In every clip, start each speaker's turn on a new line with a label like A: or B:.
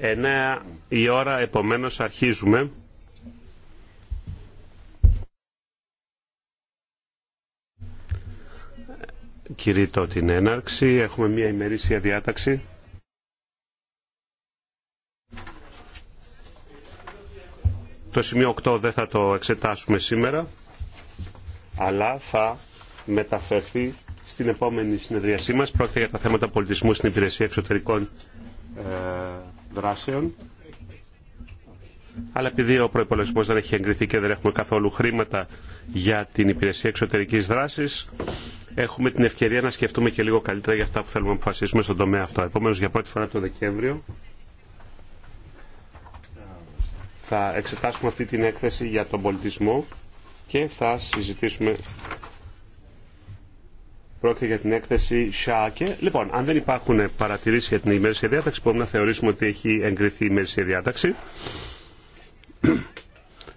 A: 9 η ώρα, επομένως αρχίζουμε. Κηρύττω την έναρξη. Έχουμε μία ημερήσια διάταξη. Το σημείο 8 δεν θα το εξετάσουμε σήμερα, αλλά θα μεταφερθεί στην επόμενη συνεδρίασή μας. Πρόκειται για τα θέματα πολιτισμού στην υπηρεσία εξωτερικών ε, δράσεων. Αλλά επειδή ο προπολογισμό δεν έχει εγκριθεί και δεν έχουμε καθόλου χρήματα για την υπηρεσία εξωτερική δράση, έχουμε την ευκαιρία να σκεφτούμε και λίγο καλύτερα για αυτά που θέλουμε να αποφασίσουμε στον τομέα αυτό. Επομένω, για πρώτη φορά το Δεκέμβριο θα εξετάσουμε αυτή την έκθεση για τον πολιτισμό και θα συζητήσουμε Πρόκειται για την έκθεση ΣΑΚΕ. Λοιπόν, αν δεν υπάρχουν παρατηρήσει για την ημερήσια διάταξη, μπορούμε να θεωρήσουμε ότι έχει εγκριθεί η ημερήσια διάταξη.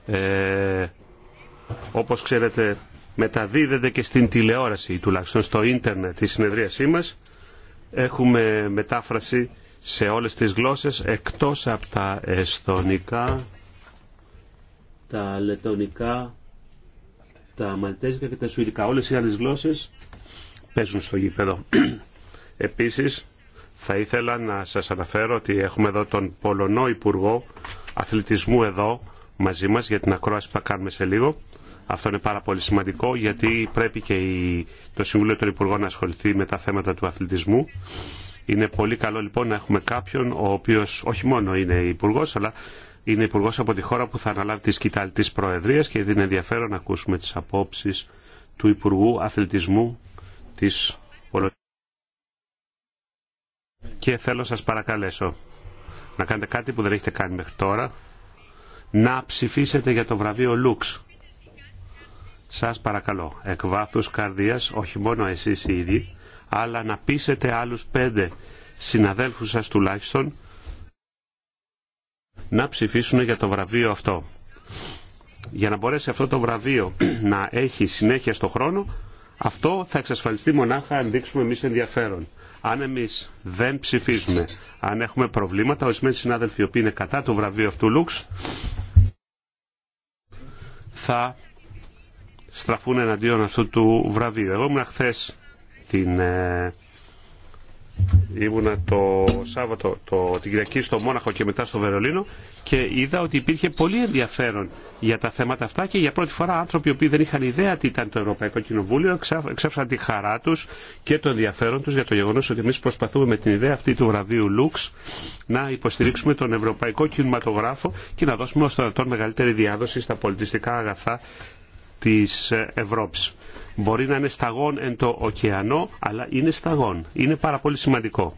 A: Ε, όπως ξέρετε, μεταδίδεται και στην τηλεόραση, ή τουλάχιστον στο ίντερνετ, συνεδρίασή μας. Έχουμε μετάφραση σε όλες τις γλώσσες, εκτός από τα εστονικά, τα λετονικά, τα μαλτέζικα και τα σουηδικά. Όλες οι άλλες γλώσσες παίζουν στο γήπεδο. Επίσης, θα ήθελα να σας αναφέρω ότι έχουμε εδώ τον Πολωνό Υπουργό Αθλητισμού εδώ μαζί μας για την ακρόαση που θα κάνουμε σε λίγο. Αυτό είναι πάρα πολύ σημαντικό γιατί πρέπει και το Συμβούλιο των Υπουργών να ασχοληθεί με τα θέματα του αθλητισμού. Είναι πολύ καλό λοιπόν να έχουμε κάποιον ο οποίος όχι μόνο είναι υπουργό, αλλά είναι υπουργό από τη χώρα που θα αναλάβει τη σκητάλη της Προεδρίας και είναι ενδιαφέρον να ακούσουμε τις απόψεις του Υπουργού Αθλητισμού και θέλω σας παρακαλέσω να κάνετε κάτι που δεν έχετε κάνει μέχρι τώρα, να ψηφίσετε για το βραβείο Λουξ. Σας παρακαλώ, εκ βάθους καρδίας, όχι μόνο εσείς οι ίδιοι, αλλά να πείσετε άλλους πέντε συναδέλφους σας τουλάχιστον να ψηφίσουν για το βραβείο αυτό. Για να μπορέσει αυτό το βραβείο να έχει συνέχεια στο χρόνο, αυτό θα εξασφαλιστεί μονάχα αν δείξουμε εμεί ενδιαφέρον. Αν εμεί δεν ψηφίζουμε, αν έχουμε προβλήματα, ορισμένοι συνάδελφοι οι οποίοι είναι κατά το βραβείο αυτού Λουξ, θα στραφούν εναντίον αυτού του βραβείου. Εγώ ήμουν χθε την ε, ήμουνα το Σάββατο, το, την Κυριακή στο Μόναχο και μετά στο Βερολίνο και είδα ότι υπήρχε πολύ ενδιαφέρον για τα θέματα αυτά και για πρώτη φορά άνθρωποι οι οποίοι δεν είχαν ιδέα τι ήταν το Ευρωπαϊκό Κοινοβούλιο εξέφρασαν τη χαρά τους και το ενδιαφέρον τους για το γεγονός ότι εμείς προσπαθούμε με την ιδέα αυτή του βραβείου Λουξ να υποστηρίξουμε τον Ευρωπαϊκό Κινηματογράφο και να δώσουμε ως τον μεγαλύτερη διάδοση στα πολιτιστικά αγαθά της Ευρώπης. Μπορεί να είναι σταγόν εν το ωκεανό, αλλά είναι σταγόν. Είναι πάρα πολύ σημαντικό.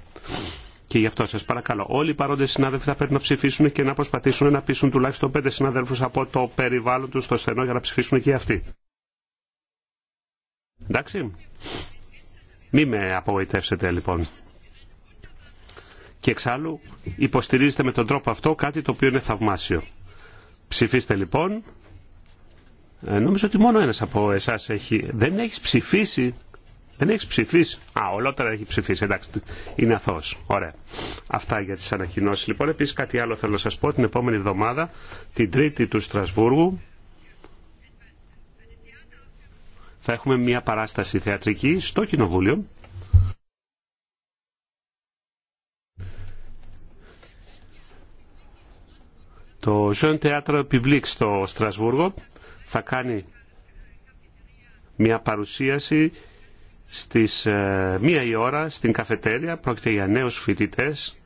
A: Και γι' αυτό σα παρακαλώ, όλοι οι παρόντε συνάδελφοι θα πρέπει να ψηφίσουν και να προσπαθήσουν να πείσουν τουλάχιστον πέντε συναδέλφου από το περιβάλλον του στο στενό για να ψηφίσουν και αυτοί. Εντάξει. Μη με απογοητεύσετε λοιπόν. Και εξάλλου υποστηρίζετε με τον τρόπο αυτό κάτι το οποίο είναι θαυμάσιο. Ψηφίστε λοιπόν ε, νομίζω ότι μόνο ένας από εσάς έχει... Δεν έχει ψηφίσει. Δεν έχει ψηφίσει. Α, ολότερα έχει ψηφίσει. Εντάξει, είναι αθώος. Ωραία. Αυτά για τις ανακοινώσεις. Λοιπόν, επίσης κάτι άλλο θέλω να σας πω. Την επόμενη εβδομάδα, την Τρίτη του Στρασβούργου, θα έχουμε μια παράσταση θεατρική στο Κοινοβούλιο. Το Jean Théâtre Public στο Στρασβούργο θα κάνει μια παρουσίαση στις ε, μία η ώρα στην καφετέρια. Πρόκειται για νέους φοιτητές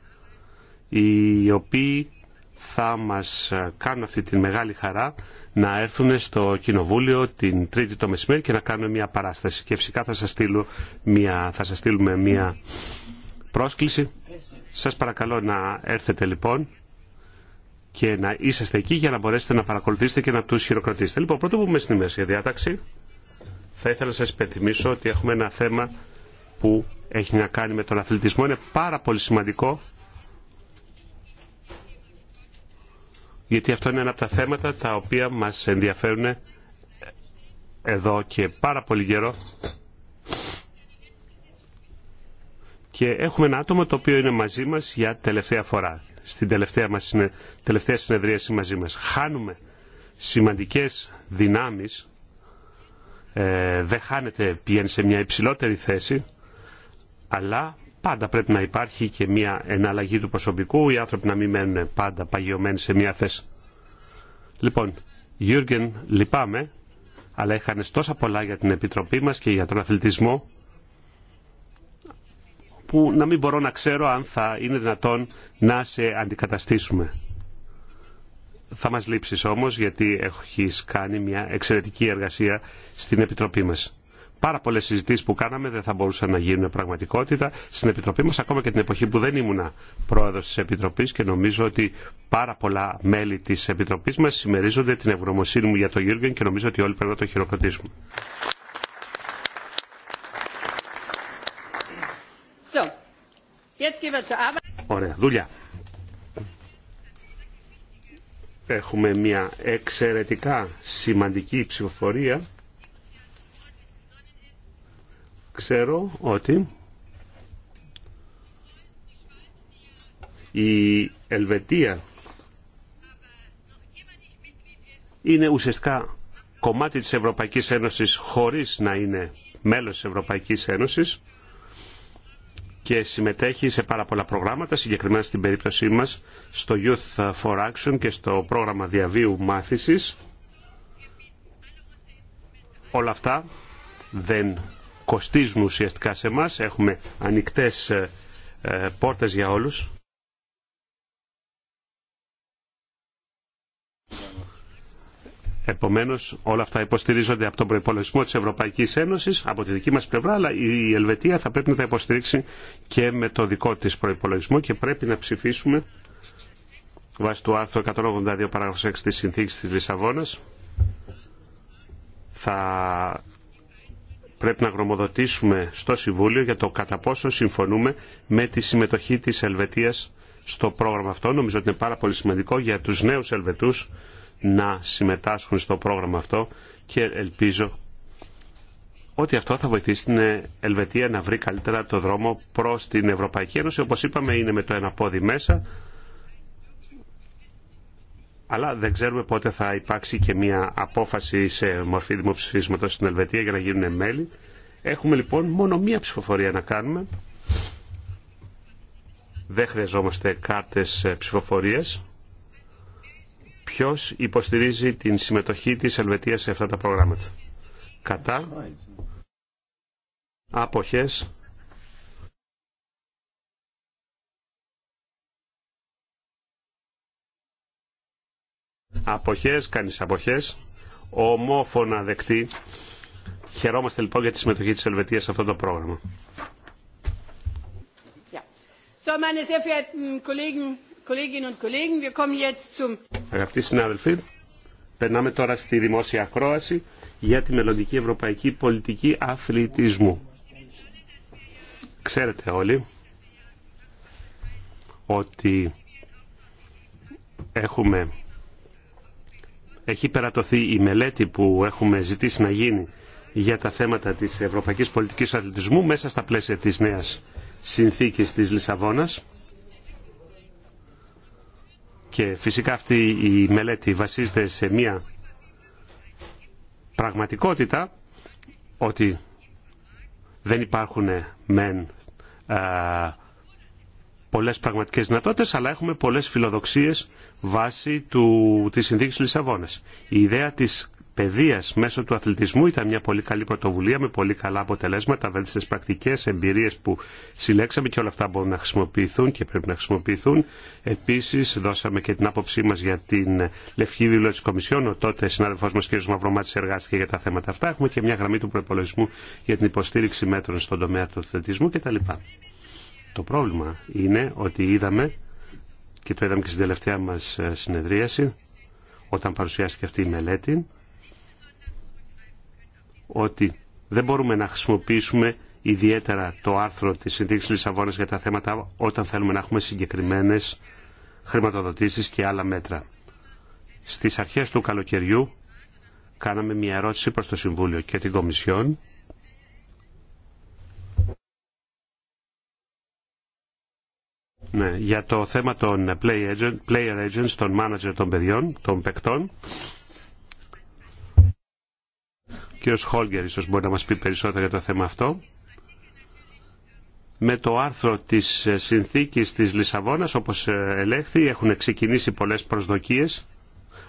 A: οι οποίοι θα μας ε, κάνουν αυτή τη μεγάλη χαρά να έρθουν στο Κοινοβούλιο την Τρίτη το μεσημέρι και να κάνουν μια παράσταση. Και φυσικά θα σας, μια, θα σας στείλουμε μια πρόσκληση. Σας παρακαλώ να έρθετε λοιπόν και να είσαστε εκεί για να μπορέσετε να παρακολουθήσετε και να του χειροκροτήσετε. Λοιπόν, πρώτο που είμαι στην ημέρα διάταξη, θα ήθελα να σα υπενθυμίσω ότι έχουμε ένα θέμα που έχει να κάνει με τον αθλητισμό. Είναι πάρα πολύ σημαντικό γιατί αυτό είναι ένα από τα θέματα τα οποία μας ενδιαφέρουν εδώ και πάρα πολύ καιρό και έχουμε ένα άτομο το οποίο είναι μαζί μας για τελευταία φορά, στην τελευταία, μας, τελευταία συνεδρίαση μαζί μας. Χάνουμε σημαντικές δυνάμεις, ε, δεν χάνεται, πηγαίνει σε μια υψηλότερη θέση, αλλά πάντα πρέπει να υπάρχει και μια εναλλαγή του προσωπικού, οι άνθρωποι να μην μένουν πάντα παγιωμένοι σε μια θέση. Λοιπόν, Γιούργεν, λυπάμαι, αλλά είχαν τόσα πολλά για την Επιτροπή μας και για τον αθλητισμό, που να μην μπορώ να ξέρω αν θα είναι δυνατόν να σε αντικαταστήσουμε. Θα μας λείψεις όμως γιατί έχεις κάνει μια εξαιρετική εργασία στην Επιτροπή μας. Πάρα πολλέ συζητήσει που κάναμε δεν θα μπορούσαν να γίνουν πραγματικότητα στην Επιτροπή μα, ακόμα και την εποχή που δεν ήμουνα πρόεδρο τη Επιτροπή και νομίζω ότι πάρα πολλά μέλη τη Επιτροπή μα συμμερίζονται την ευγνωμοσύνη μου για τον Γιούργεν και νομίζω ότι όλοι πρέπει να το χειροκροτήσουμε. Ωραία, δουλειά. Έχουμε μια εξαιρετικά σημαντική ψηφοφορία. Ξέρω ότι η Ελβετία είναι ουσιαστικά κομμάτι της Ευρωπαϊκής Ένωσης χωρίς να είναι μέλος της Ευρωπαϊκής Ένωσης και συμμετέχει σε πάρα πολλά προγράμματα, συγκεκριμένα στην περίπτωσή μας στο Youth for Action και στο πρόγραμμα διαβίου μάθησης. Όλα αυτά δεν κοστίζουν ουσιαστικά σε μας. Έχουμε ανοιχτές ε, ε, πόρτες για όλους. Επομένω, όλα αυτά υποστηρίζονται από τον προπολογισμό τη Ευρωπαϊκή Ένωση, από τη δική μα πλευρά, αλλά η Ελβετία θα πρέπει να τα υποστηρίξει και με το δικό τη προπολογισμό και πρέπει να ψηφίσουμε βάσει του άρθρου 182 παράγραφος 6 της Συνθήκης της Λισαβόνας θα πρέπει να γνωμοδοτήσουμε στο Συμβούλιο για το κατά πόσο συμφωνούμε με τη συμμετοχή της Ελβετίας στο πρόγραμμα αυτό. Νομίζω ότι είναι πάρα πολύ σημαντικό για τους νέους Ελβετούς να συμμετάσχουν στο πρόγραμμα αυτό και ελπίζω ότι αυτό θα βοηθήσει την Ελβετία να βρει καλύτερα το δρόμο προς την Ευρωπαϊκή Ένωση. Όπως είπαμε είναι με το ένα πόδι μέσα, αλλά δεν ξέρουμε πότε θα υπάρξει και μια απόφαση σε μορφή δημοψηφίσματος στην Ελβετία για να γίνουν μέλη. Έχουμε λοιπόν μόνο μία ψηφοφορία να κάνουμε. Δεν χρειαζόμαστε κάρτες ε, ψηφοφορίας. Ποιος υποστηρίζει την συμμετοχή της Ελβετίας σε αυτά τα προγράμματα. Κατά. Αποχές. Αποχές, κανείς αποχές. Ομόφωνα δεκτή. Χαιρόμαστε λοιπόν για τη συμμετοχή της Ελβετίας σε αυτό το πρόγραμμα. So, Αγαπητοί συνάδελφοι, περνάμε τώρα στη δημόσια ακρόαση για τη μελλοντική ευρωπαϊκή πολιτική αθλητισμού. Ξέρετε όλοι ότι έχουμε, έχει περατωθεί η μελέτη που έχουμε ζητήσει να γίνει για τα θέματα της ευρωπαϊκής πολιτικής αθλητισμού μέσα στα πλαίσια της νέας συνθήκης της Λισαβόνας και φυσικά αυτή η μελέτη βασίζεται σε μια πραγματικότητα ότι δεν υπάρχουν μεν πολλές πραγματικές δυνατότητες, αλλά έχουμε πολλές φιλοδοξίες βάσει του, της συνθήκης Λισαβόνας. Η ιδέα της παιδεία μέσω του αθλητισμού ήταν μια πολύ καλή πρωτοβουλία με πολύ καλά αποτελέσματα, στι πρακτικέ εμπειρίε που συλλέξαμε και όλα αυτά μπορούν να χρησιμοποιηθούν και πρέπει να χρησιμοποιηθούν. Επίση, δώσαμε και την άποψή μα για την Λευκή Βιβλία της Κομισιόν. Ο τότε συνάδελφό μα κ. Μαυρομάτη εργάστηκε για τα θέματα αυτά. Έχουμε και μια γραμμή του προπολογισμού για την υποστήριξη μέτρων στον τομέα του αθλητισμού κτλ. Το πρόβλημα είναι ότι είδαμε και το είδαμε και στην τελευταία μας ε, συνεδρίαση όταν παρουσιάστηκε αυτή η μελέτη ότι δεν μπορούμε να χρησιμοποιήσουμε ιδιαίτερα το άρθρο της Συνθήκης Λισαβόνας για τα θέματα όταν θέλουμε να έχουμε συγκεκριμένες χρηματοδοτήσεις και άλλα μέτρα. Στις αρχές του καλοκαιριού κάναμε μια ερώτηση προς το Συμβούλιο και την Κομισιόν ναι, για το θέμα των player agents, των manager των παιδιών, των παικτών κύριος Χόλγκερ ίσως μπορεί να μας πει περισσότερα για το θέμα αυτό. Με το άρθρο της συνθήκης της Λισαβόνας, όπως ελέγχθη, έχουν ξεκινήσει πολλές προσδοκίες,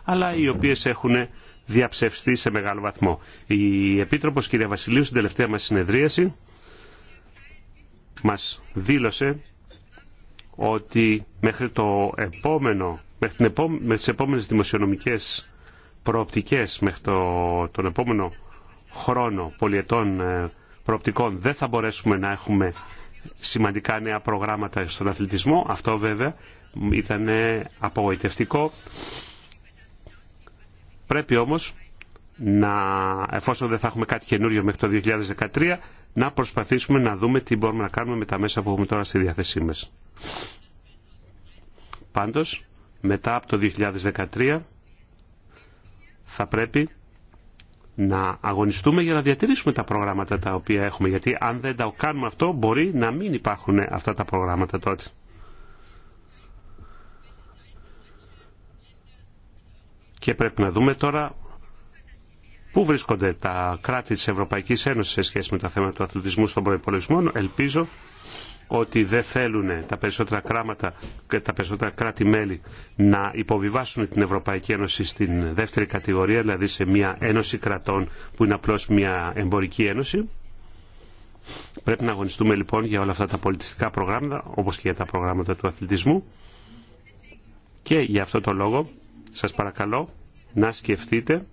A: αλλά οι οποίες έχουν διαψευστεί σε μεγάλο βαθμό. Η Επίτροπος κυρία Βασιλείου στην τελευταία μας συνεδρίαση μας δήλωσε ότι μέχρι, το επόμενο, μέχρι, την τις επόμενες δημοσιονομικές προοπτικές, μέχρι το, τον επόμενο χρόνο πολιετών ε, προοπτικών δεν θα μπορέσουμε να έχουμε σημαντικά νέα προγράμματα στον αθλητισμό. Αυτό βέβαια ήταν απογοητευτικό. Πρέπει όμως, να, εφόσον δεν θα έχουμε κάτι καινούριο μέχρι το 2013, να προσπαθήσουμε να δούμε τι μπορούμε να κάνουμε με τα μέσα που έχουμε τώρα στη διάθεσή μας. Πάντως, μετά από το 2013 θα πρέπει να αγωνιστούμε για να διατηρήσουμε τα προγράμματα τα οποία έχουμε. Γιατί αν δεν τα κάνουμε αυτό μπορεί να μην υπάρχουν αυτά τα προγράμματα τότε. Και πρέπει να δούμε τώρα πού βρίσκονται τα κράτη της Ευρωπαϊκής Ένωσης σε σχέση με τα θέματα του αθλητισμού στον προϋπολογισμό. Ελπίζω ότι δεν θέλουν τα περισσότερα, κράματα, τα περισσότερα κράτη-μέλη να υποβιβάσουν την Ευρωπαϊκή Ένωση στην δεύτερη κατηγορία, δηλαδή σε μια ένωση κρατών που είναι απλώς μια εμπορική ένωση. Πρέπει να αγωνιστούμε λοιπόν για όλα αυτά τα πολιτιστικά προγράμματα, όπως και για τα προγράμματα του αθλητισμού. Και για αυτό το λόγο σας παρακαλώ να σκεφτείτε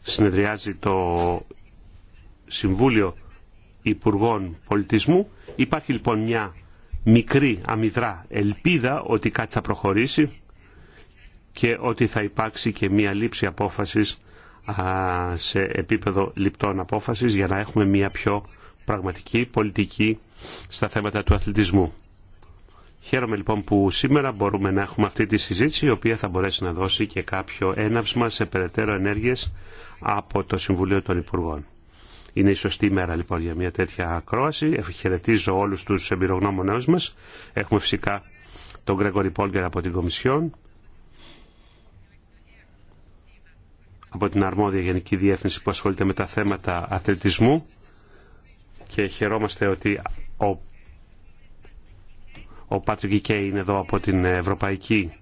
A: συνεδριάζει το Συμβούλιο Υπουργών Πολιτισμού. Υπάρχει λοιπόν μια μικρή αμυδρά ελπίδα ότι κάτι θα προχωρήσει και ότι θα υπάρξει και μια λήψη απόφασης σε επίπεδο λιπτών απόφασης για να έχουμε μια πιο πραγματική πολιτική στα θέματα του αθλητισμού. Χαίρομαι λοιπόν που σήμερα μπορούμε να έχουμε αυτή τη συζήτηση η οποία θα μπορέσει να δώσει και κάποιο έναυσμα σε περαιτέρω ενέργειες από το Συμβουλίο των Υπουργών. Είναι η σωστή μέρα λοιπόν για μια τέτοια ακρόαση. Ευχαιρετίζω όλους τους εμπειρογνώμονε μας. Έχουμε φυσικά τον Γκρέγορη Πόλκερ από την Κομισιόν, από την αρμόδια Γενική Διεύθυνση που ασχολείται με τα θέματα αθλητισμού και χαιρόμαστε ότι ο, ο Πάτρικ Κέι είναι εδώ από την Ευρωπαϊκή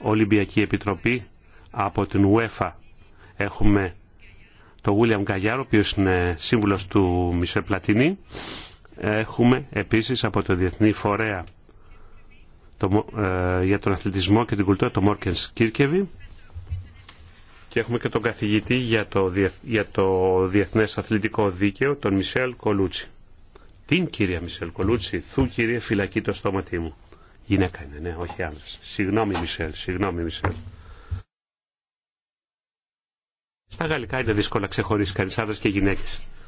A: Ολυμπιακή Επιτροπή, από την UEFA έχουμε το William Γκαγιάρο, ο οποίος είναι σύμβουλο του Μισελ Πλατινί. Έχουμε επίσης από το Διεθνή Φορέα το, ε, για τον Αθλητισμό και την Κουλτούρα, το Μόρκεν Κίρκεβι. Και έχουμε και τον καθηγητή για το, για το Διεθνές Αθλητικό Δίκαιο, τον Μισελ Κολούτσι. Την κυρία Μισελ Κολούτσι, θου κυρία φυλακή το στόματί μου. Γυναίκα είναι, ναι, όχι άντρας. Συγγνώμη Μισελ, συγγνώμη Μισελ. Στα γαλλικά είναι δύσκολο να ξεχωρίσει κανεί άντρε και γυναίκε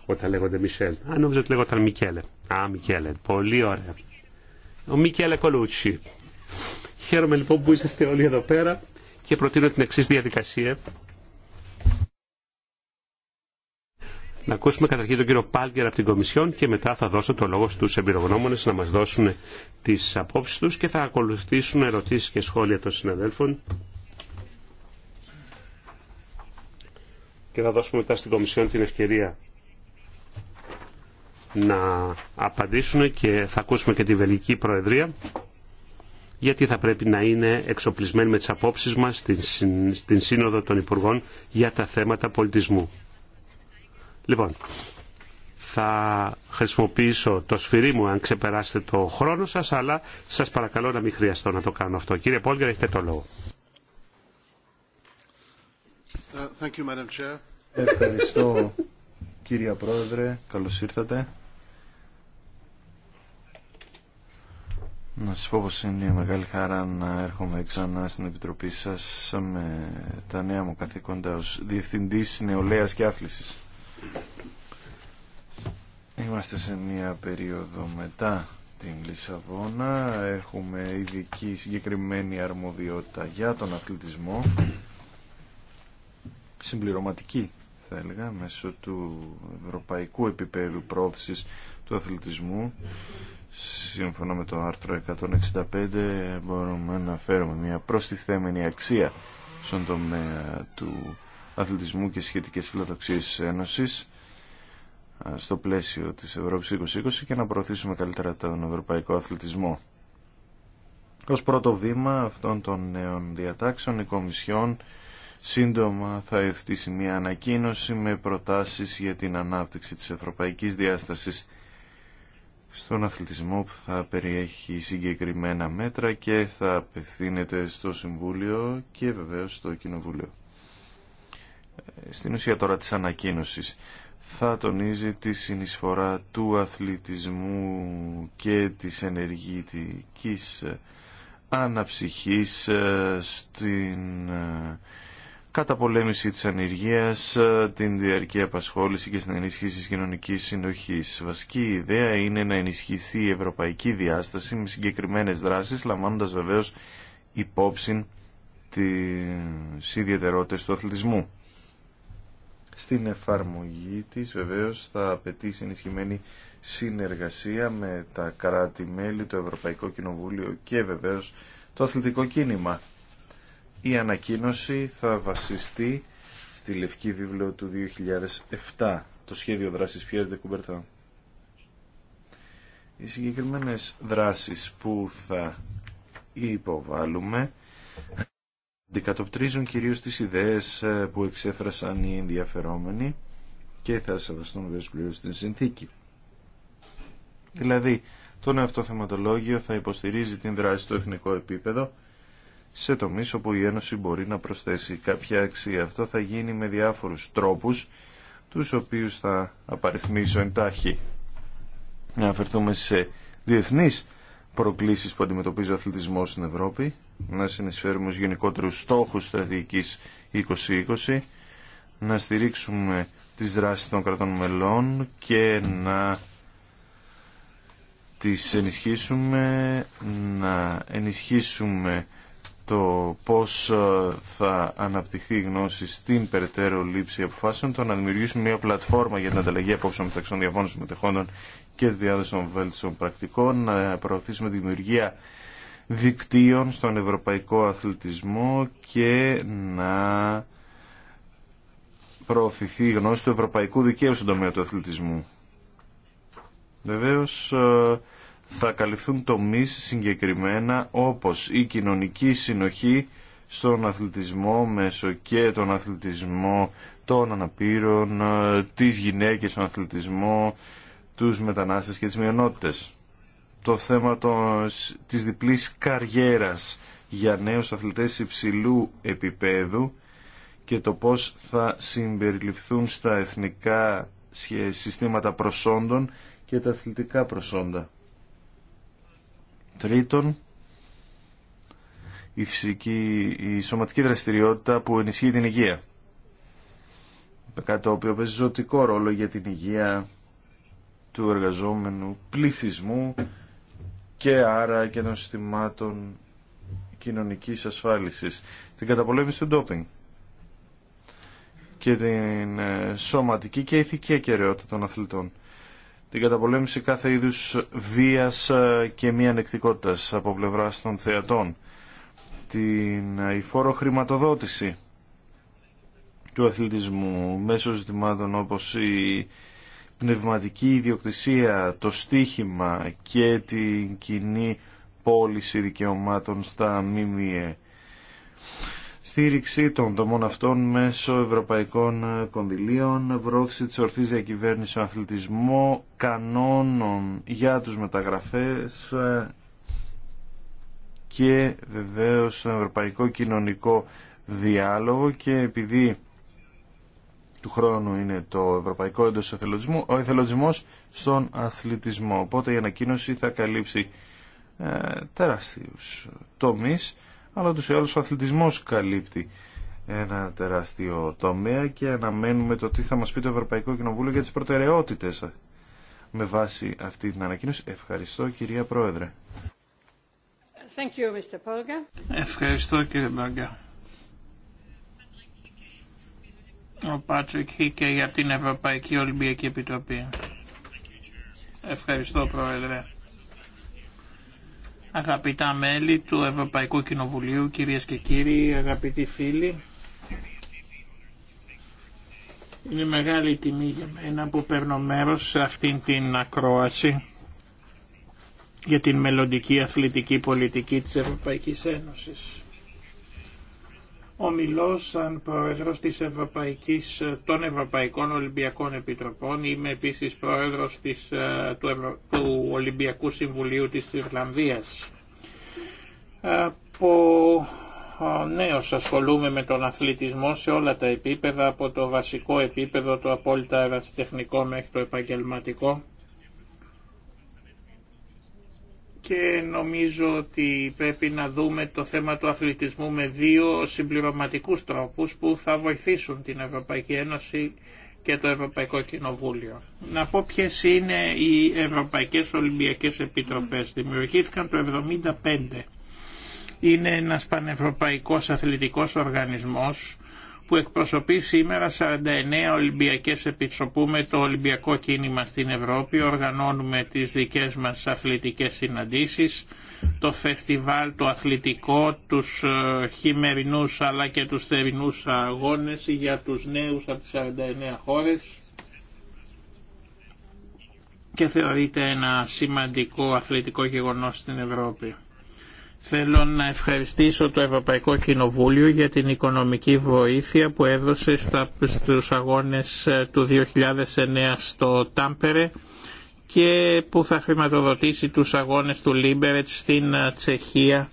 A: όταν λέγονται Μισελ. Αν νόμιζα ότι λέγονταν Μικέλε. Α, Μικέλε. Πολύ ωραία. Ο Μικέλε Κολούτσι. Χαίρομαι λοιπόν που είσαστε όλοι εδώ πέρα και προτείνω την εξή διαδικασία. Να ακούσουμε καταρχήν τον κύριο Πάλγκερ από την Κομισιόν και μετά θα δώσω το λόγο στους εμπειρογνώμονες να μας δώσουν τις απόψεις τους και θα ακολουθήσουν ερωτήσεις και σχόλια των συναδέλφων και θα δώσουμε μετά στην Κομισιόν την ευκαιρία να απαντήσουν και θα ακούσουμε και τη Βελική Προεδρία γιατί θα πρέπει να είναι εξοπλισμένοι με τις απόψεις μας στην, στην Σύνοδο των Υπουργών για τα θέματα πολιτισμού. Λοιπόν, θα χρησιμοποιήσω το σφυρί μου αν ξεπεράσετε το χρόνο σας, αλλά σας παρακαλώ να μην χρειαστώ να το κάνω αυτό. Κύριε Πόλγερ, έχετε το λόγο. Uh,
B: Ευχαριστώ κύριε Πρόεδρε, καλώς ήρθατε. Να σας πω πως είναι μεγάλη χαρά να έρχομαι ξανά στην Επιτροπή σας με τα νέα μου καθήκοντα ως Διευθυντής Νεολαίας και Άθλησης. Είμαστε σε μια περίοδο μετά την Λισαβόνα. Έχουμε ειδική συγκεκριμένη αρμοδιότητα για τον αθλητισμό συμπληρωματική θα έλεγα μέσω του ευρωπαϊκού επίπεδου πρόθεσης του αθλητισμού σύμφωνα με το άρθρο 165 μπορούμε να φέρουμε μια προστιθέμενη αξία στον τομέα του αθλητισμού και σχετικές φιλοδοξίες ένωσης στο πλαίσιο της Ευρώπης 2020 και να προωθήσουμε καλύτερα τον ευρωπαϊκό αθλητισμό. Ως πρώτο βήμα αυτών των νέων διατάξεων η Κομισιόν Σύντομα θα ευθύσει μια ανακοίνωση με προτάσεις για την ανάπτυξη της ευρωπαϊκής διάστασης στον αθλητισμό που θα περιέχει συγκεκριμένα μέτρα και θα απευθύνεται στο Συμβούλιο και βεβαίως στο Κοινοβούλιο. Ε, στην ουσία τώρα της ανακοίνωσης θα τονίζει τη συνεισφορά του αθλητισμού και της ενεργητικής ε, αναψυχής ε, στην καταπολέμηση της ανεργίας, την διαρκή απασχόληση και στην ενίσχυση της κοινωνικής συνοχής. Βασική ιδέα είναι να ενισχυθεί η ευρωπαϊκή διάσταση με συγκεκριμένες δράσεις, λαμβάνοντας βεβαίως υπόψη τις ιδιαιτερότητες του αθλητισμού. Στην εφαρμογή της βεβαίως θα απαιτήσει ενισχυμένη συνεργασία με τα κράτη-μέλη, το Ευρωπαϊκό Κοινοβούλιο και βεβαίως το αθλητικό κίνημα η ανακοίνωση θα βασιστεί στη Λευκή Βίβλο του 2007, το σχέδιο δράσης Pierre de Coubertin. Οι συγκεκριμένες δράσεις που θα υποβάλλουμε αντικατοπτρίζουν κυρίως τις ιδέες ε, που εξέφρασαν οι ενδιαφερόμενοι και θα σεβαστούν βέβαια πλήρως την συνθήκη. Δηλαδή, το νέο αυτό θεματολόγιο θα υποστηρίζει την δράση στο εθνικό επίπεδο σε τομεί όπου η Ένωση μπορεί να προσθέσει κάποια αξία. Αυτό θα γίνει με διάφορους τρόπους, τους οποίους θα απαριθμίσω εντάχει. Να αφαιρθούμε σε διεθνείς προκλήσεις που αντιμετωπίζει ο αθλητισμός στην Ευρώπη, να συνεισφέρουμε ως γενικότερους στόχους στρατηγικής 2020, να στηρίξουμε τις δράσεις των κρατών μελών και να τις ενισχύσουμε, να ενισχύσουμε το πώς ε, θα αναπτυχθεί η γνώση στην περαιτέρω λήψη αποφάσεων, το να δημιουργήσουμε μια πλατφόρμα για την ανταλλαγή απόψεων μεταξύ των διαφόρων συμμετεχόντων και τη διάδοση των βέλτιστων πρακτικών, να προωθήσουμε τη δημιουργία δικτύων στον ευρωπαϊκό αθλητισμό και να προωθηθεί η γνώση του ευρωπαϊκού δικαίου στον τομέα του αθλητισμού. Βεβαίως, ε, θα καλυφθούν τομείς συγκεκριμένα όπως η κοινωνική συνοχή στον αθλητισμό μέσω και τον αθλητισμό των αναπήρων, ε, τις γυναίκες στον αθλητισμό, τους μετανάστες και τις μειονότητες. Το θέμα της διπλής καριέρας για νέους αθλητές υψηλού επίπεδου και το πώς θα συμπεριληφθούν στα εθνικά συστήματα προσόντων και τα αθλητικά προσόντα. Τρίτον, η, φυσική, η σωματική δραστηριότητα που ενισχύει την υγεία. Κάτι το οποίο παίζει ζωτικό ρόλο για την υγεία του εργαζόμενου πληθυσμού και άρα και των συστημάτων κοινωνικής ασφάλισης. Την καταπολέμηση του ντόπινγκ και την ε, σωματική και ηθική ακαιρεότητα των αθλητών την καταπολέμηση κάθε είδους βίας ε, και μη ανεκτικότητας από πλευράς των θεατών, την αηφόρο ε, χρηματοδότηση του αθλητισμού μέσω ζητημάτων όπως η πνευματική ιδιοκτησία, το στίχημα και την κοινή πώληση δικαιωμάτων στα ΜΜΕ στήριξη των δομών αυτών μέσω ευρωπαϊκών ε, κονδυλίων, πρόθεση της ορθής διακυβέρνησης στον αθλητισμό, κανόνων για τους μεταγραφές ε, και βεβαίως στον ευρωπαϊκό κοινωνικό διάλογο και επειδή του χρόνου είναι το ευρωπαϊκό έντος εθελοντισμού, ο εθελοντισμός στον αθλητισμό. Οπότε η ανακοίνωση θα καλύψει ε, τεράστιους τομείς αλλά τους άλλως ο αθλητισμός καλύπτει ένα τεράστιο τομέα και αναμένουμε το τι θα μας πει το Ευρωπαϊκό Κοινοβούλιο για τις προτεραιότητες με βάση αυτή την ανακοίνωση. Ευχαριστώ κυρία
C: Πρόεδρε. Thank you, Mr. Ευχαριστώ κύριε Μπάγκα. Ο Πάτρικ Χίκε για την Ευρωπαϊκή Ολυμπιακή Επιτροπή. Ευχαριστώ Πρόεδρε. Αγαπητά μέλη του Ευρωπαϊκού Κοινοβουλίου, κυρίες και κύριοι, αγαπητοί φίλοι, είναι μεγάλη τιμή για μένα που παίρνω μέρος σε αυτήν την ακρόαση για την μελλοντική αθλητική πολιτική της Ευρωπαϊκής Ένωσης. Ομιλώ σαν πρόεδρος της Ευρωπαϊκής, των Ευρωπαϊκών Ολυμπιακών Επιτροπών. Είμαι επίσης πρόεδρος της, ε, του, Ολυμπιακού Συμβουλίου της Ιρλανδίας. Ε, από ε, νέος ασχολούμαι με τον αθλητισμό σε όλα τα επίπεδα, από το βασικό επίπεδο, το απόλυτα ερασιτεχνικό μέχρι το επαγγελματικό και νομίζω ότι πρέπει να δούμε το θέμα του αθλητισμού με δύο συμπληρωματικούς τρόπους που θα βοηθήσουν την Ευρωπαϊκή Ένωση και το Ευρωπαϊκό Κοινοβούλιο. Να πω ποιες είναι οι Ευρωπαϊκές Ολυμπιακές Επιτροπές. Δημιουργήθηκαν το 1975. Είναι ένας πανευρωπαϊκός αθλητικός οργανισμός που εκπροσωπεί σήμερα 49 Ολυμπιακές επιτροπούμε το Ολυμπιακό κίνημα στην Ευρώπη, οργανώνουμε τις δικές μας αθλητικές συναντήσεις, το φεστιβάλ, το αθλητικό, τους ε, χειμερινούς αλλά και τους θερινούς αγώνες για τους νέους από τις 49 χώρες και θεωρείται ένα σημαντικό αθλητικό γεγονός στην Ευρώπη. Θέλω να ευχαριστήσω το Ευρωπαϊκό Κοινοβούλιο για την οικονομική βοήθεια που έδωσε στα, στους αγώνες ε, του 2009 στο Τάμπερε και που θα χρηματοδοτήσει τους αγώνες του Λίμπερετ στην ε, Τσεχία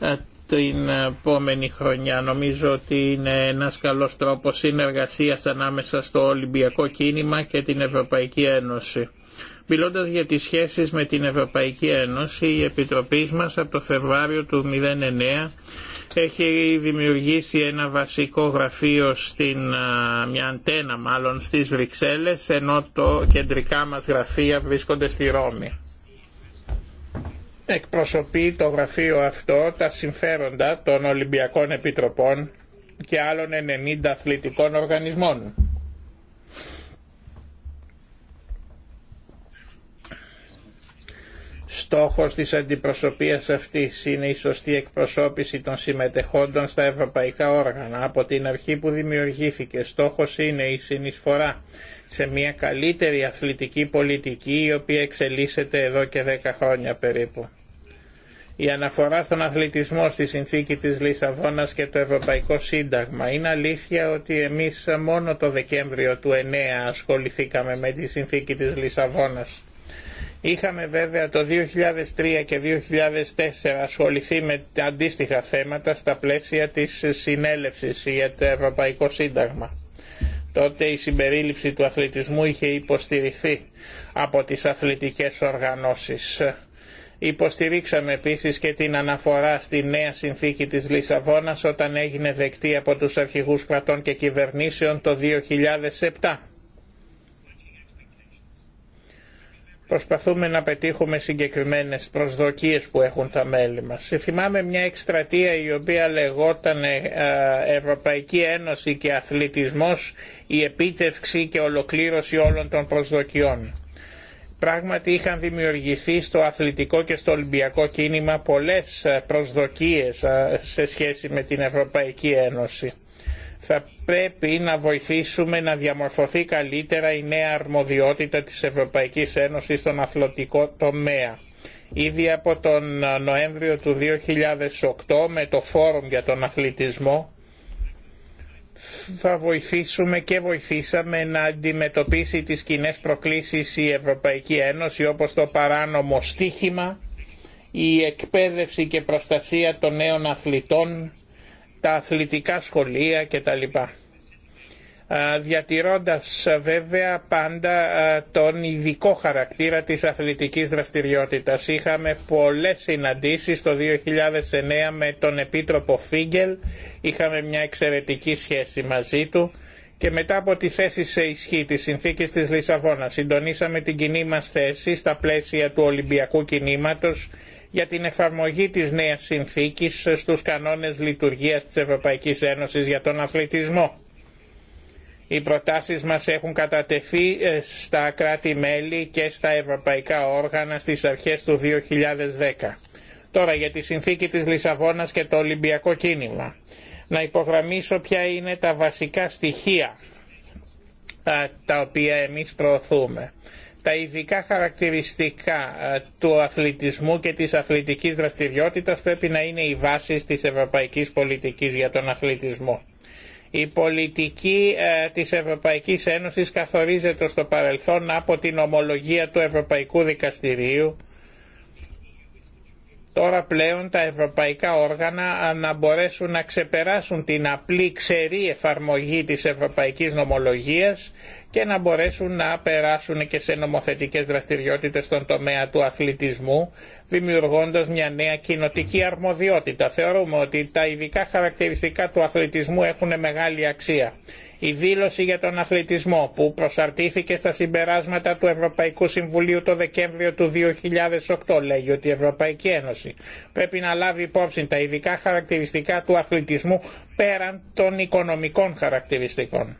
C: ε, την επόμενη χρονιά. Νομίζω ότι είναι ένας καλός τρόπος συνεργασίας ανάμεσα στο Ολυμπιακό κίνημα και την Ευρωπαϊκή Ένωση. Μιλώντας για τις σχέσεις με την Ευρωπαϊκή Ένωση, η Επιτροπή μας από το Φεβράριο του 2009 έχει δημιουργήσει ένα βασικό γραφείο στην, μια αντένα μάλλον στις Βρυξέλλες, ενώ το κεντρικά μας γραφεία βρίσκονται στη Ρώμη. Εκπροσωπεί το γραφείο αυτό τα συμφέροντα των Ολυμπιακών Επιτροπών και άλλων 90 αθλητικών οργανισμών. Στόχος της αντιπροσωπείας αυτής είναι η σωστή εκπροσώπηση των συμμετεχόντων στα ευρωπαϊκά όργανα από την αρχή που δημιουργήθηκε. Στόχος είναι η συνεισφορά σε μια καλύτερη αθλητική πολιτική η οποία εξελίσσεται εδώ και 10 χρόνια περίπου. Η αναφορά στον αθλητισμό στη συνθήκη της Λισαβόνας και το Ευρωπαϊκό Σύνταγμα είναι αλήθεια ότι εμείς μόνο το Δεκέμβριο του 9 ασχοληθήκαμε με τη συνθήκη της Λισαβόνας Είχαμε βέβαια το 2003 και 2004 ασχοληθεί με αντίστοιχα θέματα στα πλαίσια της συνέλευσης για το Ευρωπαϊκό Σύνταγμα. Τότε η συμπερίληψη του αθλητισμού είχε υποστηριχθεί από τις αθλητικές οργανώσεις. Υποστηρίξαμε επίσης και την αναφορά στη νέα συνθήκη της Λισαβόνας όταν έγινε δεκτή από τους αρχηγούς κρατών και κυβερνήσεων το 2007 Προσπαθούμε να πετύχουμε συγκεκριμένες προσδοκίες που έχουν τα μέλη μας. Θυμάμαι μια εκστρατεία η οποία λεγόταν Ευρωπαϊκή Ένωση και Αθλητισμός, η επίτευξη και ολοκλήρωση όλων των προσδοκιών. Πράγματι είχαν δημιουργηθεί στο αθλητικό και στο ολυμπιακό κίνημα πολλές προσδοκίες σε σχέση με την Ευρωπαϊκή Ένωση θα πρέπει να βοηθήσουμε να διαμορφωθεί καλύτερα η νέα αρμοδιότητα της Ευρωπαϊκής Ένωσης στον αθλητικό τομέα. Ήδη από τον Νοέμβριο του 2008 με το Φόρουμ για τον Αθλητισμό θα βοηθήσουμε και βοηθήσαμε να αντιμετωπίσει τις κοινέ προκλήσεις η Ευρωπαϊκή Ένωση όπως το παράνομο στίχημα, η εκπαίδευση και προστασία των νέων αθλητών, τα αθλητικά σχολεία κτλ. Διατηρώντας βέβαια πάντα τον ειδικό χαρακτήρα της αθλητικής δραστηριότητας. Είχαμε πολλές συναντήσεις το 2009 με τον Επίτροπο Φίγκελ, είχαμε μια εξαιρετική σχέση μαζί του και μετά από τη θέση σε ισχύ της συνθήκης της Λισαβόνας συντονίσαμε την κοινή μας θέση στα πλαίσια του Ολυμπιακού κινήματος για την εφαρμογή της νέας συνθήκης στους κανόνες λειτουργίας της Ευρωπαϊκής Ένωσης για τον αθλητισμό. Οι προτάσεις μας έχουν κατατεθεί ε, στα κράτη-μέλη και στα ευρωπαϊκά όργανα στις αρχές του 2010. Τώρα για τη συνθήκη της Λισαβόνας και το Ολυμπιακό κίνημα. Να υπογραμμίσω ποια είναι τα βασικά στοιχεία ε, τα οποία εμείς προωθούμε τα ειδικά χαρακτηριστικά ε, του αθλητισμού και της αθλητικής δραστηριότητας πρέπει να είναι η βάση της ευρωπαϊκής πολιτικής για τον αθλητισμό. Η πολιτική ε, της Ευρωπαϊκής Ένωσης καθορίζεται στο παρελθόν από την ομολογία του Ευρωπαϊκού Δικαστηρίου. Τώρα πλέον τα ευρωπαϊκά όργανα ε, να μπορέσουν να ξεπεράσουν την απλή ξερή εφαρμογή της ευρωπαϊκής νομολογίας και να μπορέσουν να περάσουν και σε νομοθετικές δραστηριότητες στον τομέα του αθλητισμού, δημιουργώντας μια νέα κοινοτική αρμοδιότητα. Θεωρούμε ότι τα ειδικά χαρακτηριστικά του αθλητισμού έχουν μεγάλη αξία. Η δήλωση για τον αθλητισμό που προσαρτήθηκε στα συμπεράσματα του Ευρωπαϊκού Συμβουλίου το Δεκέμβριο του 2008 λέγει ότι η Ευρωπαϊκή Ένωση πρέπει να λάβει υπόψη τα ειδικά χαρακτηριστικά του αθλητισμού πέραν των οικονομικών χαρακτηριστικών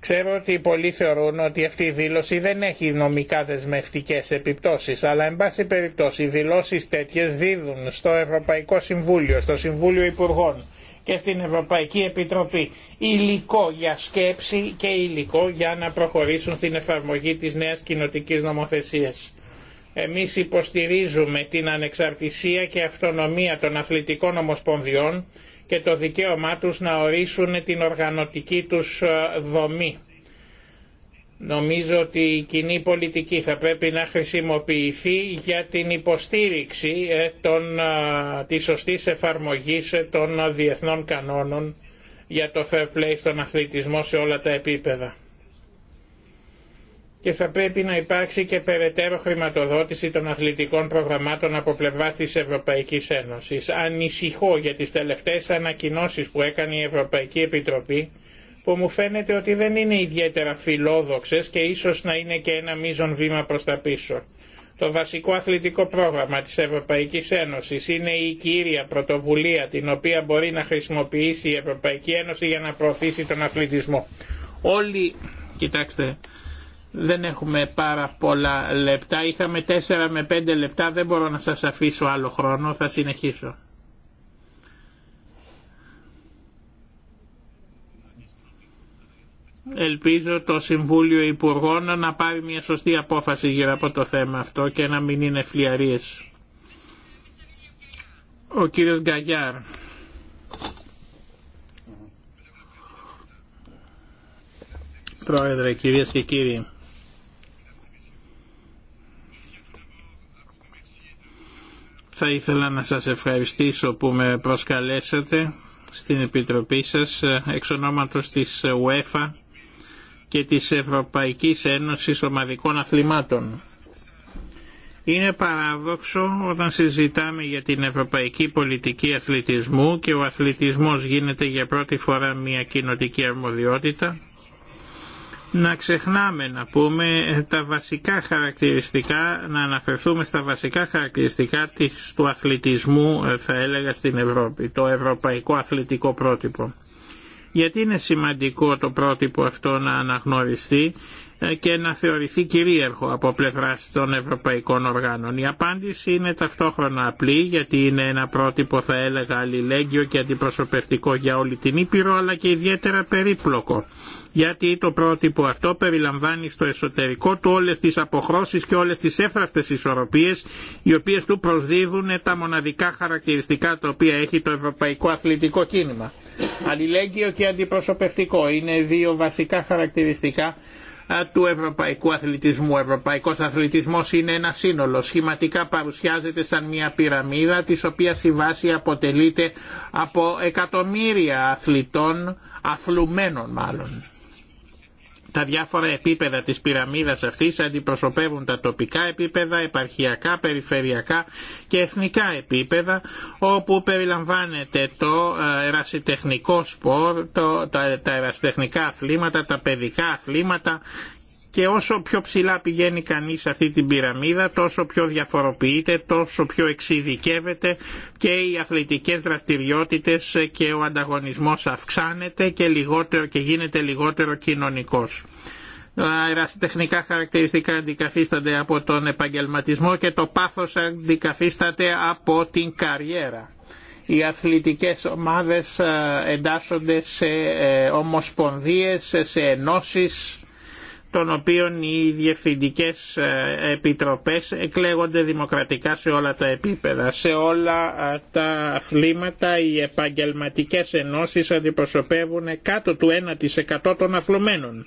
C: Ξέρω ότι πολλοί θεωρούν ότι αυτή η δήλωση δεν έχει νομικά δεσμευτικές επιπτώσεις, αλλά εν πάση περιπτώσει οι δηλώσεις τέτοιες δίδουν στο Ευρωπαϊκό Συμβούλιο, στο Συμβούλιο Υπουργών και στην Ευρωπαϊκή Επιτροπή υλικό για σκέψη και υλικό για να προχωρήσουν στην εφαρμογή της νέας κοινοτική νομοθεσίας. Εμείς υποστηρίζουμε την ανεξαρτησία και αυτονομία των αθλητικών ομοσπονδιών και το δικαίωμά τους να ορίσουν την οργανωτική τους ε, δομή. Νομίζω ότι η κοινή πολιτική θα πρέπει να χρησιμοποιηθεί για την υποστήριξη ε, των, ε, της σωστής εφαρμογής των διεθνών κανόνων για το fair play στον αθλητισμό σε όλα τα επίπεδα και θα πρέπει να υπάρξει και περαιτέρω χρηματοδότηση των αθλητικών προγραμμάτων από πλευρά τη Ευρωπαϊκή Ένωση. Ανησυχώ για τι τελευταίε ανακοινώσει που έκανε η Ευρωπαϊκή Επιτροπή που μου φαίνεται ότι δεν είναι ιδιαίτερα φιλόδοξε και ίσω να είναι και ένα μείζον βήμα προ τα πίσω. Το βασικό αθλητικό πρόγραμμα της Ευρωπαϊκής Ένωσης είναι η κύρια πρωτοβουλία την οποία μπορεί να χρησιμοποιήσει η Ευρωπαϊκή Ένωση για να προωθήσει τον αθλητισμό. Όλοι, κοιτάξτε, δεν έχουμε πάρα πολλά λεπτά. Είχαμε 4 με 5 λεπτά. Δεν μπορώ να σας αφήσω άλλο χρόνο. Θα συνεχίσω. Ελπίζω το Συμβούλιο Υπουργών να πάρει μια σωστή απόφαση γύρω από το θέμα αυτό και να μην είναι φλιαρίες. Ο κύριος Γκαγιάρ. Πρόεδρε, κυρίες και κύριοι. Θα ήθελα να σας ευχαριστήσω που με προσκαλέσατε στην Επιτροπή σας ε, εξ ονόματος της UEFA και της Ευρωπαϊκής Ένωσης Ομαδικών Αθλημάτων. Είναι παράδοξο όταν συζητάμε για την ευρωπαϊκή πολιτική αθλητισμού και ο αθλητισμός γίνεται για πρώτη φορά μια κοινοτική αρμοδιότητα να ξεχνάμε να πούμε ε, τα βασικά χαρακτηριστικά, να αναφερθούμε στα βασικά χαρακτηριστικά της, του αθλητισμού ε, θα έλεγα στην Ευρώπη, το ευρωπαϊκό αθλητικό πρότυπο. Γιατί είναι σημαντικό το πρότυπο αυτό να αναγνωριστεί ε, και να θεωρηθεί κυρίαρχο από πλευρά των ευρωπαϊκών οργάνων. Η απάντηση είναι ταυτόχρονα απλή γιατί είναι ένα πρότυπο θα έλεγα αλληλέγγυο και αντιπροσωπευτικό για όλη την Ήπειρο αλλά και ιδιαίτερα περίπλοκο γιατί το πρότυπο αυτό περιλαμβάνει στο εσωτερικό του όλες τις αποχρώσεις και όλες τις έφραστες ισορροπίες οι οποίες του προσδίδουν τα μοναδικά χαρακτηριστικά τα οποία έχει το ευρωπαϊκό αθλητικό κίνημα. Αλληλέγγυο και αντιπροσωπευτικό είναι δύο βασικά χαρακτηριστικά του ευρωπαϊκού αθλητισμού. Ο ευρωπαϊκός αθλητισμός είναι ένα σύνολο. Σχηματικά παρουσιάζεται σαν μια πυραμίδα της οποίας η βάση αποτελείται από εκατομμύρια αθλητών, αθλουμένων μάλλον τα διάφορα επίπεδα της πυραμίδας αυτής αντιπροσωπεύουν τα τοπικά επίπεδα, επαρχιακά, περιφερειακά και εθνικά επίπεδα όπου περιλαμβάνεται το ε, ερασιτεχνικό σπορ, τα, τα ερασιτεχνικά αθλήματα, τα παιδικά αθλήματα και όσο πιο ψηλά πηγαίνει κανείς αυτή την πυραμίδα τόσο πιο διαφοροποιείται, τόσο πιο εξειδικεύεται και οι αθλητικές δραστηριότητες και ο ανταγωνισμός αυξάνεται και, λιγότερο, και γίνεται λιγότερο κοινωνικός. Αεραστεχνικά χαρακτηριστικά αντικαθίστανται από τον επαγγελματισμό και το πάθος αντικαθίσταται από την καριέρα οι αθλητικές ομάδες ε, εντάσσονται σε ε, ομοσπονδίες, σε ενώσεις των οποίων οι διευθυντικές ε, επιτροπές εκλέγονται δημοκρατικά σε όλα τα επίπεδα. Σε όλα ε, τα αθλήματα οι επαγγελματικές ενώσεις αντιπροσωπεύουν κάτω του 1% των αθλωμένων.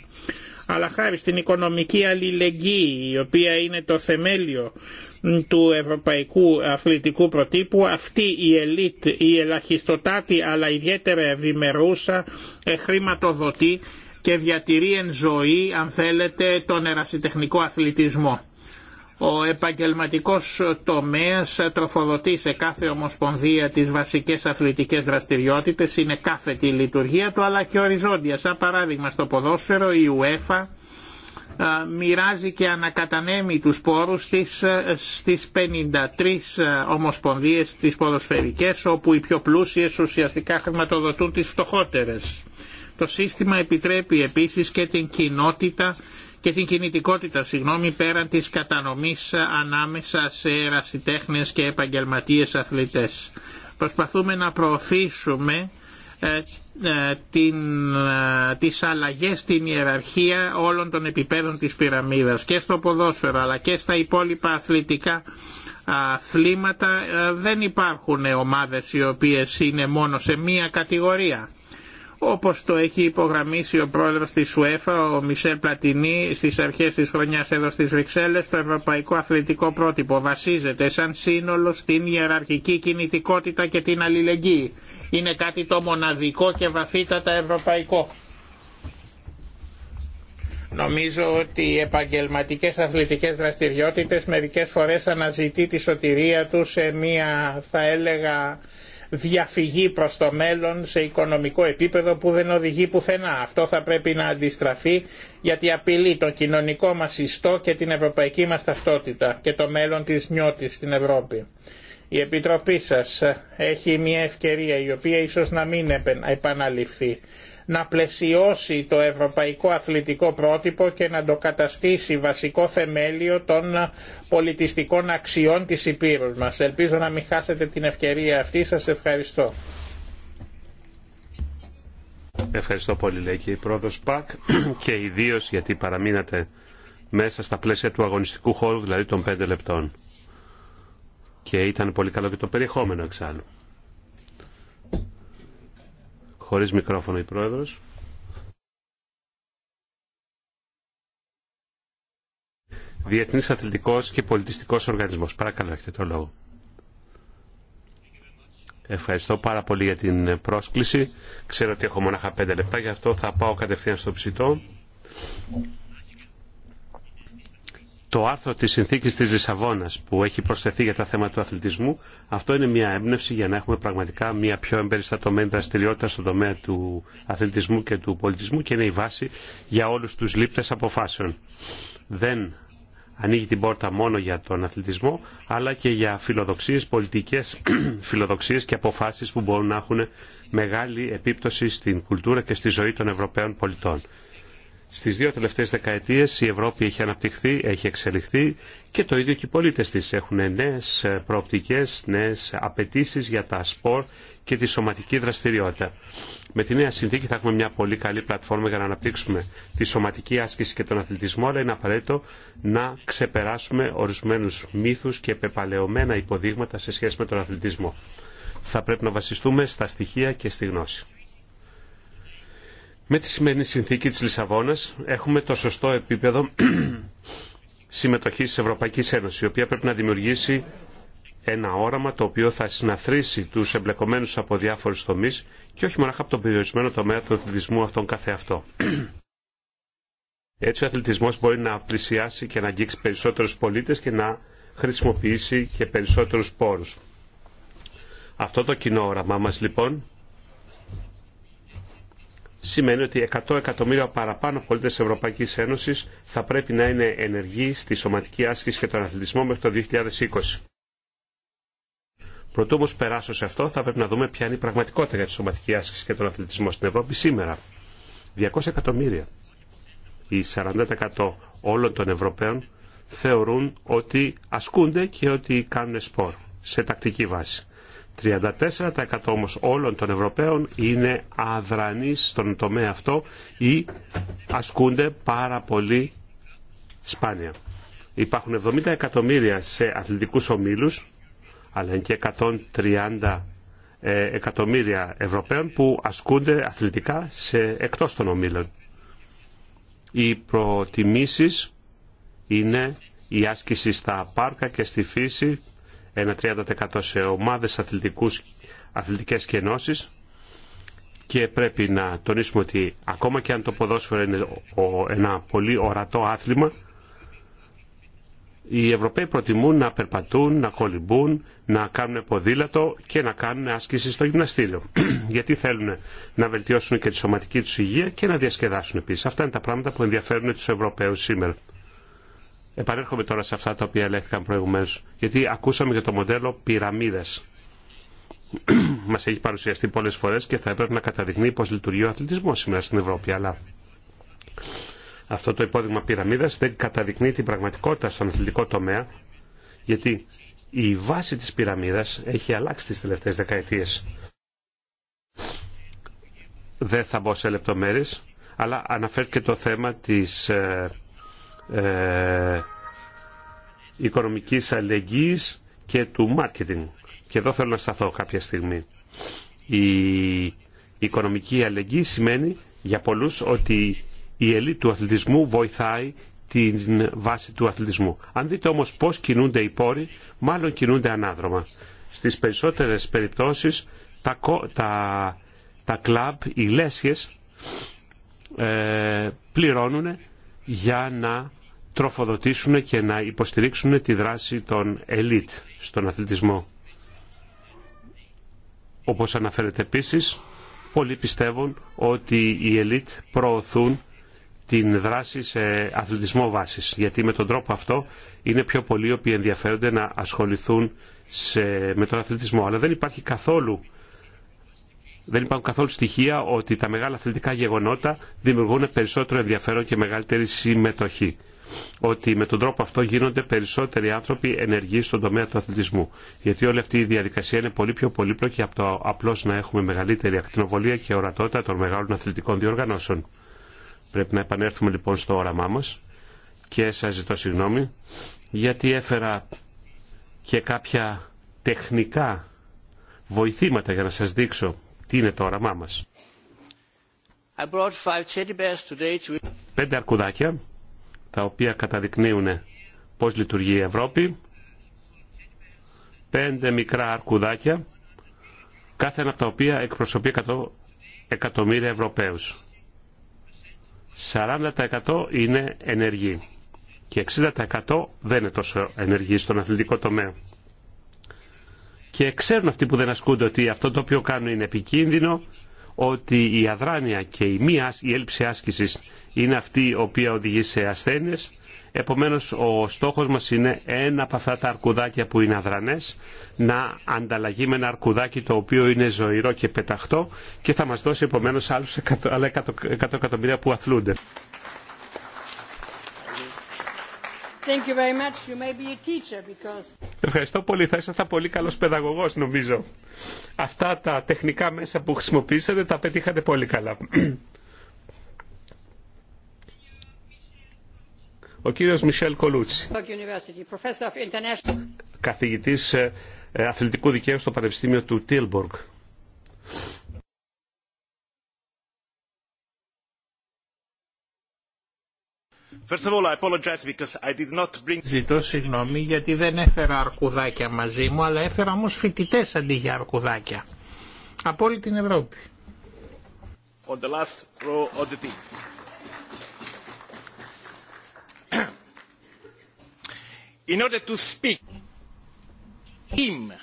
C: Αλλά χάρη στην οικονομική αλληλεγγύη η οποία είναι το θεμέλιο του ευρωπαϊκού αθλητικού προτύπου αυτή η ελίτ, η ελαχιστοτάτη αλλά ιδιαίτερα ευημερούσα ε, χρηματοδοτή και διατηρεί εν ζωή, αν θέλετε, τον ερασιτεχνικό αθλητισμό. Ο επαγγελματικός τομέας τροφοδοτεί σε κάθε ομοσπονδία τις βασικές αθλητικές δραστηριότητες, είναι κάθε η λειτουργία του αλλά και οριζόντια. Σαν παράδειγμα στο ποδόσφαιρο η UEFA μοιράζει και ανακατανέμει τους πόρους της στις 53 ομοσπονδίες τις ποδοσφαιρικές όπου οι πιο πλούσιες ουσιαστικά χρηματοδοτούν τις φτωχότερες το σύστημα επιτρέπει επίσης και την κοινότητα και την κινητικότητα, συγγνώμη, πέραν της κατανομής ανάμεσα σε ερασιτέχνες και επαγγελματίες αθλητές. Προσπαθούμε να προωθήσουμε ε, ε, την, ε, τις αλλαγές στην ιεραρχία όλων των επιπέδων της πυραμίδας και στο ποδόσφαιρο αλλά και στα υπόλοιπα αθλητικά αθλήματα δεν υπάρχουν ομάδες οι οποίες είναι μόνο σε μία κατηγορία όπως το έχει υπογραμμίσει ο πρόεδρος της UEFA, ο Μισελ Πλατινί, στις αρχές της χρονιάς εδώ στις Βρυξέλλες, το ευρωπαϊκό αθλητικό πρότυπο βασίζεται σαν σύνολο στην ιεραρχική κινητικότητα και την αλληλεγγύη. Είναι κάτι το μοναδικό και βαθύτατα ευρωπαϊκό. Νομίζω ότι οι επαγγελματικές αθλητικές δραστηριότητες μερικές φορές αναζητεί τη σωτηρία τους σε μια θα έλεγα διαφυγή προς το μέλλον σε οικονομικό επίπεδο που δεν οδηγεί πουθενά. Αυτό θα πρέπει να αντιστραφεί γιατί απειλεί το κοινωνικό μας ιστό και την ευρωπαϊκή μας ταυτότητα και το μέλλον της νιώτης στην Ευρώπη. Η Επιτροπή σας έχει μια ευκαιρία η οποία ίσως να μην επαναληφθεί να πλαισιώσει το ευρωπαϊκό αθλητικό πρότυπο και να το καταστήσει βασικό θεμέλιο των πολιτιστικών αξιών της Υπήρους μας. Ελπίζω να μην χάσετε την ευκαιρία αυτή. Σας ευχαριστώ.
A: Ευχαριστώ πολύ λέει και η πρόεδρος ΠΑΚ και ιδίω γιατί παραμείνατε μέσα στα πλαίσια του αγωνιστικού χώρου, δηλαδή των πέντε λεπτών. Και ήταν πολύ καλό και το περιεχόμενο εξάλλου. Χωρίς μικρόφωνο η Πρόεδρος. Διεθνής Αθλητικός και Πολιτιστικός Οργανισμός. Παρακαλώ, έχετε το λόγο. Ευχαριστώ πάρα πολύ για την πρόσκληση. Ξέρω ότι έχω μονάχα πέντε λεπτά, γι' αυτό θα πάω κατευθείαν στο ψητό το άρθρο της συνθήκης της Λισαβόνας που έχει προσθεθεί για τα θέματα του αθλητισμού, αυτό είναι μια έμπνευση για να έχουμε πραγματικά μια πιο εμπεριστατωμένη δραστηριότητα στον τομέα του αθλητισμού και του πολιτισμού και είναι η βάση για όλους τους λήπτες αποφάσεων. Δεν ανοίγει την πόρτα μόνο για τον αθλητισμό, αλλά και για φιλοδοξίες, πολιτικές φιλοδοξίες και αποφάσεις που μπορούν να έχουν μεγάλη επίπτωση στην κουλτούρα και στη ζωή των Ευρωπαίων πολιτών. Στι δύο τελευταίε δεκαετίες η Ευρώπη έχει αναπτυχθεί, έχει εξελιχθεί και το ίδιο και οι πολίτε της έχουν νέε προοπτικέ, νέε απαιτήσει για τα σπορ και τη σωματική δραστηριότητα. Με τη νέα συνθήκη θα έχουμε μια πολύ καλή πλατφόρμα για να αναπτύξουμε τη σωματική άσκηση και τον αθλητισμό, αλλά είναι απαραίτητο να ξεπεράσουμε ορισμένου μύθου και πεπαλαιωμένα υποδείγματα σε σχέση με τον αθλητισμό. Θα πρέπει να βασιστούμε στα στοιχεία και στη γνώση. Με τη σημερινή συνθήκη της Λισαβόνας έχουμε το σωστό επίπεδο συμμετοχής της Ευρωπαϊκής Ένωσης, η οποία πρέπει να δημιουργήσει ένα όραμα το οποίο θα συναθρήσει τους εμπλεκομένους από διάφορους τομείς και όχι μόνο από τον περιορισμένο τομέα του αθλητισμού αυτόν καθεαυτό. Έτσι ο αθλητισμός μπορεί να πλησιάσει και να αγγίξει περισσότερους πολίτες και να χρησιμοποιήσει και περισσότερους πόρους. Αυτό το κοινό όραμά μας λοιπόν σημαίνει ότι 100 εκατομμύρια παραπάνω πολίτες Ευρωπαϊκή Ένωση θα πρέπει να είναι ενεργοί στη σωματική άσκηση και τον αθλητισμό μέχρι το 2020. Πρωτού όμω περάσω σε αυτό, θα πρέπει να δούμε ποια είναι η πραγματικότητα για τη σωματική άσκηση και τον αθλητισμό στην Ευρώπη σήμερα. 200 εκατομμύρια ή 40% όλων των Ευρωπαίων θεωρούν ότι ασκούνται και ότι κάνουν σπορ σε τακτική βάση. 34% όμως όλων των Ευρωπαίων είναι αδρανείς στον τομέα αυτό ή ασκούνται πάρα πολύ σπάνια. Υπάρχουν 70 εκατομμύρια σε αθλητικούς ομίλους, αλλά είναι και 130 ε, εκατομμύρια Ευρωπαίων που ασκούνται αθλητικά σε εκτός των ομίλων. Οι προτιμήσεις είναι η άσκηση στα πάρκα και στη φύση ένα 30% σε ομάδες αθλητικούς, αθλητικές και ενώσεις και πρέπει να τονίσουμε ότι ακόμα και αν το ποδόσφαιρο είναι ένα πολύ ορατό άθλημα οι Ευρωπαίοι προτιμούν να περπατούν, να κολυμπούν, να κάνουν ποδήλατο και να κάνουν άσκηση στο γυμναστήριο. Γιατί θέλουν να βελτιώσουν και τη σωματική τους υγεία και να διασκεδάσουν επίση. Αυτά είναι τα πράγματα που ενδιαφέρουν του Ευρωπαίου σήμερα. Επανέρχομαι τώρα σε αυτά τα οποία ελέγχθηκαν προηγουμένω. Γιατί ακούσαμε για το μοντέλο πυραμίδα. Μας έχει παρουσιαστεί πολλές φορές και θα έπρεπε να καταδεικνύει πώς λειτουργεί ο αθλητισμός σήμερα στην Ευρώπη. Αλλά αυτό το υπόδειγμα πυραμίδα δεν καταδεικνύει την πραγματικότητα στον αθλητικό τομέα. Γιατί η βάση της πυραμίδας έχει αλλάξει τις τελευταίες δεκαετίες. Δεν θα μπω σε λεπτομέρειες, αλλά αναφέρθηκε το θέμα της ε, ε, οικονομικής αλληλεγγύης και του μάρκετινγκ. Και εδώ θέλω να σταθώ κάποια στιγμή. Η οικονομική αλληλεγγύη σημαίνει για πολλούς ότι η ελίτ του αθλητισμού βοηθάει την βάση του αθλητισμού. Αν δείτε όμως πώς κινούνται οι πόροι, μάλλον κινούνται ανάδρομα. Στις περισσότερες περιπτώσεις τα, τα, κλαμπ, οι λέσχες ε, πληρώνουν για να τροφοδοτήσουν και να υποστηρίξουν τη δράση των ελίτ στον αθλητισμό. Όπως αναφέρεται επίσης, πολλοί πιστεύουν ότι οι ελίτ προωθούν την δράση σε αθλητισμό βάσης, γιατί με τον τρόπο αυτό είναι πιο πολλοί οι οποίοι ενδιαφέρονται να ασχοληθούν με τον αθλητισμό. Αλλά δεν υπάρχει καθόλου δεν υπάρχουν καθόλου στοιχεία ότι τα μεγάλα αθλητικά γεγονότα δημιουργούν περισσότερο ενδιαφέρον και μεγαλύτερη συμμετοχή. Ότι με τον τρόπο αυτό γίνονται περισσότεροι άνθρωποι ενεργοί στον τομέα του αθλητισμού. Γιατί όλη αυτή η διαδικασία είναι πολύ πιο πολύπλοκη από το απλώ να έχουμε μεγαλύτερη ακτινοβολία και ορατότητα των μεγάλων αθλητικών διοργανώσεων. Πρέπει να επανέλθουμε λοιπόν στο όραμά μα και σα ζητώ συγγνώμη γιατί έφερα και κάποια τεχνικά βοηθήματα για να σας δείξω τι είναι το όραμά μας. Πέντε αρκουδάκια, τα οποία καταδεικνύουν πώς λειτουργεί η Ευρώπη. Πέντε μικρά αρκουδάκια, κάθε ένα από τα οποία εκπροσωπεί εκατομμύρια Ευρωπαίους. 40% είναι ενεργοί και 60% δεν είναι τόσο ενεργοί στον αθλητικό τομέα. Και ξέρουν αυτοί που δεν ασκούνται ότι αυτό το οποίο κάνουν είναι επικίνδυνο, ότι η αδράνεια και η, μη, η έλλειψη άσκησης είναι αυτή η οποία οδηγεί σε ασθένειες. Επομένως ο στόχος μας είναι ένα από αυτά τα αρκουδάκια που είναι αδρανές να ανταλλαγεί με ένα αρκουδάκι το οποίο είναι ζωηρό και πεταχτό και θα μας δώσει επομένως άλλους 100 εκατομμύρια που αθλούνται. Ευχαριστώ πολύ. Θα ήσασταν πολύ καλός παιδαγωγός νομίζω. Αυτά τα τεχνικά μέσα που χρησιμοποιήσατε τα πετύχατε πολύ καλά. Ο κύριος Μισελ Κολούτσι, καθηγητής ε, ε, αθλητικού δικαίου στο Πανεπιστήμιο του Τίλμποργκ. First of all, I
C: apologize because I did not bring... Ζητώ συγγνώμη γιατί δεν έφερα αρκουδάκια μαζί μου, αλλά έφερα όμως φοιτητέ αντί για αρκουδάκια. Από όλη την Ευρώπη. On the last row of the In order to speak, him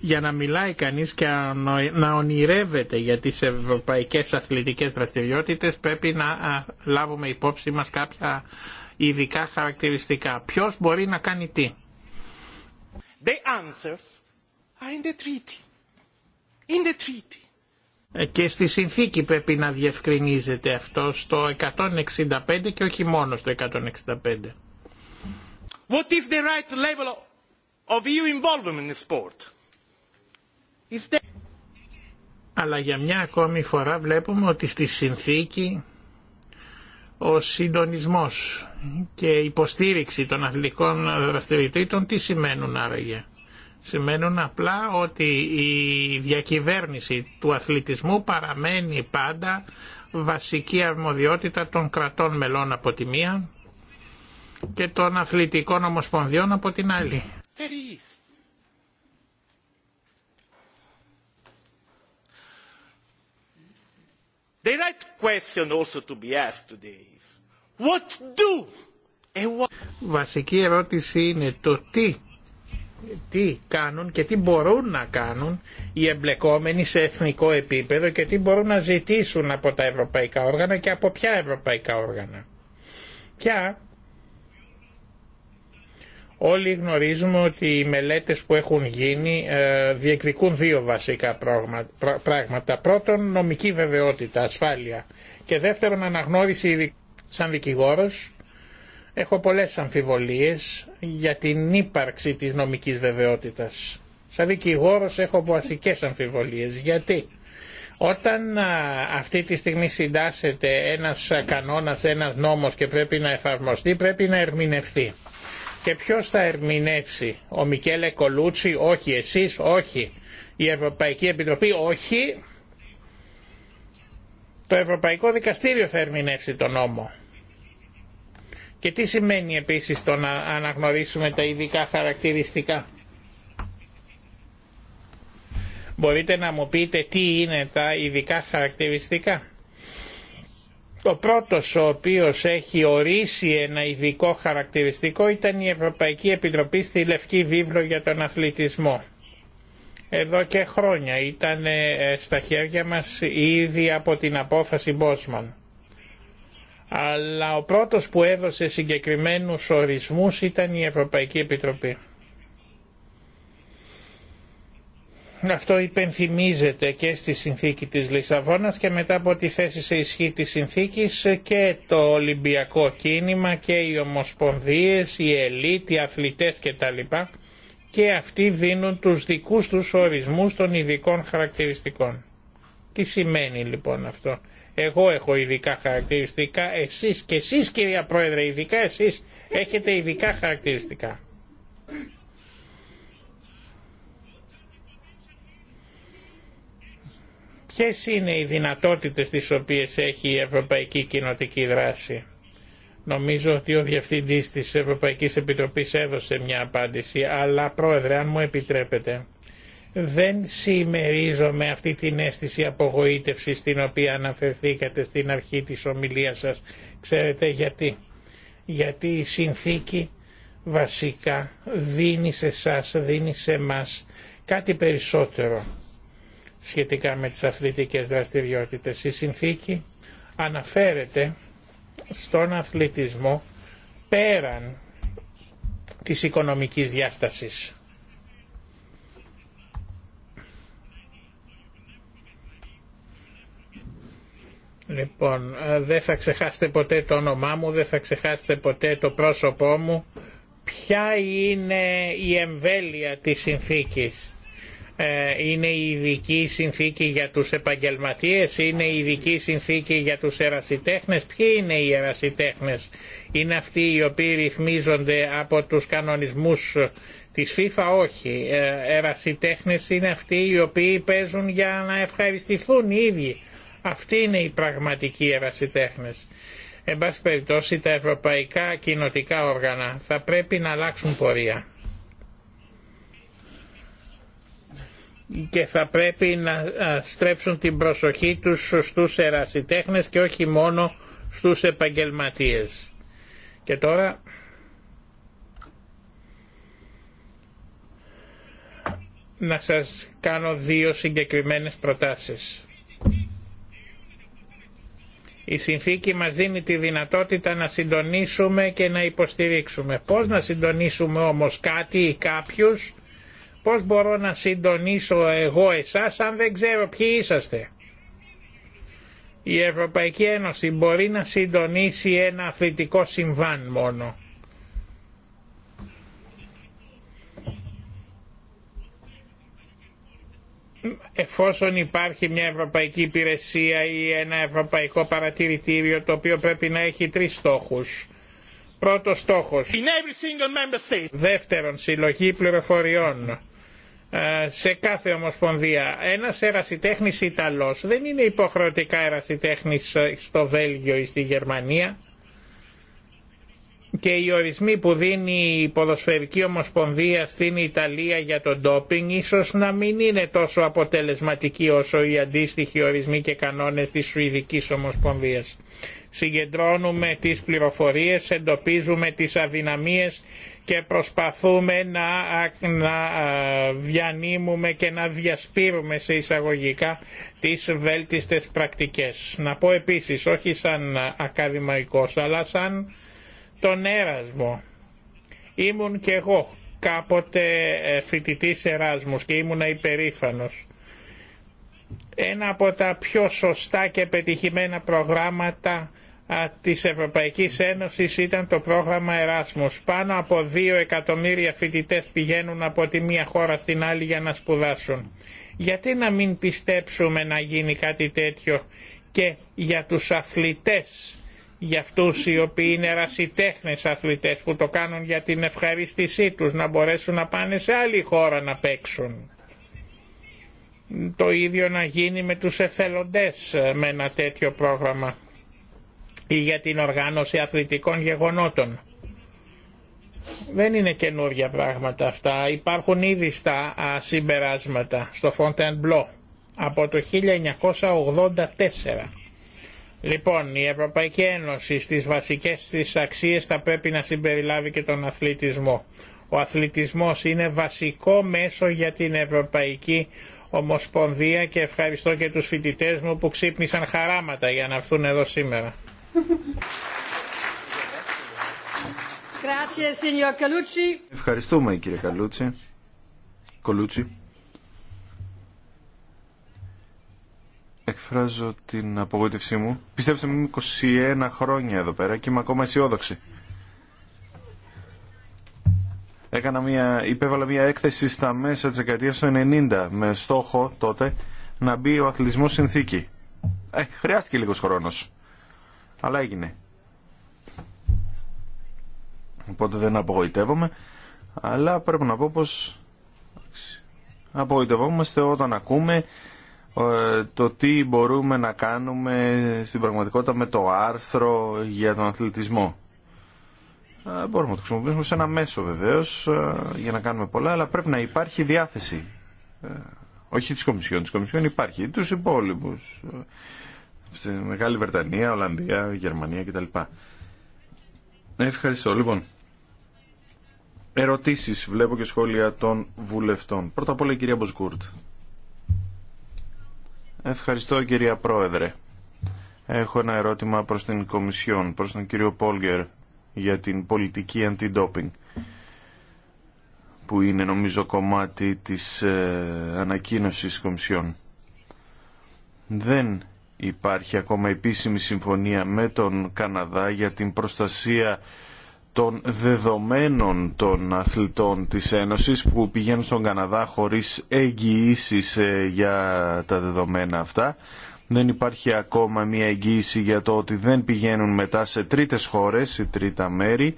C: για να μιλάει κανείς και να ονειρεύεται για τις ευρωπαϊκές αθλητικές δραστηριότητες πρέπει να λάβουμε υπόψη μας κάποια ειδικά χαρακτηριστικά. Ποιος μπορεί να κάνει τι. The answers are in the treaty. In the treaty. Ε, και στη συνθήκη πρέπει να διευκρινίζεται αυτό στο 165 και όχι μόνο στο 165. What is the right level of involvement Αλλά για μια ακόμη φορά βλέπουμε ότι στη συνθήκη ο συντονισμός και η υποστήριξη των αθλητικών δραστηριοτήτων τι σημαίνουν άραγε. Σημαίνουν απλά ότι η διακυβέρνηση του αθλητισμού παραμένει πάντα βασική αρμοδιότητα των κρατών μελών από τη μία και των αθλητικών ομοσπονδιών από την άλλη. Βασική ερώτηση είναι το τι, τι κάνουν και τι μπορούν να κάνουν οι εμπλεκόμενοι σε εθνικό επίπεδο και τι μπορούν να ζητήσουν από τα ευρωπαϊκά όργανα και από ποια ευρωπαϊκά όργανα. Ποια Όλοι γνωρίζουμε ότι οι μελέτες που έχουν γίνει ε, διεκδικούν δύο βασικά πράγματα. Πρώτον, νομική βεβαιότητα, ασφάλεια. Και δεύτερον, αναγνώριση σαν δικηγόρος. Έχω πολλές αμφιβολίες για την ύπαρξη της νομικής βεβαιότητας. Σαν δικηγόρος έχω βασικές αμφιβολίες. Γιατί όταν αυτή τη στιγμή συντάσσεται ένας κανόνας, ένας νόμος και πρέπει να εφαρμοστεί, πρέπει να ερμηνευτεί. Και ποιος θα ερμηνεύσει, ο Μικέλε Κολούτσι, όχι εσείς, όχι. Η Ευρωπαϊκή Επιτροπή, όχι. Το Ευρωπαϊκό Δικαστήριο θα ερμηνεύσει τον νόμο. Και τι σημαίνει επίσης το να αναγνωρίσουμε τα ειδικά χαρακτηριστικά. Μπορείτε να μου πείτε τι είναι τα ειδικά χαρακτηριστικά. Ο πρώτος ο οποίος έχει ορίσει ένα ειδικό χαρακτηριστικό ήταν η Ευρωπαϊκή Επιτροπή στη Λευκή Βίβλο για τον αθλητισμό. Εδώ και χρόνια ήταν ε, στα χέρια μας ήδη από την απόφαση Μπόσμαν. Αλλά ο πρώτος που έδωσε συγκεκριμένους ορισμούς ήταν η Ευρωπαϊκή Επιτροπή. Ναι, αυτό υπενθυμίζεται και στη συνθήκη της Λισαβόνας και μετά από τη θέση σε ισχύ της συνθήκης και το Ολυμπιακό κίνημα και οι ομοσπονδίες, οι ελίτ, οι αθλητές κτλ. Και αυτοί δίνουν τους δικούς τους ορισμούς των ειδικών χαρακτηριστικών. Τι σημαίνει λοιπόν αυτό. Εγώ έχω ειδικά χαρακτηριστικά, εσείς και εσείς κυρία Πρόεδρε, ειδικά εσείς έχετε ειδικά χαρακτηριστικά. Ποιες είναι οι δυνατότητες τις οποίες έχει η Ευρωπαϊκή Κοινοτική Δράση. Νομίζω ότι ο Διευθυντής της Ευρωπαϊκής Επιτροπής έδωσε μια απάντηση, αλλά Πρόεδρε, αν μου επιτρέπετε, δεν συμμερίζομαι αυτή την αίσθηση απογοήτευσης την οποία αναφερθήκατε στην αρχή της ομιλίας σας. Ξέρετε γιατί. Γιατί η συνθήκη βασικά δίνει σε εσά, δίνει σε μας κάτι περισσότερο σχετικά με τις αθλητικές δραστηριότητες. Η συνθήκη αναφέρεται στον αθλητισμό πέραν της οικονομικής διάστασης. Λοιπόν, δεν θα ξεχάσετε ποτέ το όνομά μου, δεν θα ξεχάσετε ποτέ το πρόσωπό μου. Ποια είναι η εμβέλεια της συνθήκης. Ε, είναι η ειδική συνθήκη για τους επαγγελματίες, είναι η ειδική συνθήκη για τους ερασιτέχνες. Ποιοι είναι οι ερασιτέχνες, είναι αυτοί οι οποίοι ρυθμίζονται από τους κανονισμούς της FIFA, όχι. Ε, ερασιτέχνες είναι αυτοί οι οποίοι παίζουν για να ευχαριστηθούν οι ίδιοι. Αυτοί είναι οι πραγματικοί ερασιτέχνες. Εν πάση περιπτώσει τα ευρωπαϊκά κοινοτικά όργανα θα πρέπει να αλλάξουν πορεία. και θα πρέπει να στρέψουν την προσοχή τους στους ερασιτέχνες και όχι μόνο στους επαγγελματίες. Και τώρα να σας κάνω δύο συγκεκριμένες προτάσεις. Η συνθήκη μας δίνει τη δυνατότητα να συντονίσουμε και να υποστηρίξουμε. Πώς να συντονίσουμε όμως κάτι ή κάποιους Πώς μπορώ να συντονίσω εγώ εσάς αν δεν ξέρω ποιοι είσαστε. Η Ευρωπαϊκή Ένωση μπορεί να συντονίσει ένα αθλητικό συμβάν μόνο. εφόσον υπάρχει μια ευρωπαϊκή υπηρεσία ή ένα ευρωπαϊκό παρατηρητήριο το οποίο πρέπει να έχει τρεις στόχους. Πρώτος στόχος. Δεύτερον, συλλογή πληροφοριών. Ε, σε κάθε ομοσπονδία. Ένας ερασιτέχνης Ιταλός δεν είναι υποχρεωτικά ερασιτέχνης ε, στο Βέλγιο ή στη Γερμανία και οι ορισμοί που δίνει η ποδοσφαιρική ομοσπονδία στην Ιταλία για το ντόπινγκ ίσως να μην είναι τόσο αποτελεσματικοί όσο οι αντίστοιχοι ορισμοί και κανόνες της Σουηδικής Ομοσπονδίας συγκεντρώνουμε τις πληροφορίες, εντοπίζουμε τις αδυναμίες και προσπαθούμε να, να διανύμουμε και να διασπείρουμε σε εισαγωγικά τις βέλτιστες πρακτικές. Να πω επίσης, όχι σαν ακαδημαϊκός, αλλά σαν τον έρασμο. Ήμουν και εγώ κάποτε ε, φοιτητής Εράσμους και ήμουνα υπερήφανος. Ένα από τα πιο σωστά και πετυχημένα προγράμματα της ευρωπαϊκή Ένωσης ήταν το πρόγραμμα Εράσμους. Πάνω από δύο εκατομμύρια φοιτητές πηγαίνουν από τη μία χώρα στην άλλη για να σπουδάσουν. Γιατί να μην πιστέψουμε να γίνει κάτι τέτοιο και για τους αθλητές, για αυτούς οι οποίοι είναι ρασιτέχνες αθλητές που το κάνουν για την ευχαρίστησή τους να μπορέσουν να πάνε σε άλλη χώρα να παίξουν. Το ίδιο να γίνει με τους εθελοντές ε, με ένα τέτοιο πρόγραμμα ή για την οργάνωση αθλητικών γεγονότων. Δεν είναι καινούργια πράγματα αυτά, υπάρχουν ήδη στα συμπεράσματα στο Fontainebleau από το 1984. Λοιπόν, η Ευρωπαϊκή Ένωση στις βασικές της αξίες θα πρέπει να συμπεριλάβει και τον αθλητισμό. Ο αθλητισμός είναι βασικό μέσο για την Ευρωπαϊκή Ομοσπονδία και ευχαριστώ και τους φοιτητές μου που ξύπνησαν χαράματα για να έρθουν εδώ σήμερα.
B: Ευχαριστούμε κύριε Καλούτσι. Κολούτσι. Εκφράζω την απογοήτευσή μου. Πιστέψτε μου, είμαι 21 χρόνια εδώ πέρα και είμαι ακόμα αισιόδοξη. Έκανα μια, υπέβαλα μια έκθεση στα μέσα της δεκαετίας του 90 με στόχο τότε να μπει ο αθλητισμός συνθήκη. Ε, χρειάστηκε λίγος χρόνος αλλά έγινε. Οπότε δεν απογοητεύομαι, αλλά πρέπει να πω πως απογοητευόμαστε όταν ακούμε ε, το τι μπορούμε να κάνουμε στην πραγματικότητα με το άρθρο για τον αθλητισμό. Ε, μπορούμε να το χρησιμοποιήσουμε σε ένα μέσο βεβαίως ε, για να κάνουμε πολλά, αλλά πρέπει να υπάρχει διάθεση. Όχι της Κομισιόν, της Κομισιόν υπάρχει, τους υπόλοιπους στη Μεγάλη Βρετανία, Ολλανδία, Γερμανία κτλ. Ευχαριστώ. Λοιπόν, ερωτήσεις βλέπω και σχόλια των βουλευτών. Πρώτα απ' όλα η κυρία Μποσκούρτ. Ευχαριστώ κυρία Πρόεδρε. Έχω ένα ερώτημα προς την Κομισιόν, προς τον κύριο Πόλγκερ για την πολιτική αντι-doping που είναι νομίζω κομμάτι της ε, ανακοίνωσης Κομισιόν. Δεν υπάρχει ακόμα επίσημη συμφωνία με τον Καναδά για την προστασία των δεδομένων των αθλητών της Ένωσης που πηγαίνουν στον Καναδά χωρίς εγγυήσει ε, για τα δεδομένα αυτά. Δεν υπάρχει ακόμα μια εγγύηση για το ότι δεν πηγαίνουν μετά σε τρίτες χώρες, σε τρίτα μέρη,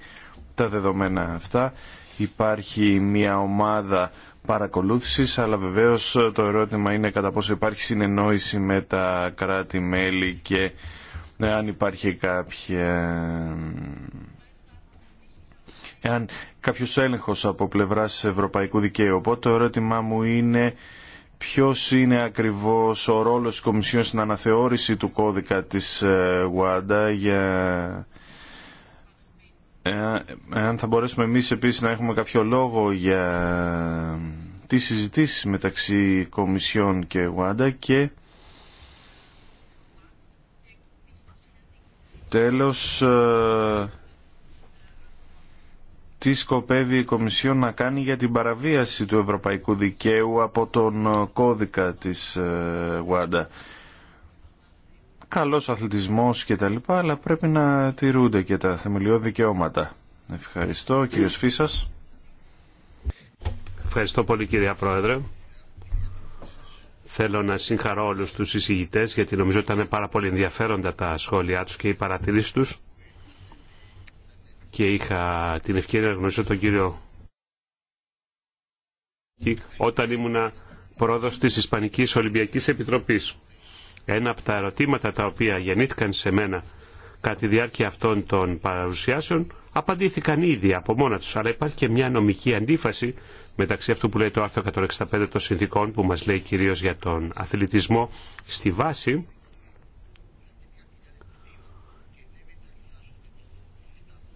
B: τα δεδομένα αυτά. Υπάρχει μια ομάδα παρακολούθησης, αλλά βεβαίως το ερώτημα είναι κατά πόσο υπάρχει συνεννόηση με τα κράτη-μέλη και αν υπάρχει κάποια... Εάν κάποιος έλεγχος από πλευράς ευρωπαϊκού δικαίου. Οπότε το ερώτημά μου είναι ποιος είναι ακριβώς ο ρόλος της Κομισιόν στην αναθεώρηση του κώδικα της ε, ΟΑΝΤΑ για αν ε, θα μπορέσουμε εμείς επίσης να έχουμε κάποιο λόγο για τις συζητήσεις μεταξύ Κομισιόν και Γουάντα και τέλος ε, τι σκοπεύει η Κομισιόν να κάνει για την παραβίαση του ευρωπαϊκού δικαίου από τον κώδικα της Γουάντα. Ε, καλός αθλητισμός και τα λοιπά, αλλά πρέπει να τηρούνται και τα θεμελιώδη δικαιώματα. Ευχαριστώ κύριος Φίσας.
A: Ευχαριστώ πολύ κύριε Πρόεδρε. Θέλω να συγχαρώ όλους τους εισηγητές γιατί νομίζω ήταν πάρα πολύ ενδιαφέροντα τα σχόλιά τους και οι παρατηρήσεις τους και είχα την ευκαιρία να γνωρίσω τον κύριο όταν ήμουνα πρόεδρος της Ισπανικής Ολυμπιακής Επιτροπής. Ένα από τα ερωτήματα τα οποία γεννήθηκαν σε μένα κατά τη διάρκεια αυτών των παρουσιάσεων απαντήθηκαν ήδη από μόνα τους. Αλλά υπάρχει και μια νομική αντίφαση μεταξύ αυτού που λέει το άρθρο 165 των συνδικών που μας λέει κυρίως για τον αθλητισμό στη βάση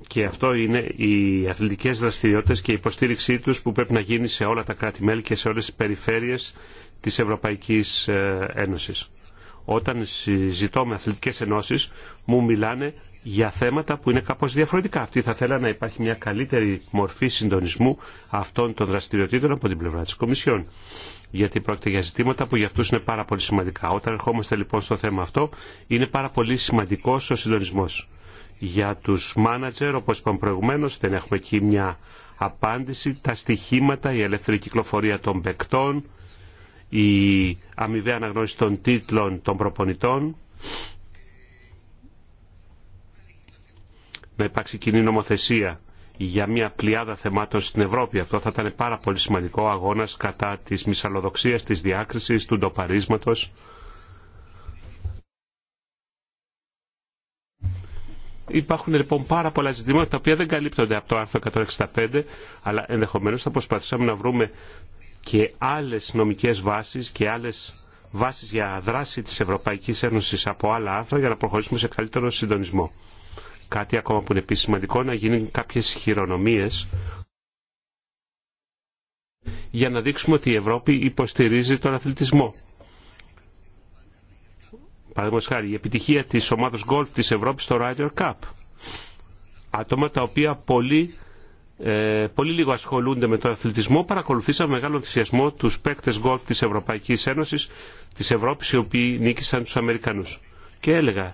A: και αυτό είναι οι αθλητικές δραστηριότητες και η υποστήριξή τους που πρέπει να γίνει σε όλα τα κράτη-μέλη και σε όλες τις περιφέρειες της Ευρωπαϊκής ε, Ένωσης όταν συζητώ με αθλητικές ενώσεις μου μιλάνε για θέματα που είναι κάπως διαφορετικά. Αυτή θα θέλα να υπάρχει μια καλύτερη μορφή συντονισμού αυτών των δραστηριοτήτων από την πλευρά της Κομισιόν. Γιατί πρόκειται για ζητήματα που για αυτούς είναι πάρα πολύ σημαντικά. Όταν ερχόμαστε λοιπόν στο θέμα αυτό είναι πάρα πολύ σημαντικός ο συντονισμός. Για τους μάνατζερ, όπως είπαμε προηγουμένως, δεν έχουμε εκεί μια απάντηση. Τα στοιχήματα, η ελεύθερη κυκλοφορία των παικτών, η αμοιβαία αναγνώριση των τίτλων των προπονητών, να υπάρξει κοινή νομοθεσία για μια πλειάδα θεμάτων στην Ευρώπη. Αυτό θα ήταν πάρα πολύ σημαντικό αγώνας κατά της μυσαλλοδοξίας, της διάκρισης, του ντοπαρίσματος. Υπάρχουν λοιπόν πάρα πολλά ζητήματα τα οποία δεν καλύπτονται από το άρθρο 165, αλλά ενδεχομένως θα προσπαθήσαμε να βρούμε και άλλες νομικές βάσεις και άλλες βάσεις για δράση της Ευρωπαϊκής Ένωσης από άλλα άρθρα για να προχωρήσουμε σε καλύτερο συντονισμό. Κάτι ακόμα που είναι επίσης σημαντικό να γίνουν κάποιες χειρονομίες για να δείξουμε ότι η Ευρώπη υποστηρίζει τον αθλητισμό. Παραδείγματος χάρη, η επιτυχία της ομάδος γκολφ της Ευρώπης στο Ryder Cup. Άτομα τα οποία πολλοί ε, πολύ λίγο ασχολούνται με τον αθλητισμό, παρακολουθήσαμε μεγάλο ενθουσιασμό του παίκτε γκολφ τη Ευρωπαϊκή Ένωση, τη Ευρώπη, οι οποίοι νίκησαν του Αμερικανού. Και έλεγα,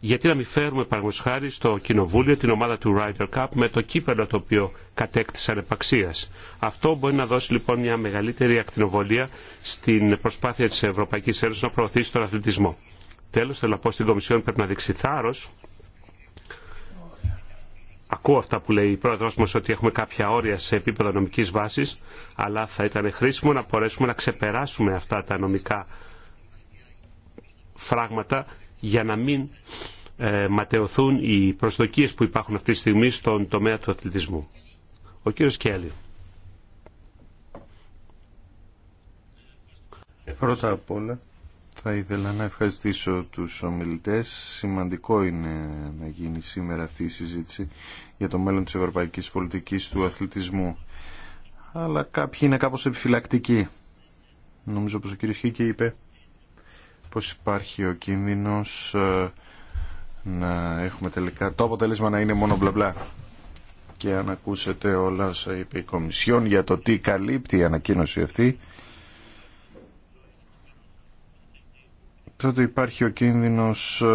A: γιατί να μην φέρουμε παραγωγή χάρη στο κοινοβούλιο την ομάδα του Ryder Cup με το κύπελο το οποίο κατέκτησαν επαξία. Αυτό μπορεί να δώσει λοιπόν μια μεγαλύτερη ακτινοβολία στην προσπάθεια τη Ευρωπαϊκή Ένωση να προωθήσει τον αθλητισμό. Τέλο, θέλω να πω στην Κομισιόν πρέπει να δείξει θάρρο Ακούω αυτά που λέει η πρόεδρο μα ότι έχουμε κάποια όρια σε επίπεδο νομική βάσης, αλλά θα ήταν χρήσιμο να μπορέσουμε να ξεπεράσουμε αυτά τα νομικά φράγματα για να μην ε, ματαιωθούν οι προσδοκίες που υπάρχουν αυτή τη στιγμή στον τομέα του αθλητισμού. Ο κύριος Κέλλη. Πρώτα απ' Θα ήθελα να
B: ευχαριστήσω τους ομιλητές. Σημαντικό είναι να γίνει σήμερα αυτή η συζήτηση για το μέλλον της ευρωπαϊκής πολιτικής του αθλητισμού. Αλλά κάποιοι είναι κάπως επιφυλακτικοί. Νομίζω πως ο κ. Χίκη είπε πως υπάρχει ο κίνδυνος ε, να έχουμε τελικά το αποτέλεσμα να είναι μόνο μπλα μπλα. Και αν ακούσετε όλα όσα είπε η Κομισιόν για το τι καλύπτει η ανακοίνωση αυτή, τότε υπάρχει ο κίνδυνος ε,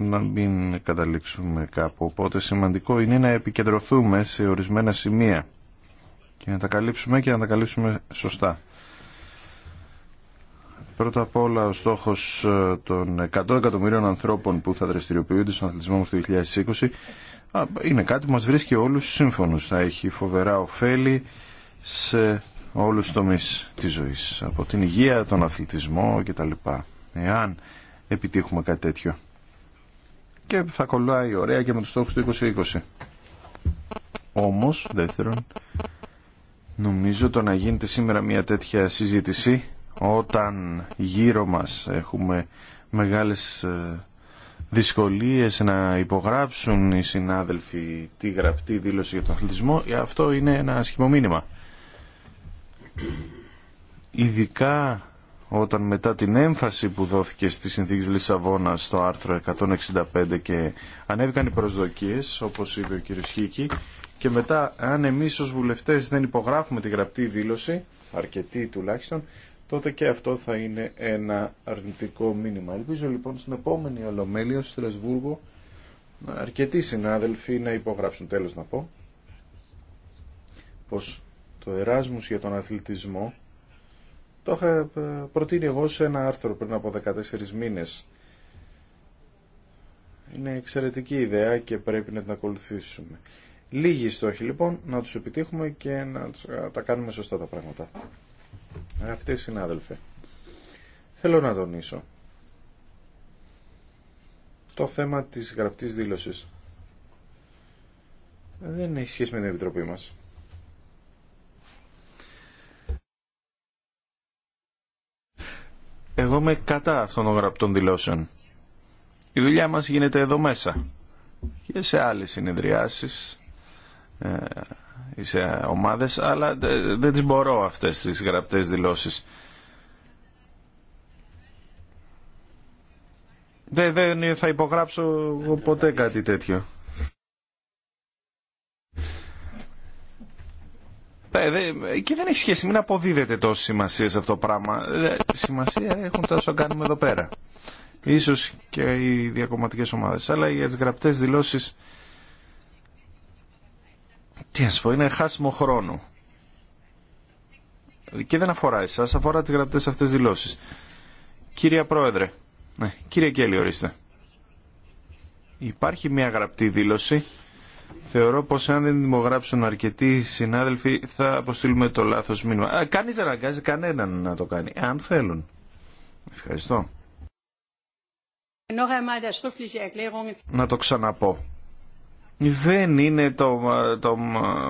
B: να μην καταλήξουμε κάπου. Οπότε σημαντικό είναι να επικεντρωθούμε σε ορισμένα σημεία και να τα καλύψουμε και να τα καλύψουμε σωστά. Πρώτα απ' όλα ο στόχος ε, των 100 εκατομμυρίων ανθρώπων που θα δραστηριοποιούνται στον αθλητισμό μας το 2020 είναι κάτι που μας βρίσκει όλους σύμφωνους. Θα έχει φοβερά ωφέλη σε όλους τους τομείς της ζωής, από την υγεία, τον αθλητισμό κτλ εάν επιτύχουμε κάτι τέτοιο. Και θα κολλάει ωραία και με τους στόχους του 2020. Όμως, δεύτερον, νομίζω το να γίνεται σήμερα μια τέτοια συζήτηση όταν γύρω μας έχουμε μεγάλες ε, δυσκολίες να υπογράψουν οι συνάδελφοι τη γραπτή δήλωση για τον αθλητισμό, ε, αυτό είναι ένα άσχημο μήνυμα. Ειδικά όταν μετά την έμφαση που δόθηκε στη συνθήκη Λισαβόνα στο άρθρο 165 και ανέβηκαν οι προσδοκίες, όπως είπε ο κ. Χίκη, και μετά αν εμείς ως βουλευτές δεν υπογράφουμε τη γραπτή δήλωση, αρκετοί τουλάχιστον, τότε και αυτό θα είναι ένα αρνητικό μήνυμα. Ελπίζω λοιπόν στην επόμενη Ολομέλεια στο Στρασβούργο αρκετοί συνάδελφοι να υπογράψουν. Τέλος να πω πως το Εράσμους για τον αθλητισμό το είχα ε, προτείνει εγώ σε ένα άρθρο πριν από 14 μήνες. Είναι εξαιρετική ιδέα και πρέπει να την ακολουθήσουμε. Λίγοι στόχοι λοιπόν, να τους επιτύχουμε και να ε, τα κάνουμε σωστά τα πράγματα. Αγαπητοί συνάδελφε, θέλω να τονίσω το θέμα της γραπτής δήλωσης. Δεν έχει σχέση με την Επιτροπή μας. Εγώ είμαι κατά αυτών των γραπτών δηλώσεων. Η δουλειά μας γίνεται εδώ μέσα και σε άλλες συνεδριάσεις ε, ή σε ομάδες, αλλά δεν τις μπορώ αυτές τις γραπτές δηλώσεις. Δεν, δεν θα υπογράψω ποτέ κάτι τέτοιο. Και δεν έχει σχέση, μην αποδίδεται τόση σημασία σε αυτό το πράγμα. Σημασία έχουν τα όσα κάνουμε εδώ πέρα. Ίσως και οι διακομματικές ομάδες. Αλλά για τις γραπτές δηλώσεις, τι να σου πω, είναι χάσιμο χρόνο. Και δεν αφορά εσάς, αφορά τις γραπτές αυτές δηλώσεις. Κυρία Πρόεδρε, ναι, κύριε Κέλλη ορίστε. Υπάρχει μια γραπτή δήλωση Θεωρώ πως αν δεν δημογράψουν αρκετοί συνάδελφοι θα αποστείλουμε το λάθος μήνυμα. Ε, κανείς δεν αναγκάζει κανέναν να το κάνει, αν θέλουν. Ευχαριστώ. Να το ξαναπώ. Δεν είναι το, το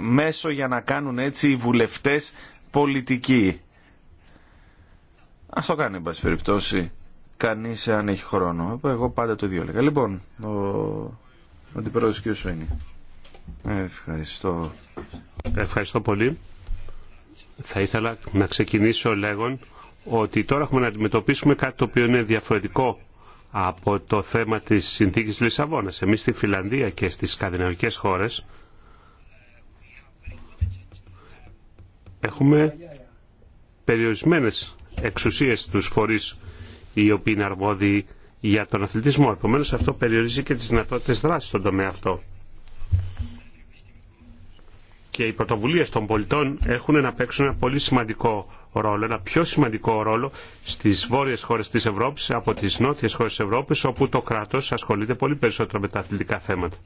B: μέσο για να κάνουν έτσι οι βουλευτές πολιτικοί. Ας το κάνει, εν πάση περιπτώσει, κανείς αν έχει χρόνο. Εγώ πάντα το ίδιο έλεγα. Λοιπόν, ο, ο αντιπρόεδρος κ. Σουήνη.
A: Ευχαριστώ. Ευχαριστώ πολύ. Θα ήθελα να ξεκινήσω λέγον ότι τώρα έχουμε να αντιμετωπίσουμε κάτι το οποίο είναι διαφορετικό από το θέμα της συνθήκης Λισαβόνας. Εμείς στη Φιλανδία και στις σκανδιναβικές χώρες έχουμε περιορισμένες εξουσίες στους φορείς οι οποίοι είναι αρμόδιοι για τον αθλητισμό. Επομένω αυτό περιορίζει και τις δυνατότητες δράσης στον τομέα αυτό και οι πρωτοβουλίε των πολιτών έχουν να παίξουν ένα πολύ σημαντικό ρόλο, ένα πιο σημαντικό ρόλο στι βόρειε χώρε τη Ευρώπη από τι νότιε χώρε τη Ευρώπη, όπου το κράτο ασχολείται πολύ περισσότερο με τα αθλητικά θέματα.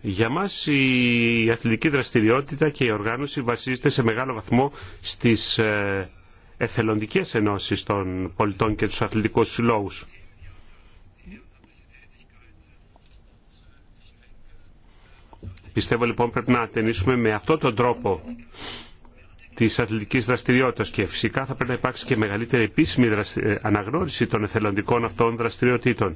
A: Για μας η αθλητική δραστηριότητα και η οργάνωση βασίζεται σε μεγάλο βαθμό στις ε, εθελοντικές ενώσεις των πολιτών και τους αθλητικούς συλλόγους. Πιστεύω λοιπόν πρέπει να ταινίσουμε με αυτόν τον τρόπο τη αθλητική δραστηριότητα και φυσικά θα πρέπει να υπάρξει και μεγαλύτερη επίσημη ε, αναγνώριση των εθελοντικών αυτών δραστηριοτήτων.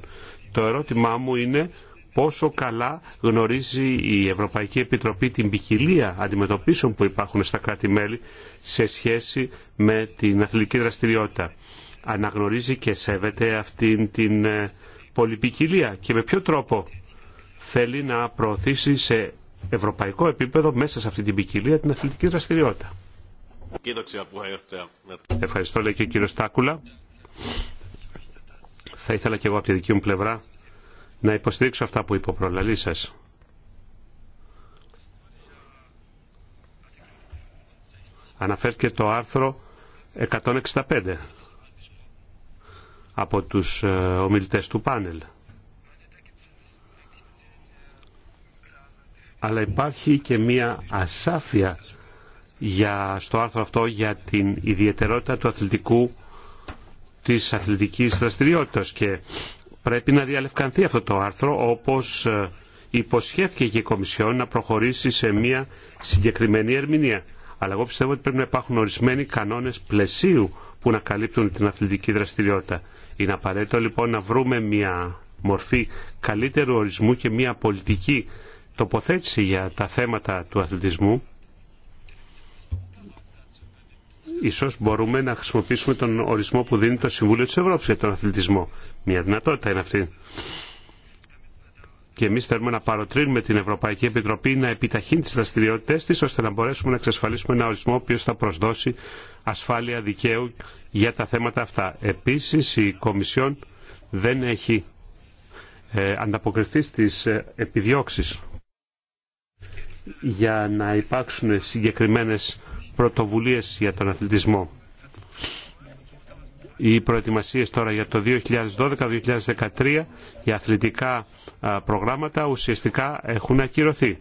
A: Το ερώτημά μου είναι πόσο καλά γνωρίζει η Ευρωπαϊκή Επιτροπή την ποικιλία αντιμετωπίσεων που υπάρχουν στα κράτη-μέλη σε σχέση με την αθλητική δραστηριότητα. Αναγνωρίζει και σέβεται αυτήν την ε, πολυπικιλία και με ποιο τρόπο θέλει να προωθήσει σε ευρωπαϊκό επίπεδο μέσα σε αυτή την ποικιλία την αθλητική δραστηριότητα. Ευχαριστώ λέει και ο κύριο Τάκουλα. Θα ήθελα και εγώ από τη δική μου πλευρά να υποστηρίξω αυτά που είπε ο προλαλή σα. Αναφέρθηκε το άρθρο 165 από τους ε, ομιλητές του πάνελ. αλλά υπάρχει και μία ασάφεια για, στο άρθρο αυτό για την ιδιαιτερότητα του αθλητικού της αθλητικής δραστηριότητας και πρέπει να διαλευκανθεί αυτό το άρθρο όπως ε, υποσχέθηκε και η Κομισιόν να προχωρήσει σε μία συγκεκριμένη ερμηνεία. Αλλά εγώ πιστεύω ότι πρέπει να υπάρχουν ορισμένοι κανόνες πλαισίου που να καλύπτουν την αθλητική δραστηριότητα. Είναι απαραίτητο λοιπόν να βρούμε μία μορφή καλύτερου ορισμού και μία πολιτική τοποθέτηση για τα θέματα του αθλητισμού ίσως μπορούμε να χρησιμοποιήσουμε τον ορισμό που δίνει το Συμβούλιο της Ευρώπης για τον αθλητισμό. Μια δυνατότητα είναι αυτή. Και εμεί θέλουμε να παροτρύνουμε την Ευρωπαϊκή Επιτροπή να επιταχύνει τι δραστηριότητέ τη ώστε να μπορέσουμε να εξασφαλίσουμε ένα ορισμό ο οποίο θα προσδώσει ασφάλεια δικαίου για τα θέματα αυτά. Επίση, η Κομισιόν δεν έχει ε, ανταποκριθεί στι ε, επιδιώξει για να υπάρξουν συγκεκριμένες πρωτοβουλίες για τον αθλητισμό. Οι προετοιμασίες τώρα για το 2012-2013 για αθλητικά προγράμματα ουσιαστικά έχουν ακυρωθεί.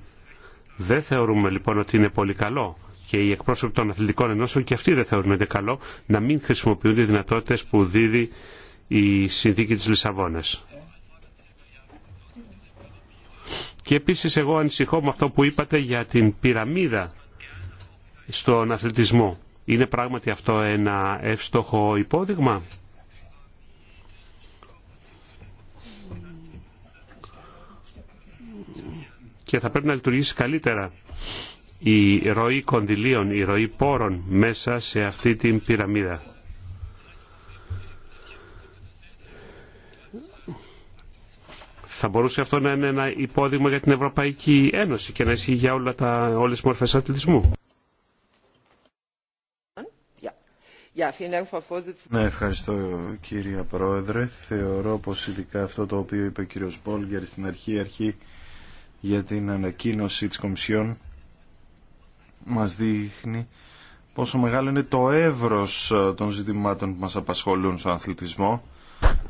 A: Δεν θεωρούμε λοιπόν ότι είναι πολύ καλό και οι εκπρόσωποι των αθλητικών ενώσεων και αυτοί δεν θεωρούν ότι καλό να μην χρησιμοποιούνται οι δυνατότητες που δίδει η συνθήκη της Λισαβόνας. Και επίσης εγώ ανησυχώ με αυτό που είπατε για την πυραμίδα στον αθλητισμό. Είναι πράγματι αυτό ένα εύστοχο υπόδειγμα. Και θα πρέπει να λειτουργήσει καλύτερα η ροή κονδυλίων, η ροή πόρων μέσα σε αυτή την πυραμίδα. θα μπορούσε αυτό να είναι ένα υπόδειγμα για την Ευρωπαϊκή Ένωση και να ισχύει για όλα τα, όλες τις μορφές αθλητισμού.
B: Ναι, ευχαριστώ κύριε Πρόεδρε. Θεωρώ πως ειδικά αυτό το οποίο είπε ο κύριος Μπόλγκερ στην αρχή, αρχή για την ανακοίνωση της Κομισιόν μας δείχνει πόσο μεγάλο είναι το εύρος των ζητημάτων που μας απασχολούν στον αθλητισμό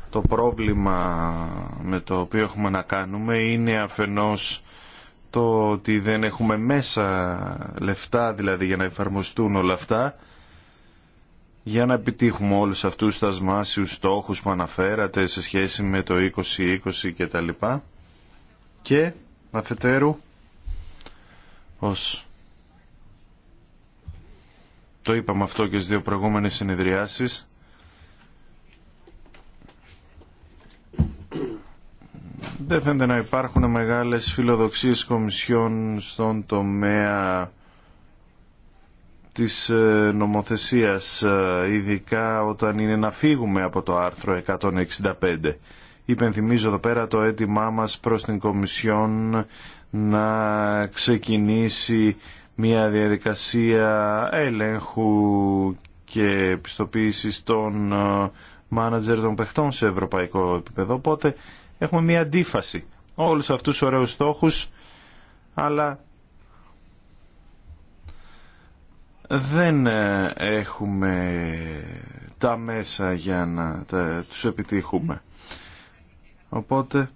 B: το πρόβλημα με το οποίο έχουμε να κάνουμε είναι αφενός το ότι δεν έχουμε μέσα λεφτά δηλαδή για να εφαρμοστούν όλα αυτά για να επιτύχουμε όλους αυτούς τα σμάσιους στόχους που αναφέρατε σε σχέση με το 2020 και τα λοιπά και αφετέρου ως το είπαμε αυτό και στις δύο προηγούμενες συνεδριάσεις δεν φαίνεται να υπάρχουν μεγάλες φιλοδοξίες κομισιών στον τομέα της ε, νομοθεσίας, ε, ειδικά όταν είναι να φύγουμε από το άρθρο 165. Υπενθυμίζω εδώ πέρα το αίτημά μας προς την Κομισιόν να ξεκινήσει μια διαδικασία έλεγχου και επιστοποίησης των ε, μάνατζερ των παιχτών σε ευρωπαϊκό επίπεδο. Οπότε έχουμε μία αντίφαση. Όλους αυτούς τους ωραίους στόχους, αλλά δεν ε, έχουμε τα μέσα για να τους επιτύχουμε. Οπότε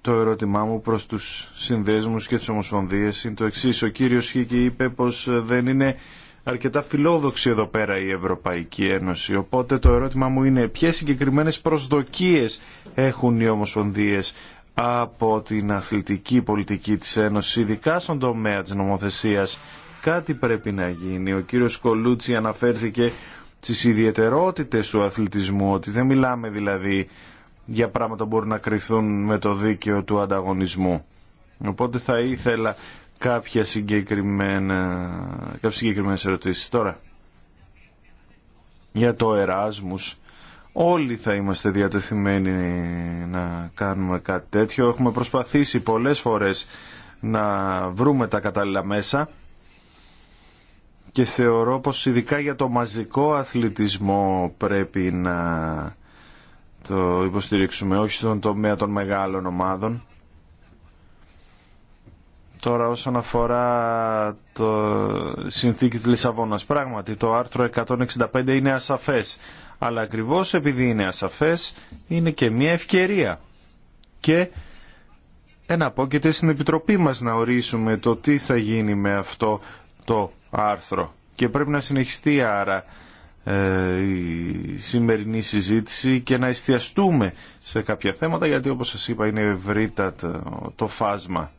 B: το ερώτημά μου προς τους συνδέσμους και τις ομοσπονδίες είναι το εξής. Ο κύριος Χίκη είπε πως δεν είναι αρκετά φιλόδοξη εδώ πέρα η Ευρωπαϊκή Ένωση. Οπότε το ερώτημα μου είναι ποιες συγκεκριμένες προσδοκίες έχουν οι Ομοσπονδίες από την αθλητική πολιτική της Ένωσης, ειδικά στον τομέα της νομοθεσίας. Κάτι πρέπει να γίνει. Ο κύριος Κολούτσι αναφέρθηκε στις ιδιαιτερότητες του αθλητισμού, ότι δεν μιλάμε δηλαδή για πράγματα που μπορούν να κρυθούν με το δίκαιο του ανταγωνισμού. Οπότε θα ήθελα κάποια συγκεκριμένα, κάποιες συγκεκριμένες ερωτήσεις. Τώρα, για το Εράσμους, όλοι θα είμαστε διατεθειμένοι να κάνουμε κάτι τέτοιο. Έχουμε προσπαθήσει πολλές φορές να βρούμε τα κατάλληλα μέσα και θεωρώ πως ειδικά για το μαζικό αθλητισμό πρέπει να το υποστηρίξουμε, όχι στον τομέα των μεγάλων ομάδων Τώρα όσον αφορά το συνθήκη της Λισαβόνας, πράγματι το άρθρο 165 είναι ασαφές, αλλά ακριβώς επειδή είναι ασαφές είναι και μια ευκαιρία και εναπόκειται στην Επιτροπή μας να ορίσουμε το τι θα γίνει με αυτό το άρθρο και πρέπει να συνεχιστεί άρα ε, η σημερινή συζήτηση και να εστιαστούμε σε κάποια θέματα γιατί όπως σας είπα είναι ευρύτατο το φάσμα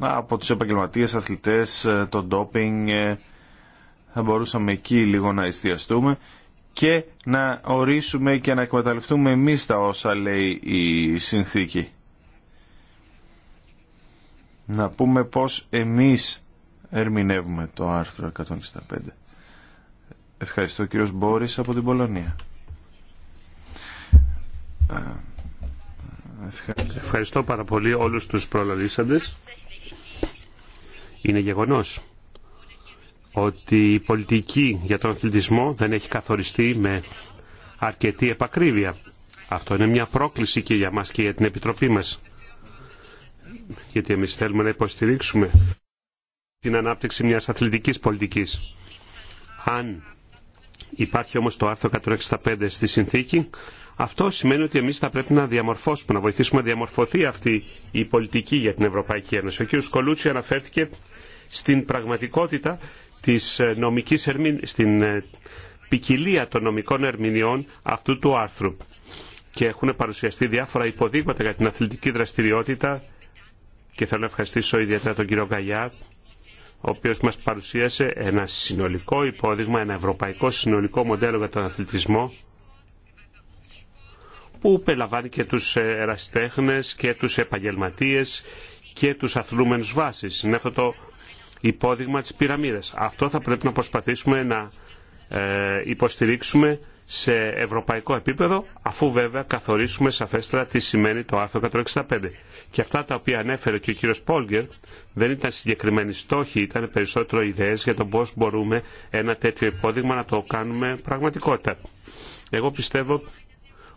B: από τους επαγγελματίες αθλητές, ε, το ντόπινγκ, ε, θα μπορούσαμε εκεί λίγο να εστιαστούμε και να ορίσουμε και να εκμεταλλευτούμε εμείς τα όσα λέει η συνθήκη. Να πούμε πώς εμείς ερμηνεύουμε το άρθρο 165. Ευχαριστώ κύριος
A: Μπόρις από την Πολωνία. Ε, ευχαριστώ, Ευχαριστώ πάρα πολύ όλους τους προλαλήσαντες. Είναι γεγονός ότι η πολιτική για τον αθλητισμό δεν έχει καθοριστεί με αρκετή επακρίβεια. Αυτό είναι μια πρόκληση και για μας και για την Επιτροπή μας. Γιατί εμείς θέλουμε να υποστηρίξουμε την ανάπτυξη μιας αθλητικής πολιτικής. Αν υπάρχει όμως το άρθρο 165 στη συνθήκη, αυτό σημαίνει ότι εμεί θα πρέπει να διαμορφώσουμε, να βοηθήσουμε να διαμορφωθεί αυτή η πολιτική για την Ευρωπαϊκή Ένωση. Ο κ. Σκολούτσι αναφέρθηκε στην πραγματικότητα τη ε, νομική στην ε, ποικιλία των νομικών ερμηνεών αυτού του άρθρου και έχουν παρουσιαστεί διάφορα υποδείγματα για την αθλητική δραστηριότητα και θέλω να ευχαριστήσω ιδιαίτερα τον κύριο Γκαγιά ο οποίος μας παρουσίασε ένα συνολικό υπόδειγμα, ένα ευρωπαϊκό συνολικό μοντέλο για τον αθλητισμό που περιλαμβάνει και τους ερασιτέχνες και τους επαγγελματίες και τους αθλούμενους βάσεις. Είναι αυτό το υπόδειγμα της πυραμίδας. Αυτό θα πρέπει να προσπαθήσουμε να ε, υποστηρίξουμε σε ευρωπαϊκό επίπεδο, αφού βέβαια καθορίσουμε σαφέστερα τι σημαίνει το άρθρο 165. Και αυτά τα οποία ανέφερε και ο κύριο Πόλγκερ δεν ήταν συγκεκριμένοι στόχοι, ήταν περισσότερο ιδέε για το πώ μπορούμε ένα τέτοιο υπόδειγμα να το κάνουμε πραγματικότητα. Εγώ πιστεύω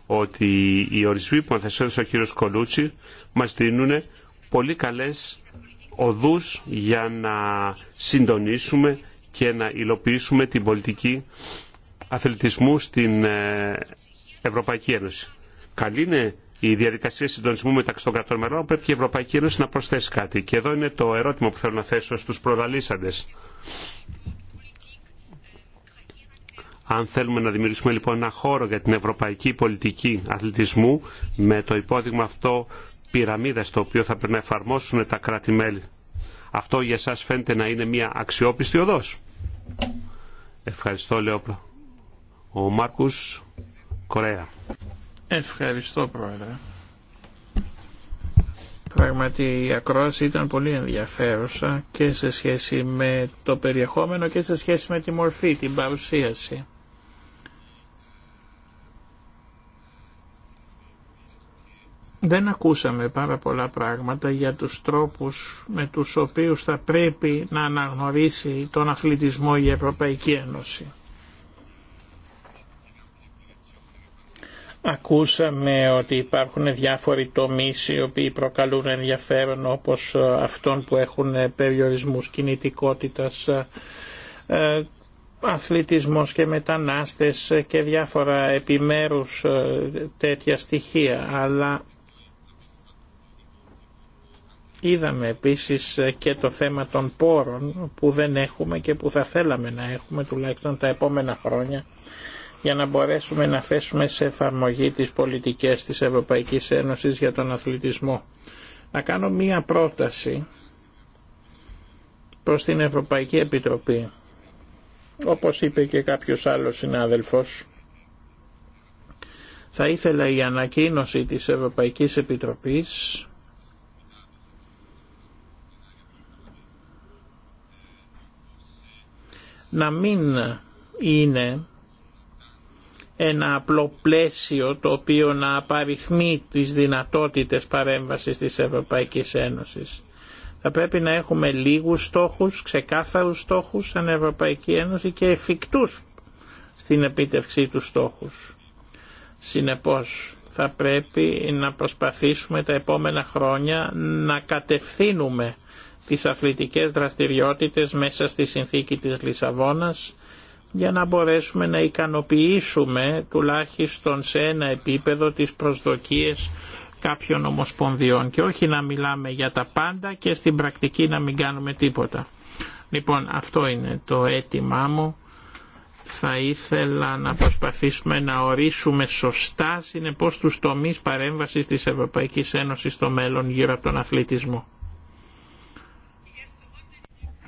A: ότι οι ορισμοί που ανθεσέδωσε ο κύριος Κολούτσι μας δίνουν πολύ καλές οδούς για να συντονίσουμε και να υλοποιήσουμε την πολιτική αθλητισμού στην ε, Ευρωπαϊκή Ένωση. Καλή είναι η διαδικασία συντονισμού μεταξύ των κρατών μερών πρέπει η Ευρωπαϊκή Ένωση να προσθέσει κάτι. Και εδώ είναι το ερώτημα που θέλω να θέσω στους προδαλήσαντες. Αν θέλουμε να δημιουργήσουμε λοιπόν ένα χώρο για την ευρωπαϊκή πολιτική αθλητισμού με το υπόδειγμα αυτό πυραμίδα το οποίο θα πρέπει να εφαρμόσουν τα κράτη-μέλη. Αυτό για σας φαίνεται να είναι μια αξιόπιστη οδός. Ευχαριστώ Λεόπλα. Ο Μάρκους Κορέα.
C: Ευχαριστώ Πρόεδρε. Πραγματι η ακρόαση ήταν πολύ ενδιαφέρουσα και σε σχέση με το περιεχόμενο και σε σχέση με τη μορφή, την παρουσίαση. Δεν ακούσαμε πάρα πολλά πράγματα για τους τρόπους με τους οποίους θα πρέπει να αναγνωρίσει τον αθλητισμό η Ευρωπαϊκή Ένωση. Ακούσαμε ότι υπάρχουν διάφοροι τομείς οι οποίοι προκαλούν ενδιαφέρον όπως ε, αυτών που έχουν ε, περιορισμούς κινητικότητας, ε, αθλητισμός και μετανάστες και διάφορα επιμέρους τέτοια στοιχεία. Αλλά Είδαμε επίσης ε, και το θέμα των πόρων που δεν έχουμε και που θα θέλαμε να έχουμε τουλάχιστον τα επόμενα χρόνια για να μπορέσουμε να θέσουμε σε εφαρμογή τις πολιτικές της Ευρωπαϊκής Ένωσης για τον αθλητισμό. Να κάνω μία πρόταση προς την Ευρωπαϊκή Επιτροπή. Όπως είπε και κάποιος άλλος συνάδελφος, θα ήθελα η ανακοίνωση της Ευρωπαϊκής Επιτροπής να μην είναι ένα απλό πλαίσιο το οποίο να απαριθμεί τις δυνατότητες παρέμβασης της Ευρωπαϊκής Ένωσης. Θα πρέπει να έχουμε λίγους στόχους, ξεκάθαρους στόχους σαν Ευρωπαϊκή Ένωση και εφικτούς στην επίτευξή του στόχους. Συνεπώς θα πρέπει να προσπαθήσουμε τα επόμενα χρόνια να κατευθύνουμε τις αθλητικές δραστηριότητες μέσα στη συνθήκη της Λισαβόνας για να μπορέσουμε να ικανοποιήσουμε τουλάχιστον σε ένα επίπεδο τις προσδοκίες κάποιων ομοσπονδιών και όχι να μιλάμε για τα πάντα και στην πρακτική να μην κάνουμε τίποτα. Λοιπόν αυτό είναι το αίτημά μου. Θα ήθελα να προσπαθήσουμε να ορίσουμε σωστά συνεπώς τους τομείς παρέμβασης της Ευρωπαϊκής Ένωσης στο μέλλον γύρω από τον αθλητισμό.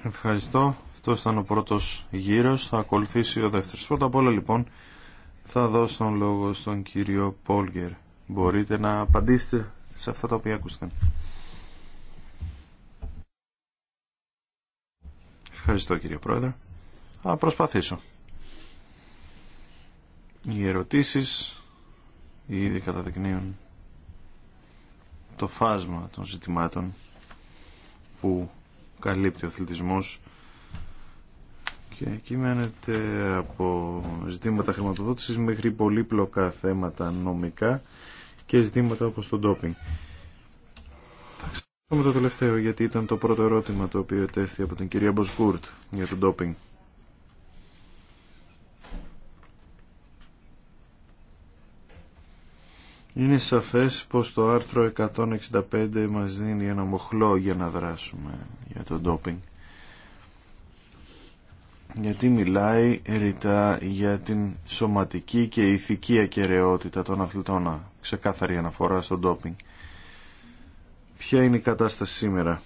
B: Ευχαριστώ. Αυτό ήταν ο πρώτος γύρος. Θα ακολουθήσει ο δεύτερο. Πρώτα απ' όλα λοιπόν θα δώσω τον λόγο στον κύριο Πόλγκερ. Μπορείτε να απαντήσετε σε αυτά τα οποία ακούστηκαν. Ευχαριστώ κύριε Πρόεδρε. Θα προσπαθήσω. Οι ερωτήσεις ήδη καταδεικνύουν το φάσμα των ζητημάτων που καλύπτει ο αθλητισμός και κείμενεται από ζητήματα χρηματοδότησης μέχρι πολύπλοκα θέματα νομικά και ζητήματα όπως το ντόπινγκ. Θα το τελευταίο γιατί ήταν το πρώτο ερώτημα το οποίο τέθη από την κυρία Μποσκούρτ για το ντόπινγκ. Είναι σαφές πως το άρθρο 165 μας δίνει ένα μοχλό για να δράσουμε για το ντόπινγκ. Γιατί μιλάει ρητά για την σωματική και ηθική ακαιρεότητα των αθλητών. Ξεκάθαρη αναφορά στο ντόπινγκ. Ποια είναι η κατάσταση σήμερα.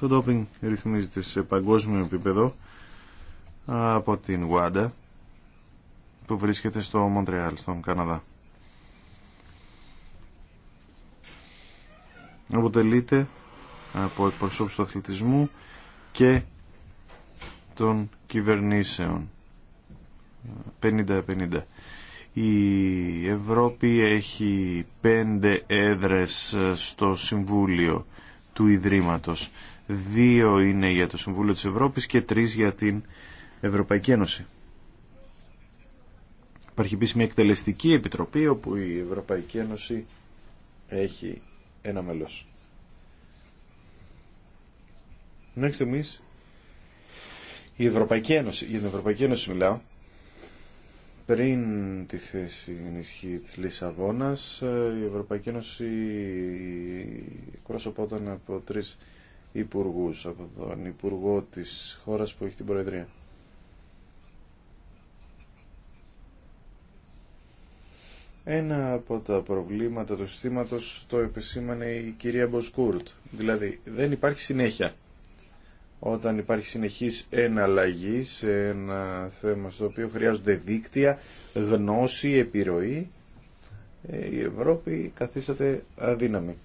B: Το ντόπινγκ ρυθμίζεται σε παγκόσμιο επίπεδο από την Γουάντα που βρίσκεται στο Μοντρεάλ, στον Καναδά. αποτελείται από εκπροσώπους του αθλητισμού και των κυβερνήσεων. 50-50. Η Ευρώπη έχει πέντε έδρες στο Συμβούλιο του Ιδρύματος. Δύο είναι για το Συμβούλιο της Ευρώπης και τρεις για την Ευρωπαϊκή Ένωση. Υπάρχει επίσης μια εκτελεστική επιτροπή όπου η Ευρωπαϊκή Ένωση έχει ένα μέλος. Μέχρι στιγμή η Ευρωπαϊκή Ένωση, για την Ευρωπαϊκή Ένωση μιλάω, πριν τη θέση ενισχύ της Λισαβόνας, ε, η Ευρωπαϊκή Ένωση εκπροσωπόταν από τρεις υπουργούς, από τον υπουργό της χώρας που έχει την Προεδρία. Ένα από τα προβλήματα του συστήματος το επεσήμανε η κυρία Μποσκούρτ. Δηλαδή δεν υπάρχει συνέχεια. Όταν υπάρχει συνεχής εναλλαγή σε ένα θέμα στο οποίο χρειάζονται δίκτυα, γνώση, επιρροή, ε, η Ευρώπη καθίσατε αδύναμη.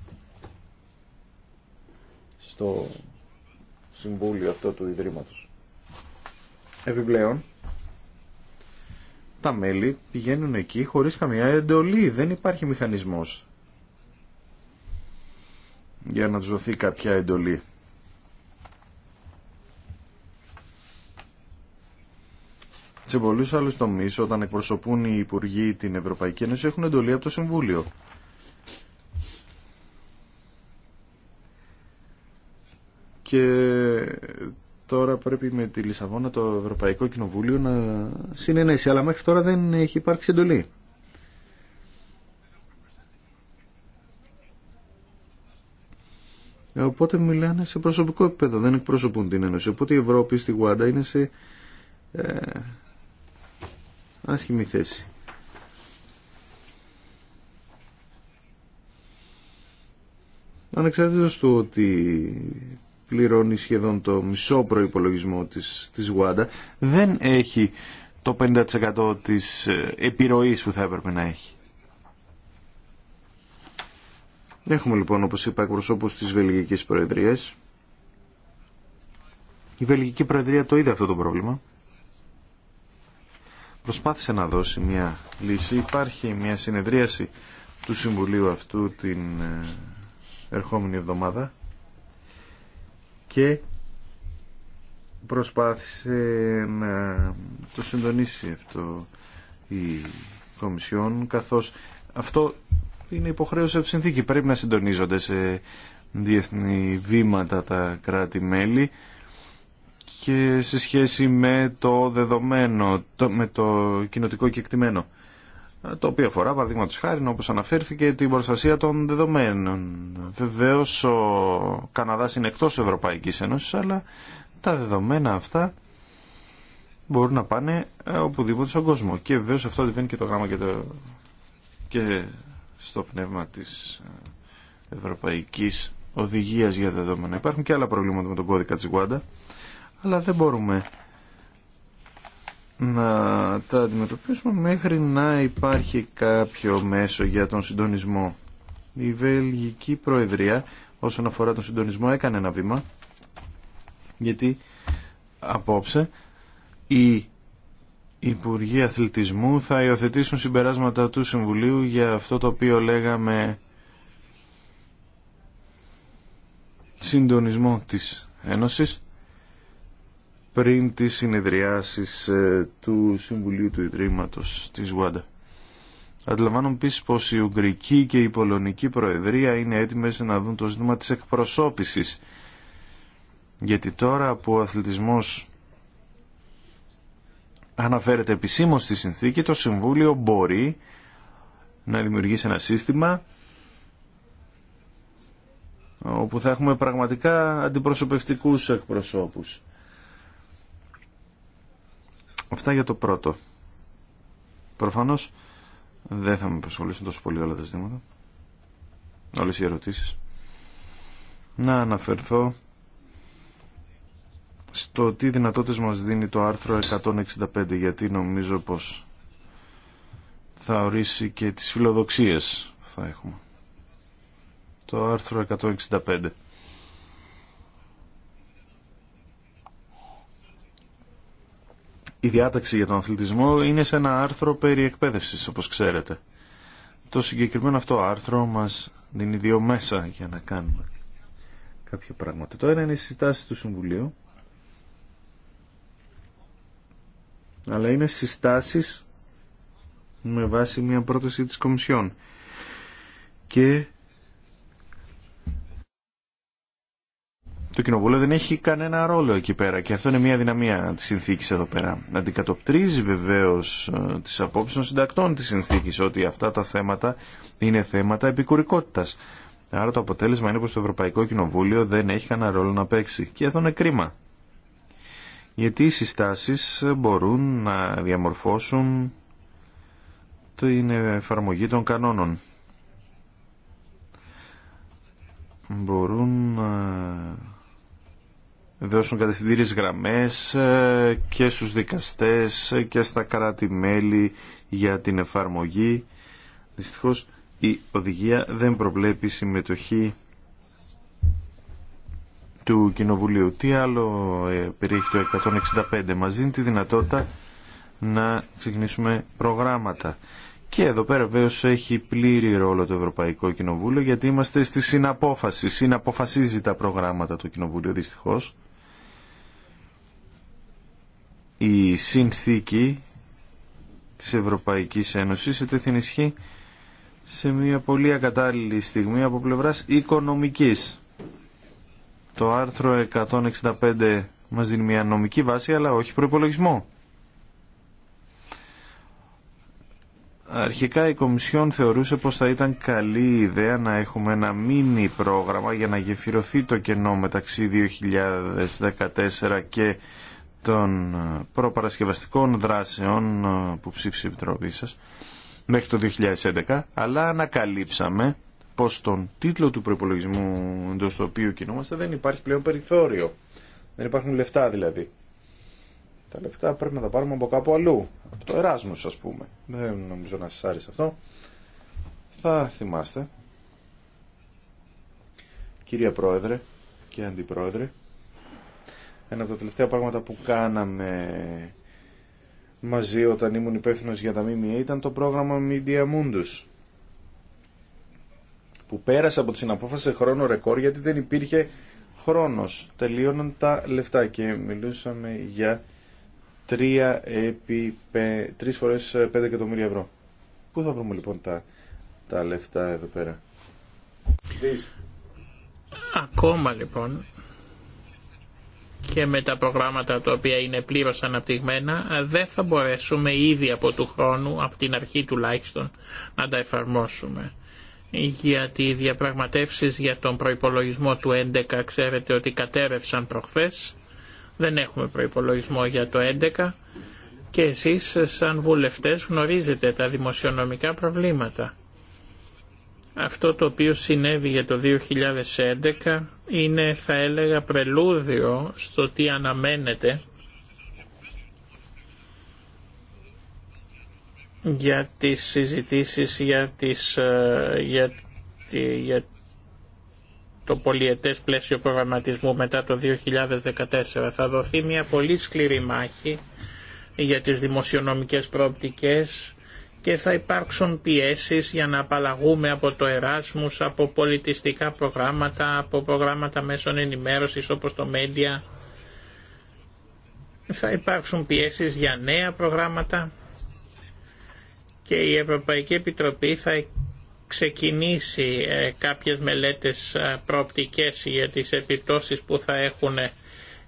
B: Στο συμβούλιο αυτό του Ιδρύματος. Επιπλέον, τα μέλη πηγαίνουν εκεί χωρίς καμιά εντολή. Δεν υπάρχει μηχανισμός για να τους δοθεί κάποια εντολή. Σε πολλούς άλλους τομείς, όταν εκπροσωπούν οι Υπουργοί την Ευρωπαϊκή Ένωση, έχουν εντολή από το Συμβούλιο. Και τώρα πρέπει με τη Λισαβόνα το Ευρωπαϊκό Κοινοβούλιο να συνενέσει, αλλά μέχρι τώρα δεν έχει υπάρξει εντολή. Οπότε μιλάνε σε προσωπικό επίπεδο, δεν εκπροσωπούν την Ένωση. Οπότε η Ευρώπη στη Γουάντα είναι σε ε, άσχημη θέση. Ανεξάρτητος του ότι πληρώνει σχεδόν το μισό προϋπολογισμό της, της δεν έχει το 50% της ε, επιρροής που θα έπρεπε να έχει. Έχουμε λοιπόν, όπως είπα, εκπροσώπους της Βελγικής Προεδρίας. Η Βελγική Προεδρία το είδε αυτό το πρόβλημα. Προσπάθησε να δώσει μια λύση. Υπάρχει μια συνεδρίαση του Συμβουλίου αυτού την ε, ερχόμενη εβδομάδα και προσπάθησε να το συντονίσει αυτό η Κομισιόν καθώς αυτό είναι υποχρέωση από συνθήκη. Πρέπει να συντονίζονται σε διεθνή βήματα τα κράτη-μέλη και σε σχέση με το δεδομένο, το, με το κοινοτικό κεκτημένο το οποίο αφορά παραδείγματος χάρη όπως αναφέρθηκε την προστασία των δεδομένων. Βεβαίως ο Καναδάς είναι εκτός Ευρωπαϊκής Ένωσης αλλά τα δεδομένα αυτά μπορούν να πάνε ε, οπουδήποτε στον κόσμο και βεβαίω αυτό αντιβαίνει και το γράμμα και, το... και στο πνεύμα της ε, Ευρωπαϊκής Οδηγίας για δεδομένα. Υπάρχουν και άλλα προβλήματα με τον κώδικα της Γουάντα αλλά δεν μπορούμε να τα αντιμετωπίσουμε μέχρι να υπάρχει κάποιο μέσο για τον συντονισμό. Η Βελγική Προεδρία όσον αφορά τον συντονισμό έκανε ένα βήμα γιατί απόψε η Υπουργοί Αθλητισμού θα υιοθετήσουν συμπεράσματα του Συμβουλίου για αυτό το οποίο λέγαμε συντονισμό της Ένωσης πριν τις συνεδριάσεις ε, του Συμβουλίου του Ιδρύματος της Οάντα. Αντιλαμβάνομαι επίση πω η Ουγγρική και η Πολωνική Προεδρία είναι έτοιμε να δουν το ζήτημα τη εκπροσώπηση. Γιατί τώρα που ο αθλητισμό αναφέρεται επισήμω στη συνθήκη, το Συμβούλιο μπορεί να δημιουργήσει ένα σύστημα όπου θα έχουμε πραγματικά αντιπροσωπευτικούς εκπροσώπους. Αυτά για το πρώτο. Προφανώ δεν θα με απασχολήσουν τόσο πολύ όλα τα ζητήματα. όλε οι ερωτήσεις. Να αναφερθώ στο τι δυνατότητες μας δίνει το άρθρο 165 γιατί νομίζω πως θα ορίσει και τις φιλοδοξίες θα έχουμε. Το άρθρο 165 η διάταξη για τον αθλητισμό είναι σε ένα άρθρο περί εκπαίδευση, όπως ξέρετε. Το συγκεκριμένο αυτό άρθρο μας δίνει δύο μέσα για να κάνουμε κάποια πράγματα. Το ένα είναι οι συστάσει του Συμβουλίου, αλλά είναι συστάσεις με βάση μια πρόταση της Κομισιόν. Και Το κοινοβούλιο δεν έχει κανένα ρόλο εκεί πέρα και αυτό είναι μια δυναμία τη συνθήκη εδώ πέρα. Αντικατοπτρίζει βεβαίως ε, τις απόψεις των συντακτών της συνθήκης ότι αυτά τα θέματα είναι θέματα επικουρικότητας. Άρα το αποτέλεσμα είναι πως το Ευρωπαϊκό Κοινοβούλιο δεν έχει κανένα ρόλο να παίξει και αυτό είναι κρίμα. Γιατί οι συστάσεις μπορούν να διαμορφώσουν την εφαρμογή των κανόνων. Μπορούν δώσουν κατευθυντήριες γραμμές ε, και στους δικαστές ε, και στα κράτη-μέλη για την εφαρμογή. Δυστυχώς η οδηγία δεν προβλέπει συμμετοχή του Κοινοβουλίου. Τι άλλο ε, περιέχει το 165. Μας δίνει τη δυνατότητα να ξεκινήσουμε προγράμματα. Και εδώ πέρα βέβαιω έχει πλήρη ρόλο το Ευρωπαϊκό Κοινοβούλιο γιατί είμαστε στη συναπόφαση. Συναποφασίζει τα προγράμματα το Κοινοβούλιο δυστυχώς η συνθήκη της Ευρωπαϊκής Ένωσης ετέθην ισχύ σε μια πολύ ακατάλληλη στιγμή από πλευράς οικονομικής. Το άρθρο 165 μας δίνει μια νομική βάση αλλά όχι προϋπολογισμό. Αρχικά η Κομισιόν θεωρούσε πως θα ήταν καλή ιδέα να έχουμε ένα μίνι πρόγραμμα για να γεφυρωθεί το κενό μεταξύ 2014 και των ε, προπαρασκευαστικών δράσεων ε, που ψήφισε η Επιτροπή σας μέχρι το 2011, αλλά ανακαλύψαμε πως στον τίτλο του προπολογισμού εντό του οποίου κινούμαστε δεν υπάρχει πλέον περιθώριο. Δεν υπάρχουν λεφτά δηλαδή. Τα λεφτά πρέπει να τα πάρουμε από κάπου αλλού. Από το Εράσμους ας πούμε. Δεν νομίζω να σας άρεσε αυτό. Θα θυμάστε. Κυρία Πρόεδρε και Αντιπρόεδρε, ένα από τα τελευταία πράγματα που κάναμε μαζί όταν ήμουν υπεύθυνο για τα ΜΜΕ ήταν το πρόγραμμα Media Mundus που πέρασε από τη συναπόφαση σε χρόνο ρεκόρ γιατί δεν υπήρχε χρόνος. Τελείωναν τα λεφτά και μιλούσαμε για 3 επί 5, 3 φορές 5 εκατομμύρια ευρώ. Πού θα βρούμε λοιπόν τα, τα λεφτά εδώ πέρα.
C: Ακόμα λοιπόν και με τα προγράμματα τα οποία είναι πλήρως αναπτυγμένα ε, δεν θα μπορέσουμε ήδη από του χρόνου, από την αρχή τουλάχιστον, να τα εφαρμόσουμε. Γιατί οι διαπραγματεύσεις για τον προϋπολογισμό του 11 ξέρετε ότι κατέρευσαν προχθές. Δεν έχουμε προϋπολογισμό για το 11 και εσείς σαν βουλευτές γνωρίζετε τα δημοσιονομικά προβλήματα αυτό το οποίο συνέβη για το 2011 είναι θα έλεγα πρελούδιο στο τι αναμένεται για τις συζητήσεις για, τις, ε, για, το πολιετές πλαίσιο προγραμματισμού μετά το 2014. Θα δοθεί μια πολύ σκληρή μάχη για τις δημοσιονομικές προοπτικές και θα υπάρξουν πιέσεις για να απαλλαγούμε από το Εράσμους, από πολιτιστικά προγράμματα, από προγράμματα μέσων ενημέρωσης όπως το Μέντια. Θα υπάρξουν πιέσεις για νέα προγράμματα και η Ευρωπαϊκή Επιτροπή θα ξεκινήσει ε, κάποιες μελέτες ε, προοπτικές για τις επιπτώσεις που θα έχουν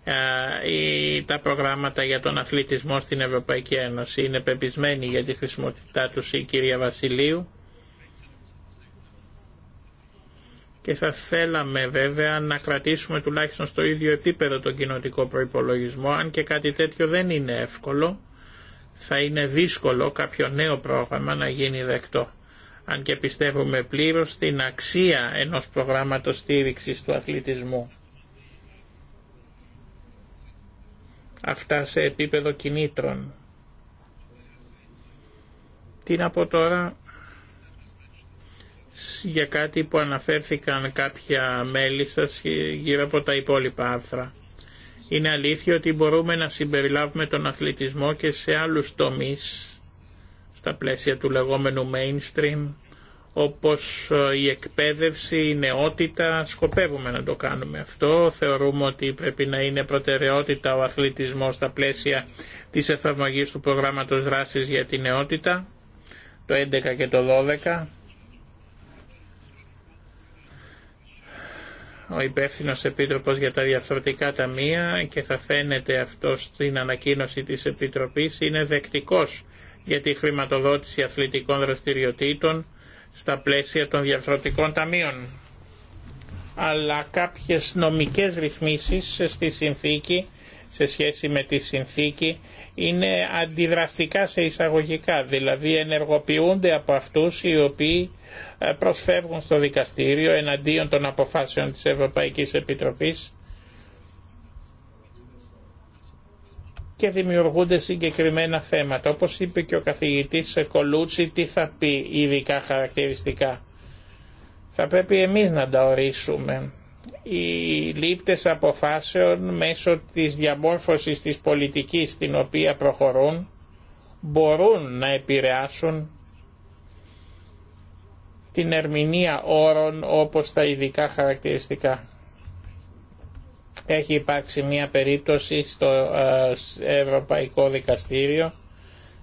C: ε, τα προγράμματα για τον αθλητισμό στην Ευρωπαϊκή Ένωση. Είναι πεπισμένη για τη χρησιμότητά του η κυρία Βασιλείου και θα θέλαμε βέβαια να κρατήσουμε τουλάχιστον στο ίδιο επίπεδο τον κοινοτικό προϋπολογισμό αν και κάτι τέτοιο δεν είναι εύκολο θα είναι δύσκολο κάποιο νέο πρόγραμμα να γίνει δεκτό αν και πιστεύουμε πλήρως στην αξία ενός προγράμματος στήριξης του αθλητισμού. αυτά σε επίπεδο κινήτρων. Τι να πω τώρα για κάτι που αναφέρθηκαν κάποια μέλη σας γύρω από τα υπόλοιπα άρθρα. Είναι αλήθεια ότι μπορούμε να συμπεριλάβουμε τον αθλητισμό και σε άλλους τομείς στα πλαίσια του λεγόμενου mainstream όπως ε, η εκπαίδευση, η νεότητα, σκοπεύουμε να το κάνουμε αυτό. Θεωρούμε ότι πρέπει να είναι προτεραιότητα ο αθλητισμός στα πλαίσια της εφαρμογής του προγράμματος δράσης για τη νεότητα, το 11 και το 12. ο υπεύθυνο Επίτροπος για τα διαφορετικά ταμεία και θα φαίνεται αυτό στην ανακοίνωση της Επιτροπής είναι δεκτικός για τη χρηματοδότηση αθλητικών δραστηριοτήτων στα πλαίσια των διαφορετικών ταμείων. Αλλά κάποιες νομικές ρυθμίσεις στη συνθήκη, σε σχέση με τη συνθήκη, είναι αντιδραστικά σε εισαγωγικά, δηλαδή ενεργοποιούνται από αυτούς οι οποίοι ε, προσφεύγουν στο δικαστήριο εναντίον των αποφάσεων της Ευρωπαϊκής Επιτροπής και δημιουργούνται συγκεκριμένα θέματα. Όπως είπε και ο καθηγητής Κολούτσι, τι θα πει ειδικά χαρακτηριστικά. Θα πρέπει εμείς να τα ορίσουμε. Οι λήπτες αποφάσεων μέσω της διαμόρφωσης της πολιτικής στην οποία προχωρούν μπορούν να επηρεάσουν την ερμηνεία όρων όπως τα ειδικά χαρακτηριστικά. Έχει υπάρξει μια περίπτωση στο ε, Ευρωπαϊκό Δικαστήριο,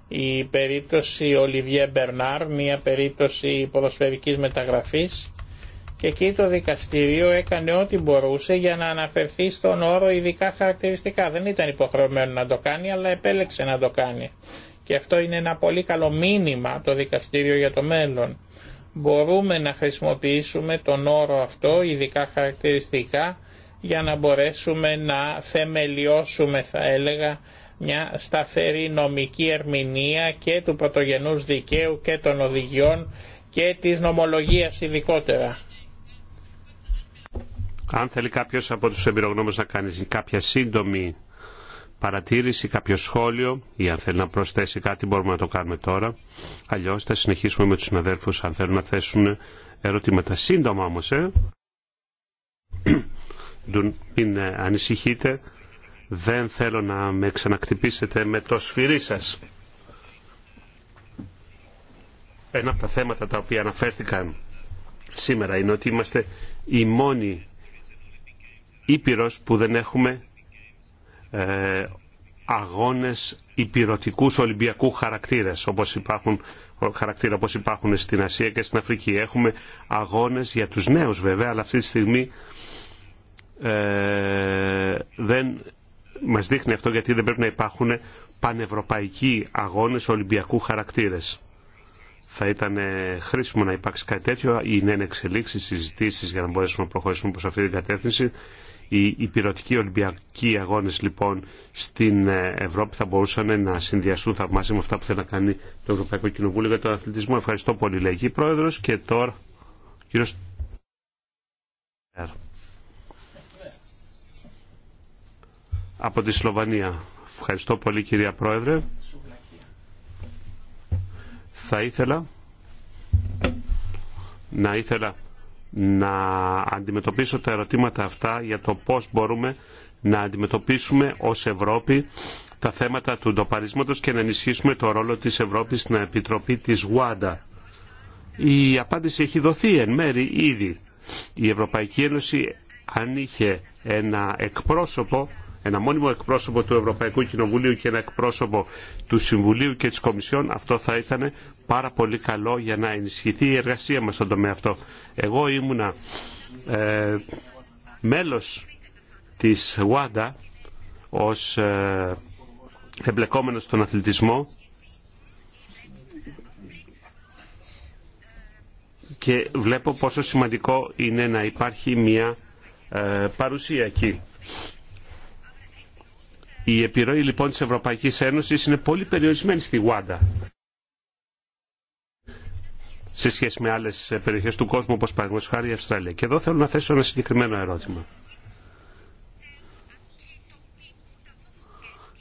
C: η περίπτωση Ολιβιέ Μπερνάρ, μια περίπτωση ποδοσφαιρικής μεταγραφής και εκεί το δικαστήριο έκανε ό,τι μπορούσε για να αναφερθεί στον όρο ειδικά χαρακτηριστικά. Δεν ήταν υποχρεωμένο να το κάνει, αλλά επέλεξε να το κάνει. Και αυτό είναι ένα πολύ καλό μήνυμα το δικαστήριο για το μέλλον. Μπορούμε να χρησιμοποιήσουμε τον όρο αυτό, ειδικά χαρακτηριστικά, για να μπορέσουμε να θεμελιώσουμε θα έλεγα μια σταθερή νομική ερμηνεία και του πρωτογενού δικαίου και των οδηγιών και της νομολογίας ειδικότερα.
A: Αν θέλει κάποιος από τους εμπειρογνώμους να κάνει κάποια σύντομη παρατήρηση, κάποιο σχόλιο ή αν θέλει να προσθέσει κάτι μπορούμε να το κάνουμε τώρα. Αλλιώς θα συνεχίσουμε με τους συναδέλφους αν θέλουν να θέσουν ερωτήματα. Σύντομα όμως, ε μην ανησυχείτε, δεν θέλω να με ξανακτυπήσετε με το σφυρί σας. Ένα από τα θέματα τα οποία αναφέρθηκαν σήμερα είναι ότι είμαστε η μόνη ήπειρος που δεν έχουμε ε, αγώνες υπηρωτικούς ολυμπιακού χαρακτήρες όπως υπάρχουν, χαρακτήρα όπως υπάρχουν στην Ασία και στην Αφρική. Έχουμε αγώνες για τους νέους βέβαια, αλλά αυτή τη στιγμή ε, δεν μας δείχνει αυτό γιατί δεν πρέπει να υπάρχουν πανευρωπαϊκοί αγώνες ολυμπιακού χαρακτήρες. Θα ήταν χρήσιμο να υπάρξει κάτι τέτοιο. Είναι εξελίξει, συζητήσει για να μπορέσουμε να προχωρήσουμε προ αυτή την κατεύθυνση. Οι υπηρετικοί Ολυμπιακοί αγώνε λοιπόν στην ε, Ευρώπη θα μπορούσαν να συνδυαστούν θαυμάσια με αυτά που θέλει να κάνει το Ευρωπαϊκό Κοινοβούλιο για τον αθλητισμό. Ευχαριστώ πολύ, λέγει Πρόεδρο. Και τώρα, από τη Σλοβανία. Ευχαριστώ πολύ κυρία Πρόεδρε. Θα ήθελα να ήθελα να αντιμετωπίσω τα ερωτήματα αυτά για το πώς μπορούμε να αντιμετωπίσουμε ως Ευρώπη τα θέματα του ντοπαρίσματος και να ενισχύσουμε το ρόλο της Ευρώπης στην Επιτροπή της ΟΑΝΤΑ. Η απάντηση έχει δοθεί εν μέρη ήδη. Η Ευρωπαϊκή Ένωση αν είχε ένα εκπρόσωπο ένα μόνιμο εκπρόσωπο του Ευρωπαϊκού Κοινοβουλίου και ένα εκπρόσωπο του Συμβουλίου και της Κομισιόν, αυτό θα ήταν πάρα πολύ καλό για να ενισχυθεί η εργασία μας στον τομέα αυτό. Εγώ ήμουνα ε, μέλος της Οάντα ως ε, εμπλεκόμενος στον αθλητισμό και βλέπω πόσο σημαντικό είναι να υπάρχει μια ε, παρουσία εκεί. Η επιρροή λοιπόν της Ευρωπαϊκής Ένωσης είναι πολύ περιορισμένη στη Γουάντα σε σχέση με άλλες περιοχές του κόσμου όπως παραδείγματος χάρη η Αυστραλία. Και εδώ θέλω να θέσω ένα συγκεκριμένο ερώτημα.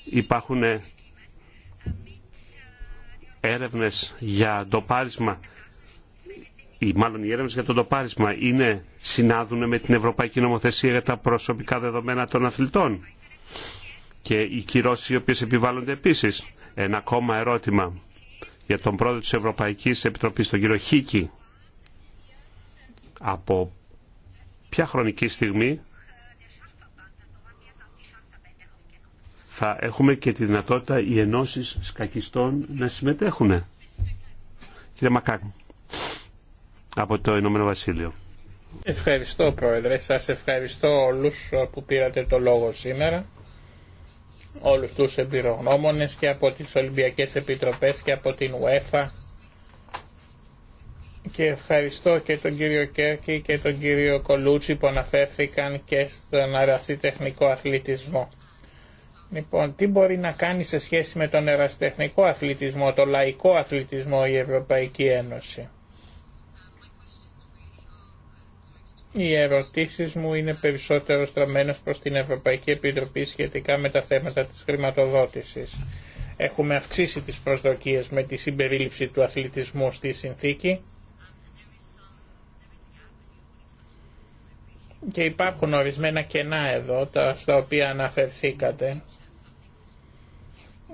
A: Υπάρχουν έρευνες για το πάρισμα ή μάλλον οι έρευνες για το ντοπάρισμα είναι συνάδουν με την Ευρωπαϊκή Νομοθεσία για τα προσωπικά δεδομένα των αθλητών και οι κυρώσει οι οποίε επιβάλλονται επίση. Ένα ακόμα ερώτημα για τον πρόεδρο τη Ευρωπαϊκής Επιτροπή, τον κύριο Χίκη. Από ποια χρονική στιγμή θα έχουμε και τη δυνατότητα οι ενώσεις σκακιστών να συμμετέχουν. Κύριε Μακάκ από το Ηνωμένο Βασίλειο.
C: Ευχαριστώ Πρόεδρε, σας ευχαριστώ όλους που πήρατε το λόγο σήμερα όλους τους εμπειρογνώμονες και από τις Ολυμπιακές Επιτροπές και από την UEFA και ευχαριστώ και τον κύριο Κέρκη και τον κύριο Κολούτσι που αναφέρθηκαν και στον τεχνικό αθλητισμό. Λοιπόν, τι μπορεί να κάνει σε σχέση με τον τεχνικό αθλητισμό, τον λαϊκό αθλητισμό η Ευρωπαϊκή Ένωση. Οι ερωτήσει μου είναι περισσότερο στραμμένε προς την Ευρωπαϊκή Επιτροπή σχετικά με τα θέματα της χρηματοδότηση. Έχουμε αυξήσει τι προσδοκίε με τη συμπερίληψη του αθλητισμού στη συνθήκη και υπάρχουν ορισμένα κενά εδώ τα, στα οποία αναφερθήκατε.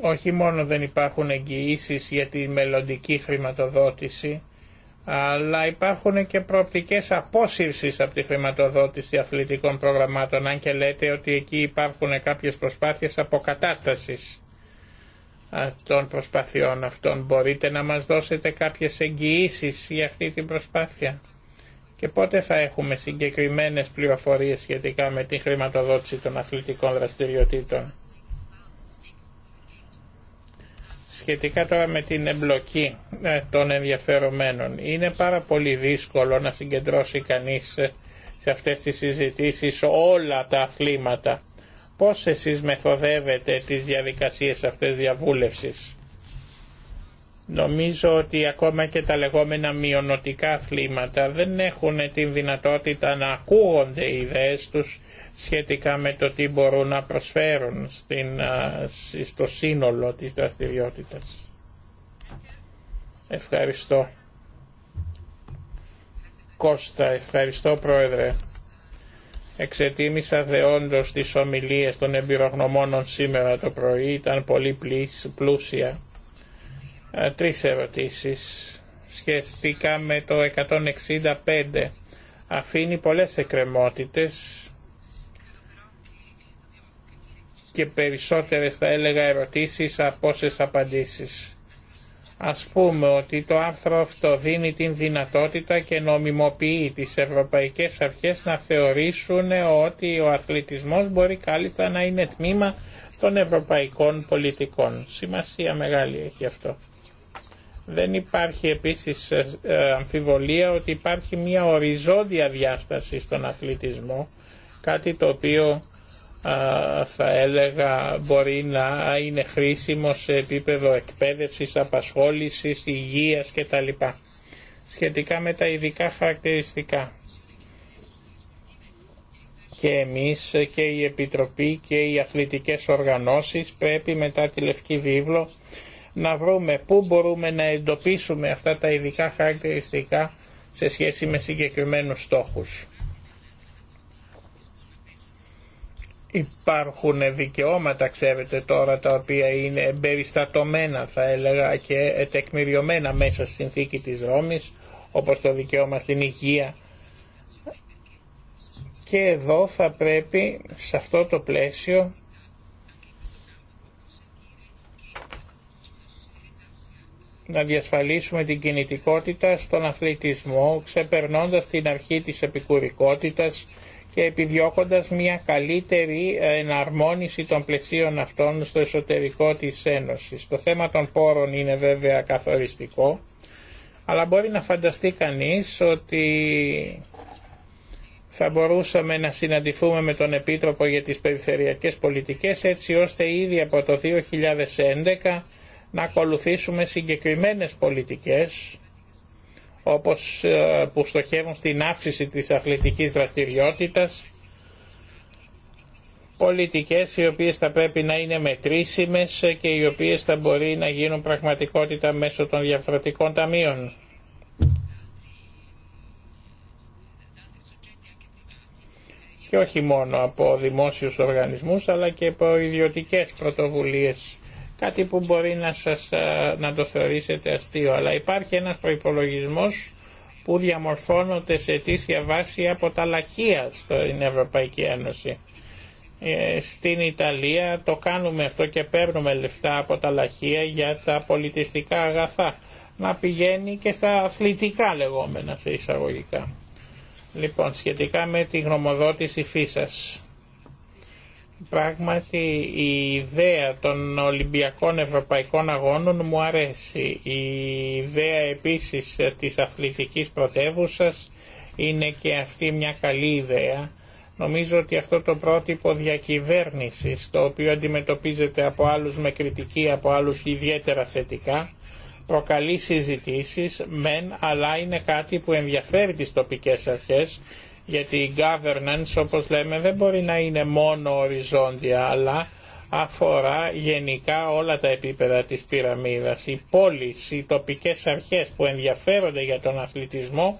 C: Όχι μόνο δεν υπάρχουν εγγυήσει για τη μελλοντική χρηματοδότηση, αλλά υπάρχουν και προοπτικές απόσυρσης από τη χρηματοδότηση αθλητικών προγραμμάτων, αν και λέτε ότι εκεί υπάρχουν κάποιες προσπάθειες αποκατάστασης των προσπαθειών αυτών. Μπορείτε να μας δώσετε κάποιες εγγυήσει για αυτή την προσπάθεια και πότε θα έχουμε συγκεκριμένες πληροφορίες σχετικά με τη χρηματοδότηση των αθλητικών δραστηριοτήτων. Σχετικά τώρα με την εμπλοκή ε, των ενδιαφερομένων, είναι πάρα πολύ δύσκολο να συγκεντρώσει κανείς ε, σε αυτές τις συζητήσεις όλα τα αθλήματα. Πώς εσείς μεθοδεύετε τις διαδικασίες αυτές διαβούλευσης. Νομίζω ότι ακόμα και τα λεγόμενα μειονοτικά αθλήματα δεν έχουν την δυνατότητα να ακούγονται οι ιδέες τους σχετικά με το τι μπορούν να προσφέρουν στην, στο σύνολο της δραστηριότητας. Ευχαριστώ. Κώστα, ευχαριστώ Πρόεδρε. Εξετίμησα δεόντως τις ομιλίες των εμπειρογνωμόνων σήμερα το πρωί, ήταν πολύ πλούσια. Τρεις ερωτήσεις σχετικά με το 165. Αφήνει πολλές εκκρεμότητες και περισσότερες θα έλεγα ερωτήσεις από όσες απαντήσεις. Ας πούμε ότι το άρθρο αυτό δίνει την δυνατότητα και νομιμοποιεί τις ευρωπαϊκές αρχές να θεωρήσουν ότι ο αθλητισμός μπορεί κάλλιστα να είναι τμήμα των ευρωπαϊκών πολιτικών. Σημασία μεγάλη έχει αυτό. Δεν υπάρχει επίσης ε, ε, αμφιβολία ότι υπάρχει μια οριζόντια διάσταση στον αθλητισμό, κάτι το οποίο θα έλεγα μπορεί να είναι χρήσιμο σε επίπεδο εκπαίδευσης, απασχόλησης, υγείας κτλ. Σχετικά με τα ειδικά χαρακτηριστικά. Και εμείς και η Επιτροπή και οι αθλητικές οργανώσεις πρέπει μετά τη Λευκή Βίβλο να βρούμε πού μπορούμε να εντοπίσουμε αυτά τα ειδικά χαρακτηριστικά σε σχέση με συγκεκριμένους στόχους. Υπάρχουν δικαιώματα, ξέρετε τώρα, τα οποία είναι εμπεριστατωμένα, θα έλεγα, και τεκμηριωμένα μέσα στη συνθήκη της Ρώμης, όπως το δικαίωμα στην υγεία. Και εδώ θα πρέπει, σε αυτό το πλαίσιο, να διασφαλίσουμε την κινητικότητα στον αθλητισμό, ξεπερνώντας την αρχή της επικουρικότητας και επιδιώκοντας μια καλύτερη εναρμόνιση των πλαισίων αυτών στο εσωτερικό της Ένωσης. Το θέμα των πόρων είναι βέβαια καθοριστικό, αλλά μπορεί να φανταστεί κανείς ότι θα μπορούσαμε να συναντηθούμε με τον Επίτροπο για τις Περιφερειακές Πολιτικές έτσι ώστε ήδη από το 2011 να ακολουθήσουμε συγκεκριμένες πολιτικές όπως ε, που στοχεύουν στην αύξηση της αθλητικής δραστηριότητας, πολιτικές οι οποίες θα πρέπει να είναι μετρήσιμες και οι οποίες θα μπορεί να γίνουν πραγματικότητα μέσω των διαφορετικών ταμείων. Και όχι μόνο από δημόσιους οργανισμούς αλλά και από ιδιωτικές πρωτοβουλίες κάτι που μπορεί να, σας, ε, να το θεωρήσετε αστείο, αλλά υπάρχει ένας προϋπολογισμός που διαμορφώνονται σε αιτήσια βάση από τα λαχεία στην Ευρωπαϊκή Ένωση. Ε, στην Ιταλία το κάνουμε αυτό και παίρνουμε λεφτά από τα λαχεία για τα πολιτιστικά αγαθά να πηγαίνει και στα αθλητικά λεγόμενα σε εισαγωγικά. Λοιπόν, σχετικά με τη γνωμοδότηση φύσας. Πράγματι η ιδέα των Ολυμπιακών Ευρωπαϊκών Αγώνων μου αρέσει. Η ιδέα επίσης της αθλητικής πρωτεύουσα είναι και αυτή μια καλή ιδέα. Νομίζω ότι αυτό το πρότυπο διακυβέρνησης, το οποίο αντιμετωπίζεται από άλλους με κριτική, από άλλους ιδιαίτερα θετικά, προκαλεί συζητήσεις, μεν, αλλά είναι κάτι που ενδιαφέρει τις τοπικές αρχές γιατί η governance όπως λέμε δεν μπορεί να είναι μόνο οριζόντια αλλά αφορά γενικά όλα τα επίπεδα της πυραμίδας. Οι πόλεις, οι τοπικές αρχές που ενδιαφέρονται για τον αθλητισμό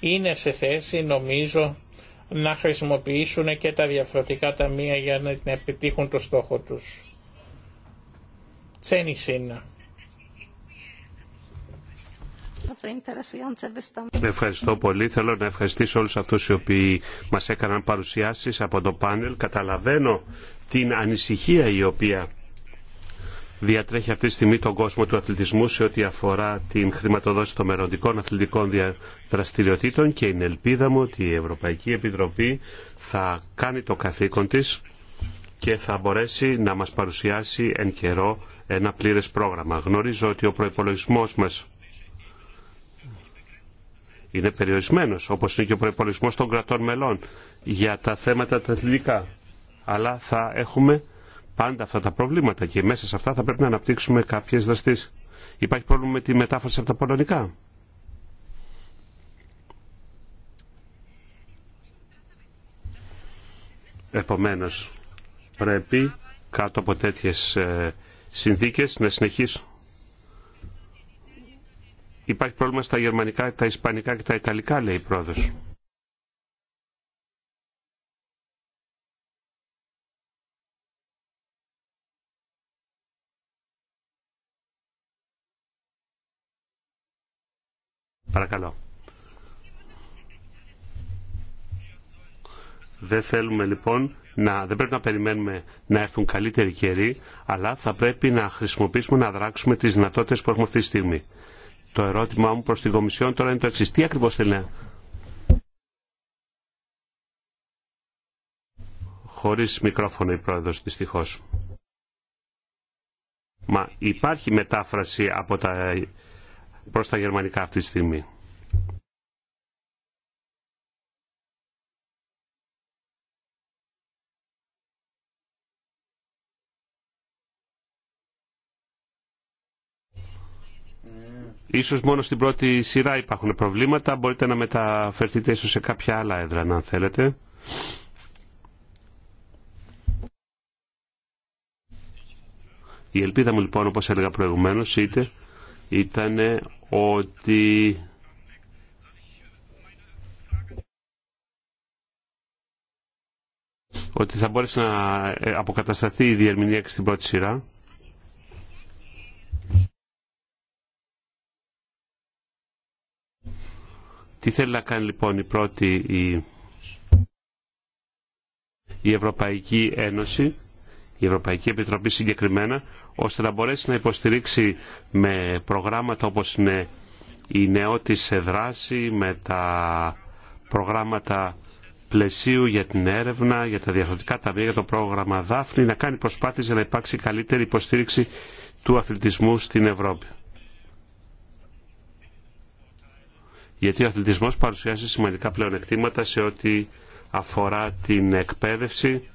C: είναι σε θέση νομίζω να χρησιμοποιήσουν και τα διαφορετικά ταμεία για να επιτύχουν το στόχο τους. Τσένι σύνα.
A: Ευχαριστώ πολύ. Θέλω να ευχαριστήσω όλου αυτού οι οποίοι μα έκαναν παρουσιάσει από το πάνελ. Καταλαβαίνω την ανησυχία η οποία διατρέχει αυτή τη στιγμή τον κόσμο του αθλητισμού σε ό,τι αφορά την χρηματοδότηση των μεροντικών αθλητικών δραστηριοτήτων και είναι ελπίδα μου ότι η Ευρωπαϊκή Επιτροπή θα κάνει το καθήκον της και θα μπορέσει να μας παρουσιάσει εν καιρό ένα πλήρες πρόγραμμα. Γνωρίζω ότι ο προϋπολογισμός μας είναι περιορισμένος, όπως είναι και ο προπολογισμό των κρατών μελών για τα θέματα τα αθλητικά. Αλλά θα έχουμε πάντα αυτά τα προβλήματα και μέσα σε αυτά θα πρέπει να αναπτύξουμε κάποιες δραστήσεις. Υπάρχει πρόβλημα με τη μετάφραση από τα πολωνικά. Επομένως, πρέπει κάτω από τέτοιες ε, συνθήκες να συνεχίσουμε. Υπάρχει πρόβλημα στα γερμανικά, τα ισπανικά και τα ιταλικά, λέει η πρόεδρος. Παρακαλώ. Δεν θέλουμε λοιπόν να, δεν πρέπει να περιμένουμε να έρθουν καλύτεροι καιροί, αλλά θα πρέπει να χρησιμοποιήσουμε, να δράξουμε τις δυνατότητες που έχουμε αυτή τη στιγμή. Το ερώτημά μου προς την Κομισιόν τώρα είναι το εξής. Τι ακριβώς θέλει να... Χωρίς μικρόφωνο η πρόεδρος, δυστυχώς. Μα υπάρχει μετάφραση από τα... προς τα γερμανικά αυτή τη στιγμή. Ίσως μόνο στην πρώτη σειρά υπάρχουν προβλήματα. Μπορείτε να μεταφερθείτε ίσως σε κάποια άλλα έδρα, αν θέλετε. Η ελπίδα μου λοιπόν, όπως έλεγα προηγουμένως, ήταν ότι... ότι θα μπορέσει να ε, αποκατασταθεί η διερμηνία και στην πρώτη σειρά. Τι θέλει να κάνει λοιπόν η πρώτη η, η Ευρωπαϊκή Ένωση, η Ευρωπαϊκή Επιτροπή συγκεκριμένα, ώστε να μπορέσει να υποστηρίξει με προγράμματα όπως είναι η νεότη σε δράση, με τα προγράμματα πλαισίου για την έρευνα, για τα διαφορετικά ταμεία, για το πρόγραμμα Δάφνη, να κάνει προσπάθειες για να υπάρξει καλύτερη υποστήριξη του αθλητισμού στην Ευρώπη. γιατί ο αθλητισμός παρουσιάζει σημαντικά πλεονεκτήματα σε ό,τι αφορά την εκπαίδευση.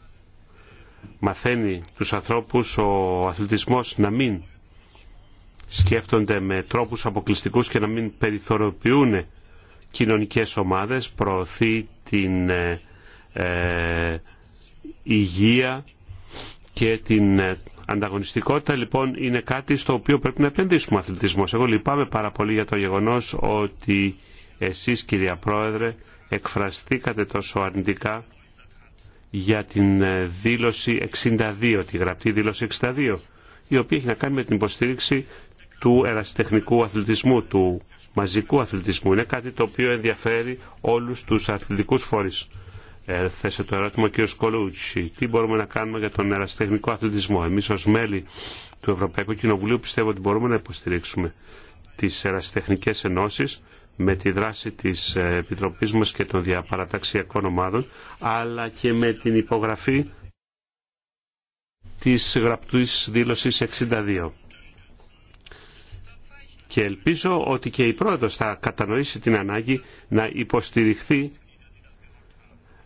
A: Μαθαίνει τους ανθρώπους ο αθλητισμός να μην σκέφτονται με τρόπους αποκλειστικούς και να μην περιθωριοποιούν κοινωνικές ομάδες, προωθεί την ε, ε υγεία και την ε, ανταγωνιστικότητα λοιπόν είναι κάτι στο οποίο πρέπει να επενδύσουμε ο αθλητισμός. Εγώ λυπάμαι πάρα πολύ για το γεγονός ότι εσείς κυρία Πρόεδρε εκφραστήκατε τόσο αρνητικά για την ε, δήλωση 62, τη γραπτή δήλωση 62, η οποία έχει να κάνει με την υποστήριξη του ερασιτεχνικού αθλητισμού, του μαζικού αθλητισμού. Είναι κάτι το οποίο ενδιαφέρει όλους τους αθλητικούς φορείς. Ε, θέσε το ερώτημα ο κ. Κολούτσι. Τι μπορούμε να κάνουμε για τον εραστεχνικό αθλητισμό. Εμείς ως μέλη του Ευρωπαϊκού Κοινοβουλίου πιστεύω ότι μπορούμε να υποστηρίξουμε τις εραστεχνικές ενώσεις με τη δράση της ε, Επιτροπής μας και των διαπαραταξιακών ομάδων, αλλά και με την υπογραφή της γραπτούς δήλωσης 62. Και ελπίζω ότι και η πρόεδρος θα κατανοήσει την ανάγκη να υποστηριχθεί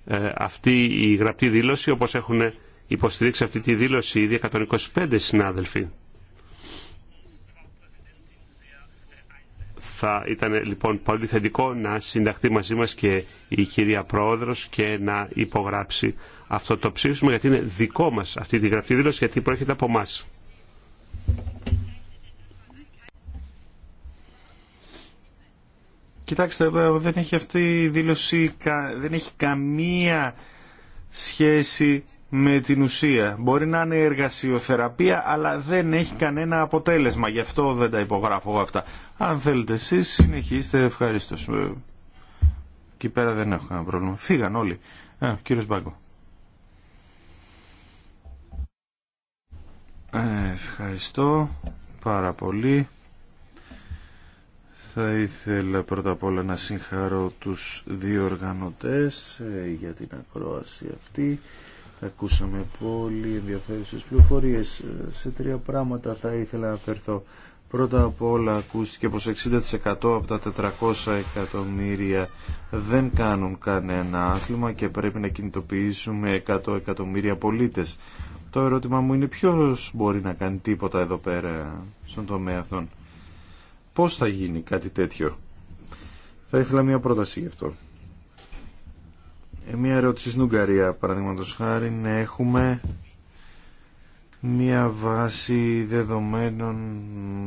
A: ε, αυτή η γραπτή δήλωση όπως έχουν υποστηρίξει αυτή τη δήλωση ήδη 125 συνάδελφοι. Θα ήταν λοιπόν πολύ θετικό να συνταχθεί μαζί μας και η κυρία Πρόεδρος και να υπογράψει αυτό το ψήφισμα γιατί είναι δικό μας αυτή τη γραπτή δήλωση γιατί προέρχεται από εμά.
B: Κοιτάξτε, ε, δεν έχει αυτή η δήλωση, δεν έχει καμία σχέση με την ουσία. Μπορεί να είναι εργασιοθεραπεία, αλλά δεν έχει κανένα αποτέλεσμα. Γι' αυτό δεν τα υπογράφω αυτά. Αν θέλετε εσείς, συνεχίστε. Ευχαριστώ. Ε, εκεί πέρα δεν έχω κανένα πρόβλημα. Φύγαν όλοι. Ε, κύριος Μπάγκο. ευχαριστώ πάρα πολύ. Θα ήθελα πρώτα απ' όλα να συγχαρώ τους δύο οργανωτές ε, για την ακρόαση αυτή. Ακούσαμε πολύ ενδιαφέρουσες πληροφορίες. Ε, σε τρία πράγματα θα ήθελα να φερθώ. Πρώτα απ' όλα ακούστηκε πως 60% από τα 400 εκατομμύρια δεν κάνουν κανένα άθλημα και πρέπει να κινητοποιήσουμε 100 εκατομμύρια πολίτες. Το ερώτημα μου είναι ποιος μπορεί να κάνει τίποτα εδώ πέρα στον τομέα αυτόν. Πώς θα γίνει κάτι τέτοιο. Θα ήθελα μια πρόταση γι' αυτό. Ε, μια ερώτηση στην Ουγγαρία, παραδείγματο χάρη, έχουμε μια βάση δεδομένων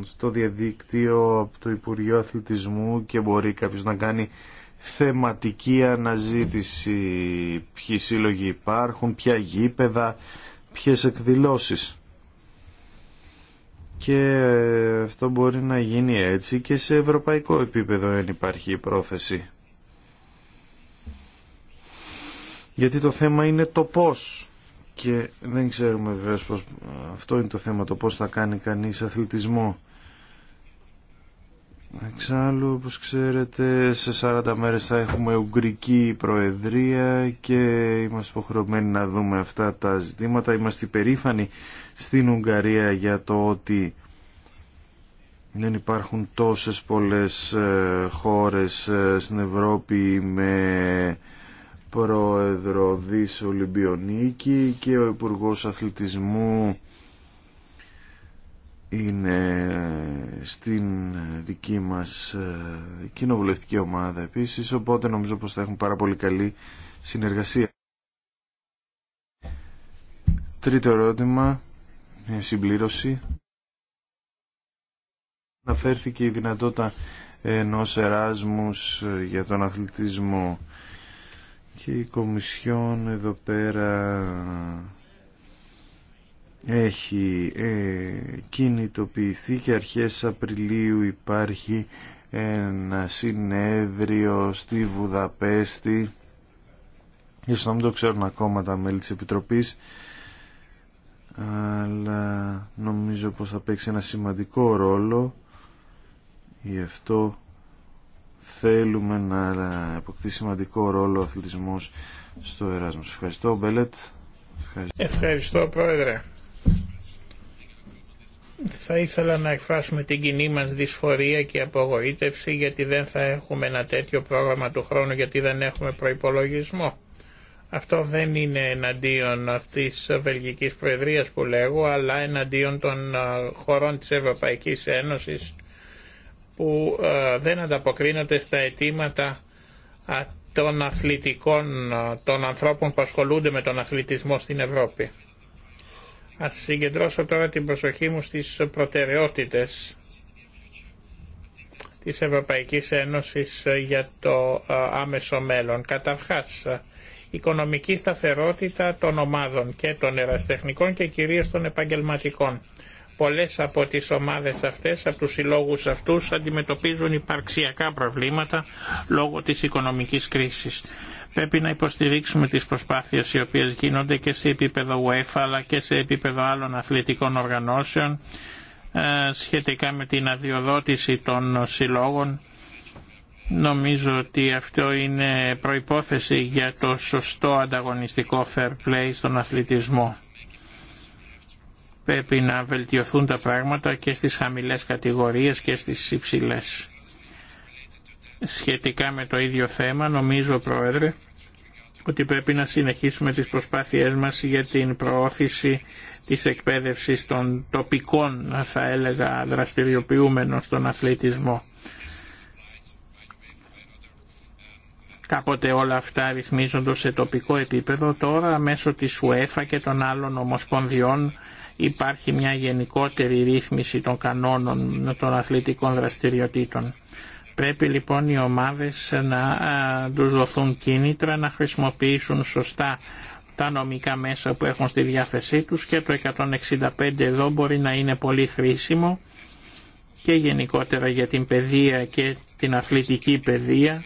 B: στο διαδίκτυο από το Υπουργείο Αθλητισμού και μπορεί κάποιος να κάνει θεματική αναζήτηση ποιοι σύλλογοι υπάρχουν, ποια γήπεδα, ποιες εκδηλώσεις και ε, αυτό μπορεί να γίνει έτσι και σε ευρωπαϊκό επίπεδο εν υπάρχει η πρόθεση. Γιατί το θέμα είναι το πώς και δεν ξέρουμε βέβαια πώς αυτό είναι το θέμα το πώς θα κάνει κανείς αθλητισμό Εξάλλου, όπως ξέρετε, σε 40 μέρες θα έχουμε Ουγγρική Προεδρία και είμαστε υποχρεωμένοι να δούμε αυτά τα ζητήματα. Είμαστε υπερήφανοι στην Ουγγαρία για το ότι δεν υπάρχουν τόσες πολλές ε, χώρες ε, στην Ευρώπη με πρόεδρο Ολυμπιονίκη και ο Υπουργός Αθλητισμού είναι στην δική μας ε, κοινοβουλευτική ομάδα επίσης, οπότε νομίζω πως θα έχουν πάρα πολύ καλή συνεργασία. Τρίτο ερώτημα, συμπλήρωση. Αναφέρθηκε η δυνατότητα ενός εράσμους για τον αθλητισμό και η Κομισιόν εδώ πέρα έχει ε, κινητοποιηθεί και αρχές Απριλίου υπάρχει ένα συνέδριο στη Βουδαπέστη ίσως να μην το ξέρουν ακόμα τα μέλη της Επιτροπής αλλά νομίζω πως θα παίξει ένα σημαντικό ρόλο γι' αυτό θέλουμε να αποκτήσει σημαντικό ρόλο ο αθλητισμός στο Εράσμος. Ευχαριστώ Μπέλετ. Ευχαριστώ,
C: Ευχαριστώ Πρόεδρε. Θα ήθελα να εκφράσουμε την κοινή μας δυσφορία και απογοήτευση γιατί δεν θα έχουμε ένα τέτοιο πρόγραμμα του χρόνου γιατί δεν έχουμε προϋπολογισμό. Αυτό δεν είναι εναντίον αυτής της Βελγικής Προεδρίας που λέγω, αλλά εναντίον των ε, χωρών της Ευρωπαϊκής Ένωσης που ε, δεν ανταποκρίνονται στα αιτήματα ε, των αθλητικών, των ανθρώπων που ασχολούνται με τον αθλητισμό στην Ευρώπη. Ας συγκεντρώσω τώρα την προσοχή μου στις προτεραιότητες της Ευρωπαϊκής Ένωσης για το ε, άμεσο μέλλον. Καταρχάς, ε, οικονομική σταθερότητα των ομάδων και των εραστεχνικών και κυρίως των επαγγελματικών. Πολλές από τις ομάδες αυτές, από τους συλλόγους αυτούς, αντιμετωπίζουν υπαρξιακά προβλήματα λόγω της οικονομικής κρίσης. Πρέπει να υποστηρίξουμε τις προσπάθειες οι οποίες γίνονται και σε επίπεδο UEFA αλλά και σε επίπεδο άλλων αθλητικών οργανώσεων ε, σχετικά με την αδειοδότηση των συλλόγων. Νομίζω ότι αυτό είναι προϋπόθεση για το σωστό ανταγωνιστικό fair play στον αθλητισμό. Πρέπει να βελτιωθούν τα πράγματα και στις χαμηλές κατηγορίες και στις υψηλές σχετικά με το ίδιο θέμα νομίζω Πρόεδρε ότι πρέπει να συνεχίσουμε τις προσπάθειές μας για την προώθηση της εκπαίδευσης των τοπικών θα έλεγα δραστηριοποιούμενων στον αθλητισμό. Κάποτε όλα αυτά ρυθμίζονται σε τοπικό επίπεδο, τώρα μέσω της UEFA και των άλλων ομοσπονδιών υπάρχει μια γενικότερη ρύθμιση των κανόνων των αθλητικών δραστηριοτήτων. Πρέπει λοιπόν οι ομάδες να τους δοθούν κίνητρα, να χρησιμοποιήσουν σωστά τα νομικά μέσα που έχουν στη διάθεσή τους και το 165 εδώ μπορεί να είναι πολύ χρήσιμο και γενικότερα για την παιδεία και την αθλητική παιδεία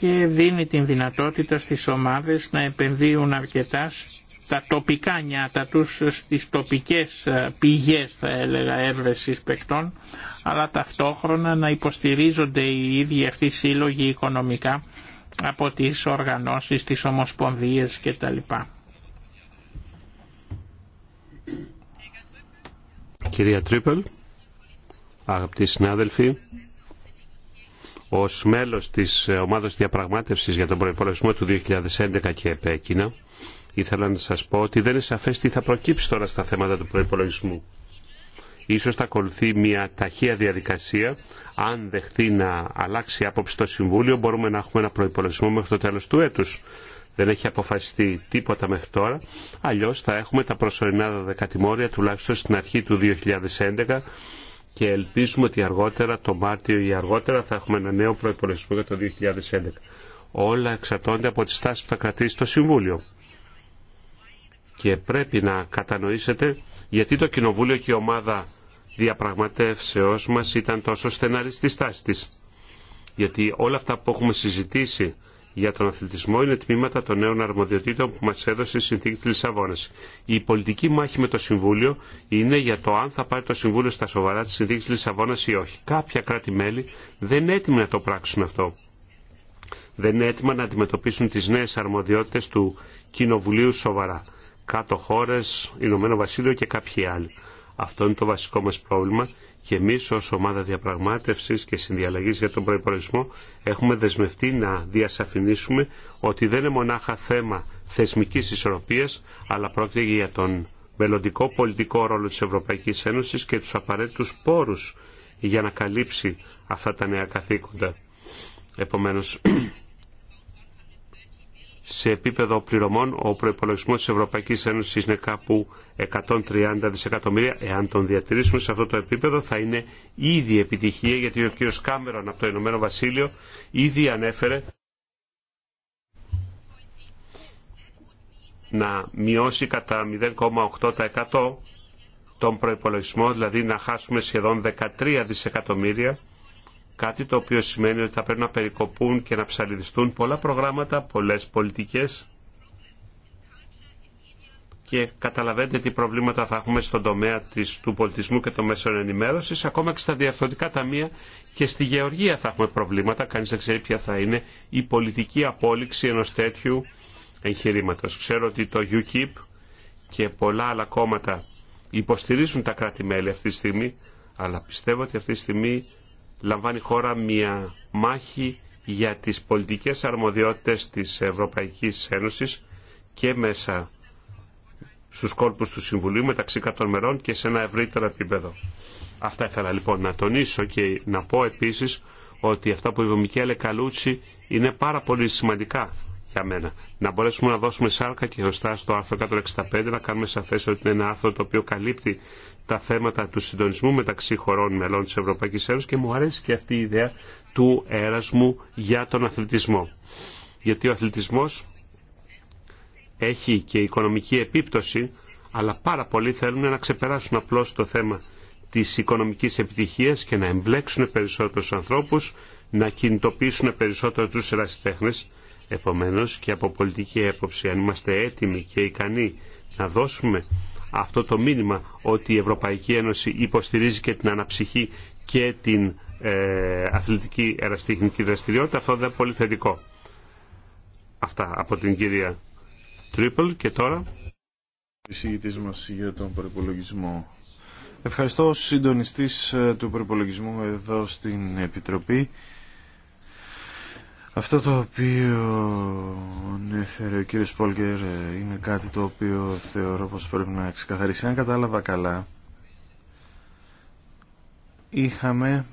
C: και δίνει την δυνατότητα στις ομάδες να επενδύουν αρκετά τα τοπικά νιάτα τους, στις τοπικές πηγές θα έλεγα έβρεσης παικτών αλλά ταυτόχρονα να υποστηρίζονται οι ίδιοι αυτοί σύλλογοι οικονομικά από τις οργανώσεις, τις ομοσπονδίες κτλ.
A: Κυρία Τρίπελ, αγαπητοί συνάδελφοι, ω μέλο της ομάδα διαπραγματεύση για τον προϋπολογισμό του 2011 και επέκεινα, ήθελα να σας πω ότι δεν είναι σαφές τι θα προκύψει τώρα στα θέματα του προπολογισμού ίσως θα ακολουθεί μια ταχεία διαδικασία. Αν δεχθεί να αλλάξει άποψη το Συμβούλιο, μπορούμε να έχουμε ένα προϋπολογισμό μέχρι το τέλος του έτους. Δεν έχει αποφασιστεί τίποτα μέχρι τώρα. Αλλιώς θα έχουμε τα προσωρινά δεκατημόρια τουλάχιστον στην αρχή του 2011 και ελπίζουμε ότι αργότερα, το Μάρτιο ή αργότερα, θα έχουμε ένα νέο προϋπολογισμό για το 2011. Όλα εξαρτώνται από τη στάση που θα κρατήσει το Συμβούλιο και πρέπει να κατανοήσετε γιατί το Κοινοβούλιο και η ομάδα διαπραγματεύσεώς μας ήταν τόσο στεναρή στη στάση της. Γιατί όλα αυτά που έχουμε συζητήσει για τον αθλητισμό είναι τμήματα των νέων αρμοδιοτήτων που μας έδωσε η συνθήκη της Λισαβόνας. Η πολιτική μάχη με το Συμβούλιο είναι για το αν θα πάρει το Συμβούλιο στα σοβαρά της συνθήκης της Λισαβόνας ή όχι. Κάποια κράτη-μέλη δεν είναι έτοιμοι να το πράξουν αυτό. Δεν είναι έτοιμα να αντιμετωπίσουν τις νέες αρμοδιότητες του Κοινοβουλίου σοβαρά κάτω χώρες, Ηνωμένο Βασίλειο και κάποιοι άλλοι. Αυτό είναι το βασικό μας πρόβλημα και εμεί ω ομάδα διαπραγμάτευση και συνδιαλλαγή για τον προπολογισμό έχουμε δεσμευτεί να διασαφηνίσουμε ότι δεν είναι μονάχα θέμα θεσμική ισορροπία, αλλά πρόκειται για τον μελλοντικό πολιτικό ρόλο τη Ευρωπαϊκή Ένωση και του απαραίτητου πόρου για να καλύψει αυτά τα νέα καθήκοντα σε επίπεδο πληρωμών ο προϋπολογισμός τη Ευρωπαϊκής Ένωση είναι κάπου 130 δισεκατομμύρια. Εάν τον διατηρήσουμε σε αυτό το επίπεδο θα είναι ήδη επιτυχία γιατί ο κ. Κάμερον από το Ηνωμένο Βασίλειο ήδη ανέφερε να μειώσει κατά 0,8% τον προϋπολογισμό, δηλαδή να χάσουμε σχεδόν 13 δισεκατομμύρια Κάτι το οποίο σημαίνει ότι θα πρέπει να περικοπούν και να ψαλιδιστούν πολλά προγράμματα, πολλές πολιτικές και καταλαβαίνετε τι προβλήματα θα έχουμε στον τομέα της, του πολιτισμού και των μέσων ενημέρωσης, ακόμα και στα διαφορετικά ταμεία και στη γεωργία θα έχουμε προβλήματα, κανείς δεν ξέρει ποια θα είναι η πολιτική απόλυξη ενός τέτοιου εγχειρήματος. Ξέρω ότι το UKIP και πολλά άλλα κόμματα υποστηρίζουν τα κράτη-μέλη αυτή τη στιγμή, αλλά πιστεύω ότι αυτή τη στιγμή λαμβάνει η χώρα μια μάχη για τις πολιτικές αρμοδιότητες της Ευρωπαϊκής Ένωσης και μέσα στους κόλπους του Συμβουλίου μεταξύ 100 μερών και σε ένα ευρύτερο επίπεδο. Αυτά ήθελα λοιπόν να τονίσω και να πω επίσης ότι αυτά που είπε ο Μικέλε Καλούτσι είναι πάρα πολύ σημαντικά για Να μπορέσουμε να δώσουμε σάρκα και γνωστά στο άρθρο 165, να κάνουμε σαφέ ότι είναι ένα άρθρο το οποίο καλύπτει τα θέματα του συντονισμού μεταξύ χωρών μελών τη Ευρωπαϊκή Ένωση και μου αρέσει και αυτή η ιδέα του έρασμου για τον αθλητισμό. Γιατί ο αθλητισμό έχει και οικονομική επίπτωση, αλλά πάρα πολλοί θέλουν να ξεπεράσουν απλώ το θέμα τη οικονομική επιτυχία και να εμπλέξουν περισσότερου ανθρώπου, να κινητοποιήσουν περισσότερο του ερασιτέχνες Επομένως και από πολιτική έποψη, αν είμαστε έτοιμοι και ικανοί να δώσουμε αυτό το μήνυμα ότι η Ευρωπαϊκή Ένωση υποστηρίζει και την αναψυχή και την ε, αθλητική εραστικνική δραστηριότητα, αυτό δεν είναι πολύ θετικό. Αυτά από την κυρία Τρίπλ και τώρα. Ευχαριστώ μας για
B: τον προπολογισμό. Ευχαριστώ συντονιστή ε, του προπολογισμού εδώ στην Επιτροπή αυτό το οποίο ανέφερε ο κύριος Πόλκερ είναι κάτι το οποίο θεωρώ πως πρέπει να ξεκαθαρίσει. Αν κατάλαβα καλά, είχαμε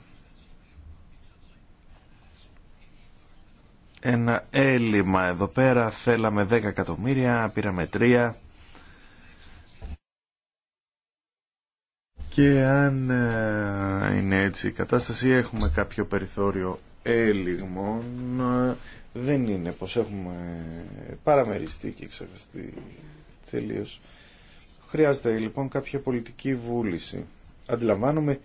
B: ένα έλλειμμα εδώ πέρα, θέλαμε 10 εκατομμύρια, πήραμε 3 και αν ε, είναι έτσι η κατάσταση έχουμε κάποιο περιθώριο έλιγμων δεν είναι πως έχουμε παραμεριστεί και ξεχαστεί τελείως. Χρειάζεται λοιπόν κάποια πολιτική βούληση. Αντιλαμβάνομαι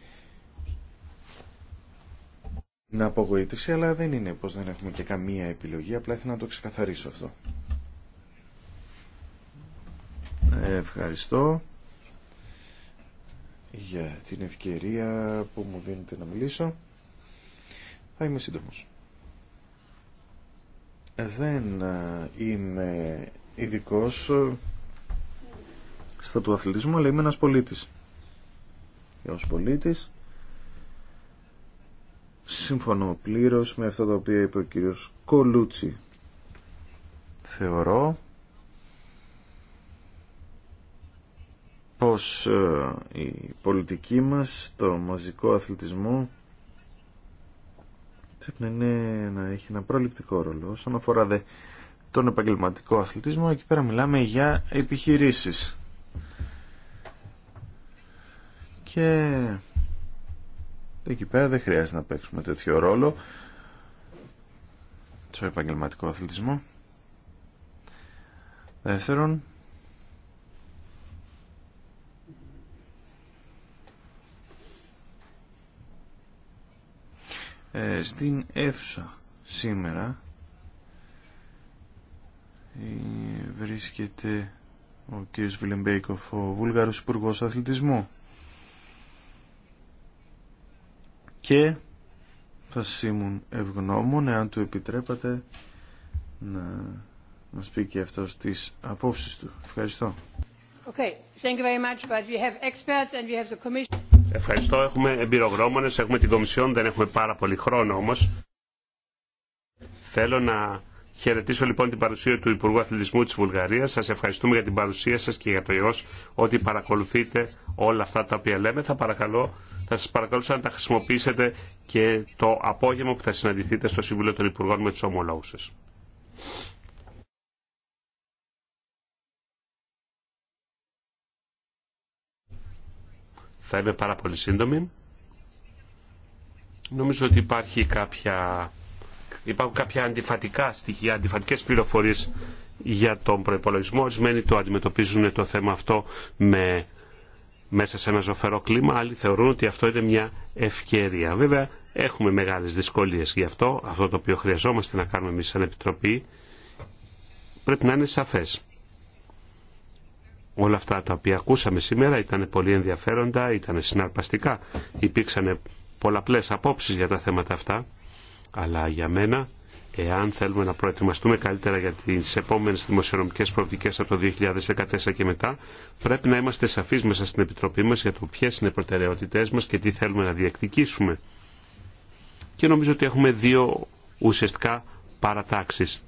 B: την απογοήτευση, αλλά δεν είναι πως δεν έχουμε και καμία επιλογή, απλά ήθελα να το ξεκαθαρίσω αυτό. Ευχαριστώ για την ευκαιρία που μου δίνετε να μιλήσω. Θα είμαι σύντομος. Ε, δεν ε, είμαι ειδικό ε, στα του αθλητισμού, αλλά είμαι ένας πολίτης. Και ως πολίτης συμφωνώ πλήρως με αυτό το οποίο είπε ο κύριος Κολούτσι. Θεωρώ πως η πολιτική μας, το μαζικό αθλητισμό θα είναι ναι, να έχει ένα προληπτικό ρόλο. Όσον αφορά δε, τον επαγγελματικό αθλητισμό, εκεί πέρα μιλάμε για επιχειρήσεις. Και εκεί πέρα δεν χρειάζεται να παίξουμε τέτοιο ρόλο στο επαγγελματικό αθλητισμό. Δεύτερον, Ε, στην αίθουσα σήμερα ε, βρίσκεται ο κ. Βιλεμπέικοφ, ο Βούλγαρος υπουργό Αθλητισμού. Και θα σήμουν ευγνώμων, εάν του επιτρέπατε, να
A: μας πει και αυτός τις απόψεις του. Ευχαριστώ.
C: Okay. Thank you very much, but we have experts and we have the commission.
A: Ευχαριστώ. Έχουμε εμπειρογνώμονε, έχουμε την Κομισιόν, δεν έχουμε πάρα πολύ χρόνο όμω. Θέλω να χαιρετήσω λοιπόν την παρουσία του Υπουργού Αθλητισμού τη Βουλγαρία. Σα ευχαριστούμε για την παρουσία σα και για το γεγονό ότι παρακολουθείτε όλα αυτά τα οποία λέμε. Θα, παρακαλώ, θα σα παρακαλούσα να τα χρησιμοποιήσετε και το απόγευμα που θα συναντηθείτε στο Συμβούλιο των Υπουργών με του ομολόγου σα. Θα είμαι πάρα πολύ σύντομη. Νομίζω ότι υπάρχει κάποια, υπάρχουν κάποια αντιφατικά στοιχεία, αντιφατικές πληροφορίες για τον προπολογισμό. Ορισμένοι το αντιμετωπίζουν το θέμα αυτό με, μέσα σε ένα ζωφερό κλίμα, άλλοι θεωρούν ότι αυτό είναι μια ευκαιρία. Βέβαια, έχουμε μεγάλες δυσκολίες γι' αυτό. Αυτό το οποίο χρειαζόμαστε να κάνουμε εμείς σαν Επιτροπή πρέπει να είναι σαφές όλα αυτά τα οποία ακούσαμε σήμερα ήταν πολύ ενδιαφέροντα, ήταν συναρπαστικά. Υπήρξαν πολλαπλές απόψεις για τα θέματα αυτά, αλλά για μένα, εάν θέλουμε να προετοιμαστούμε καλύτερα για τις επόμενες δημοσιονομικές προοπτικές από το 2014 και μετά, πρέπει να είμαστε σαφείς μέσα στην Επιτροπή μας για το ποιες είναι οι προτεραιότητές μας και τι θέλουμε να διεκδικήσουμε. Και νομίζω ότι έχουμε δύο ουσιαστικά παρατάξεις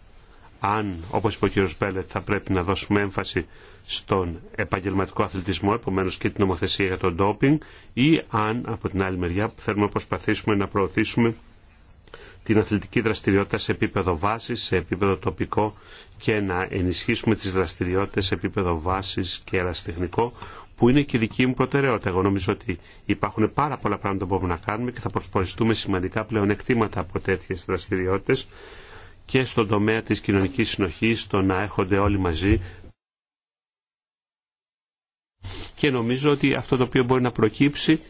A: αν, όπως είπε ο κ. Μπέλετ, θα πρέπει να δώσουμε έμφαση στον επαγγελματικό αθλητισμό, επομένως και την νομοθεσία για τον ντόπινγκ, ή αν, από την άλλη μεριά, θέλουμε να προσπαθήσουμε να προωθήσουμε την αθλητική δραστηριότητα σε επίπεδο βάση, σε επίπεδο τοπικό και να ενισχύσουμε τις δραστηριότητες σε επίπεδο βάση και εραστεχνικό, που είναι και δική μου προτεραιότητα. Εγώ νομίζω ότι υπάρχουν πάρα πολλά πράγματα που μπορούμε να κάνουμε και θα προσποριστούμε σημαντικά πλεονεκτήματα από τέτοιες δραστηριότητες και στον τομέα της κοινωνικής συνοχής το να έχονται όλοι μαζί και νομίζω ότι αυτό το οποίο μπορεί να προκύψει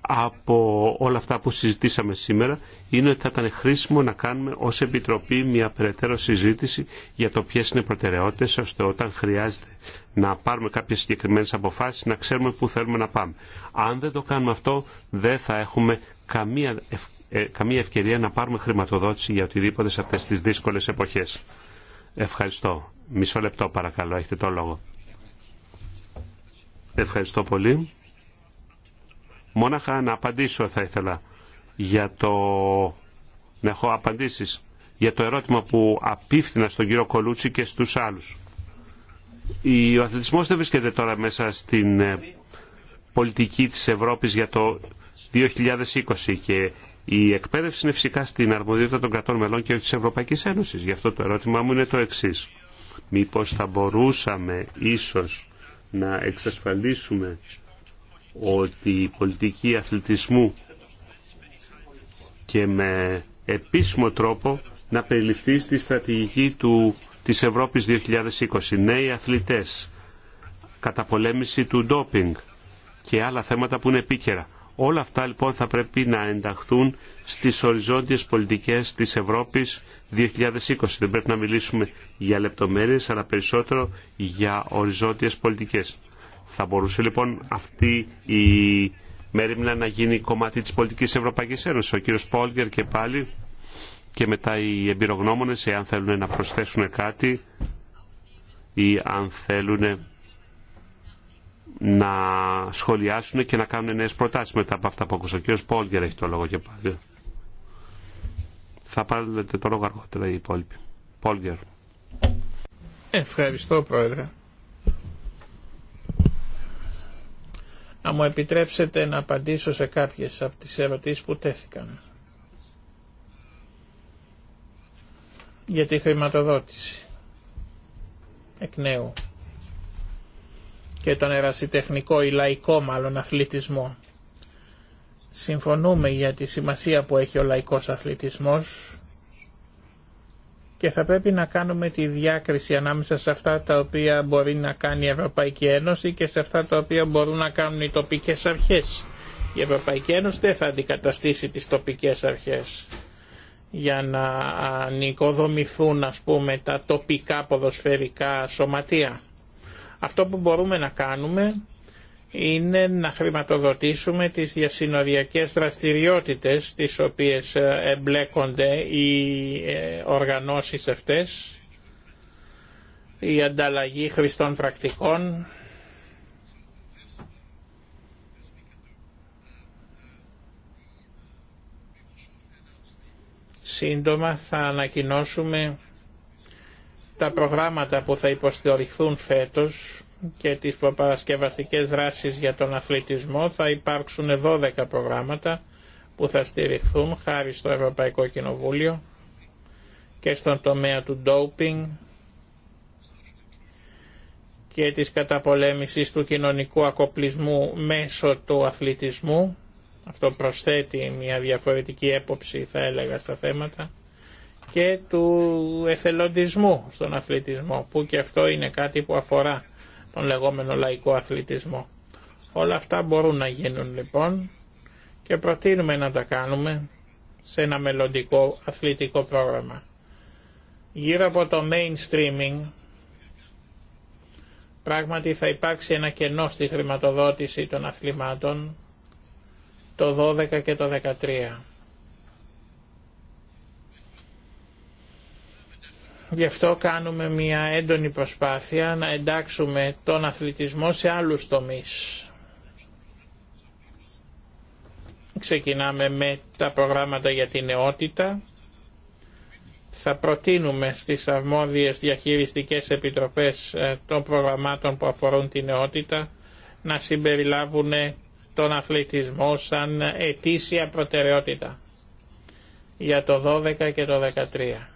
A: από όλα αυτά που συζητήσαμε σήμερα είναι ότι θα ήταν χρήσιμο να κάνουμε ως Επιτροπή μια περαιτέρω συζήτηση για το ποιες είναι οι προτεραιότητες ώστε όταν χρειάζεται να πάρουμε κάποιες συγκεκριμένες αποφάσεις να ξέρουμε πού θέλουμε να πάμε. Αν δεν το κάνουμε αυτό δεν θα έχουμε καμία ευκαιρία ε, καμία ευκαιρία να πάρουμε χρηματοδότηση για οτιδήποτε σε αυτές τις δύσκολες εποχές. Ευχαριστώ. Μισό λεπτό παρακαλώ, έχετε το λόγο. Ευχαριστώ πολύ. Μόναχα να απαντήσω θα ήθελα για το... να έχω απαντήσεις για το ερώτημα που απίφθηνα στον κύριο Κολούτσι και στους άλλους. Ο αθλητισμός δεν βρίσκεται τώρα μέσα στην ε, πολιτική της Ευρώπης για το 2020 και η εκπαίδευση είναι φυσικά στην αρμοδιότητα των κρατών μελών και τη Ευρωπαϊκή Ένωση. Γι' αυτό το ερώτημά μου είναι το εξής. Μήπως θα μπορούσαμε ίσως να εξασφαλίσουμε ότι η πολιτική αθλητισμού και με επίσημο τρόπο να περιληφθεί στη στρατηγική του, της Ευρώπης 2020. Νέοι αθλητές, καταπολέμηση του ντόπινγκ και άλλα θέματα που είναι επίκαιρα. Όλα αυτά λοιπόν θα πρέπει να ενταχθούν στις οριζόντιες πολιτικές της Ευρώπης 2020. Δεν πρέπει να μιλήσουμε για λεπτομέρειες αλλά περισσότερο για οριζόντιες πολιτικές. Θα μπορούσε λοιπόν αυτή η μέρημνα να γίνει κομμάτι της πολιτικής Ευρωπαϊκής Ένωσης. Ο κύριος Πόλγκερ και πάλι και μετά οι εμπειρογνώμονες εάν θέλουν να προσθέσουν κάτι ή αν θέλουν να σχολιάσουν και να κάνουν νέες προτάσεις μετά από αυτά που ακούσα. Ο κ. Πόλγερ έχει το λόγο και πάλι. Θα πάρετε το λόγο αργότερα οι υπόλοιποι. Πόλγερ.
C: Ευχαριστώ Πρόεδρε. Να μου επιτρέψετε να απαντήσω σε κάποιες από τις ερωτήσεις που τέθηκαν. Για τη χρηματοδότηση. Εκ νέου και τον ερασιτεχνικό ή λαϊκό μάλλον αθλητισμό. Συμφωνούμε για τη σημασία που έχει ο λαϊκός αθλητισμός και θα πρέπει να κάνουμε τη διάκριση ανάμεσα σε αυτά τα οποία μπορεί να κάνει η Ευρωπαϊκή Ένωση και σε αυτά τα οποία μπορούν να κάνουν οι τοπικές αρχές. Η Ευρωπαϊκή Ένωση δεν θα αντικαταστήσει τις τοπικές αρχές για να νοικοδομηθούν ας πούμε τα τοπικά ποδοσφαιρικά σωματεία. Αυτό που μπορούμε να κάνουμε είναι να χρηματοδοτήσουμε τις διασυνοριακές δραστηριότητες τις οποίες ε, εμπλέκονται οι ε, οργανώσεις αυτές, η ανταλλαγή χρηστών πρακτικών, Σύντομα θα ανακοινώσουμε τα προγράμματα που θα υποστηριχθούν φέτος και τις προπαρασκευαστικές δράσεις για τον αθλητισμό θα υπάρξουν 12 προγράμματα που θα στηριχθούν χάρη στο Ευρωπαϊκό Κοινοβούλιο και στον τομέα του ντόπινγκ και της καταπολέμησης του κοινωνικού ακοπλισμού μέσω του αθλητισμού. Αυτό προσθέτει μια διαφορετική έποψη θα έλεγα στα θέματα και του εθελοντισμού στον αθλητισμό, που και αυτό είναι κάτι που αφορά τον λεγόμενο λαϊκό αθλητισμό. Όλα αυτά μπορούν να γίνουν λοιπόν και προτείνουμε να τα κάνουμε σε ένα μελλοντικό αθλητικό πρόγραμμα. Γύρω από το mainstreaming πράγματι θα υπάρξει ένα κενό στη χρηματοδότηση των αθλημάτων το 12 και το 13. Γι' αυτό κάνουμε μια έντονη προσπάθεια να εντάξουμε τον αθλητισμό σε άλλους τομείς. Ξεκινάμε με τα προγράμματα για την νεότητα. Θα προτείνουμε στις αρμόδιες διαχειριστικές επιτροπές ε, των προγραμμάτων που αφορούν την νεότητα να συμπεριλάβουν τον αθλητισμό σαν ετήσια προτεραιότητα για το 12 και το 2013.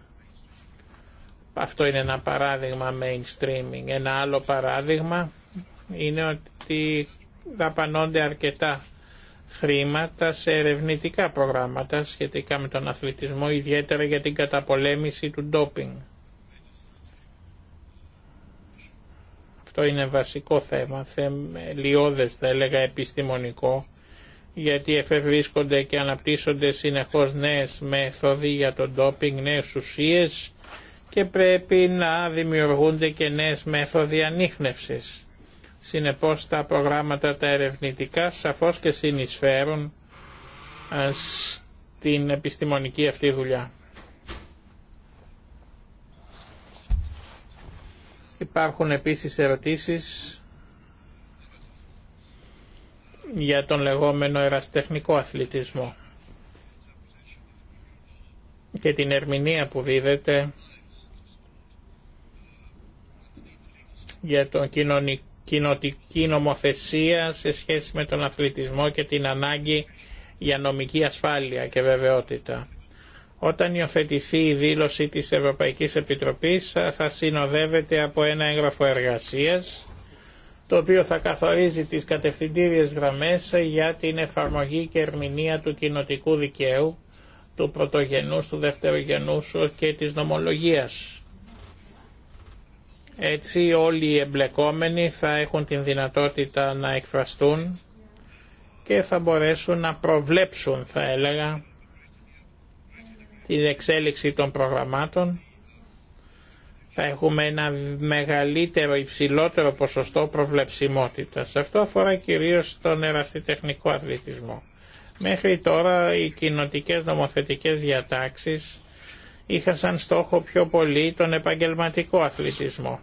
C: Αυτό είναι ένα παράδειγμα mainstreaming. Ένα άλλο παράδειγμα είναι ότι δαπανώνται αρκετά χρήματα σε ερευνητικά προγράμματα σχετικά με τον αθλητισμό, ιδιαίτερα για την καταπολέμηση του ντόπινγκ. Αυτό είναι βασικό θέμα, λιώδες θα έλεγα επιστημονικό, γιατί εφευρίσκονται και αναπτύσσονται συνεχώς νέες μέθοδοι για τον ντόπινγκ, νέες ουσίες, και πρέπει να δημιουργούνται και νέες μέθοδοι ανείχνευσης. Συνεπώς τα προγράμματα τα ερευνητικά σαφώς και συνεισφέρουν ε, στην επιστημονική αυτή δουλειά. Υπάρχουν επίσης ερωτήσεις για τον λεγόμενο εραστεχνικό αθλητισμό και την ερμηνεία που δίδεται για την κοινοτική νομοθεσία σε σχέση με τον αθλητισμό και την ανάγκη για νομική ασφάλεια και βεβαιότητα. Όταν υιοθετηθεί η δήλωση της Ευρωπαϊκής Επιτροπής θα συνοδεύεται από ένα έγγραφο εργασίας το οποίο θα καθορίζει τις κατευθυντήριες γραμμές για την εφαρμογή και ερμηνεία του κοινοτικού δικαίου, του πρωτογενούς, του δευτερογενούς και της νομολογίας έτσι όλοι οι εμπλεκόμενοι θα έχουν την δυνατότητα να εκφραστούν και θα μπορέσουν να προβλέψουν, θα έλεγα, την εξέλιξη των προγραμμάτων. Θα έχουμε ένα μεγαλύτερο, υψηλότερο ποσοστό προβλεψιμότητας. Αυτό αφορά κυρίως τον ερασιτεχνικό αθλητισμό. Μέχρι τώρα οι κοινοτικές νομοθετικές διατάξεις είχαν σαν στόχο πιο πολύ τον επαγγελματικό αθλητισμό.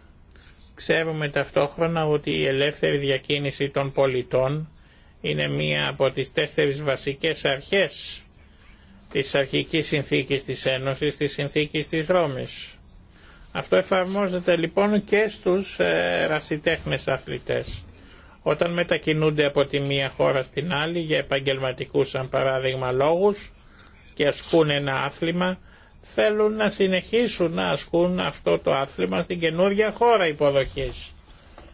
C: Ξέρουμε ταυτόχρονα ότι η ελεύθερη διακίνηση των πολιτών είναι μία από τις τέσσερις βασικές αρχές της αρχικής συνθήκης της Ένωσης, της συνθήκης της Ρώμης. Αυτό εφαρμόζεται λοιπόν και στους ε, ρασιτέχνες αθλητές. Όταν μετακινούνται από τη μία χώρα στην άλλη για επαγγελματικούς σαν παράδειγμα λόγους και ασκούν ένα άθλημα, θέλουν να συνεχίσουν να ασκούν αυτό το άθλημα στην καινούργια χώρα υποδοχής.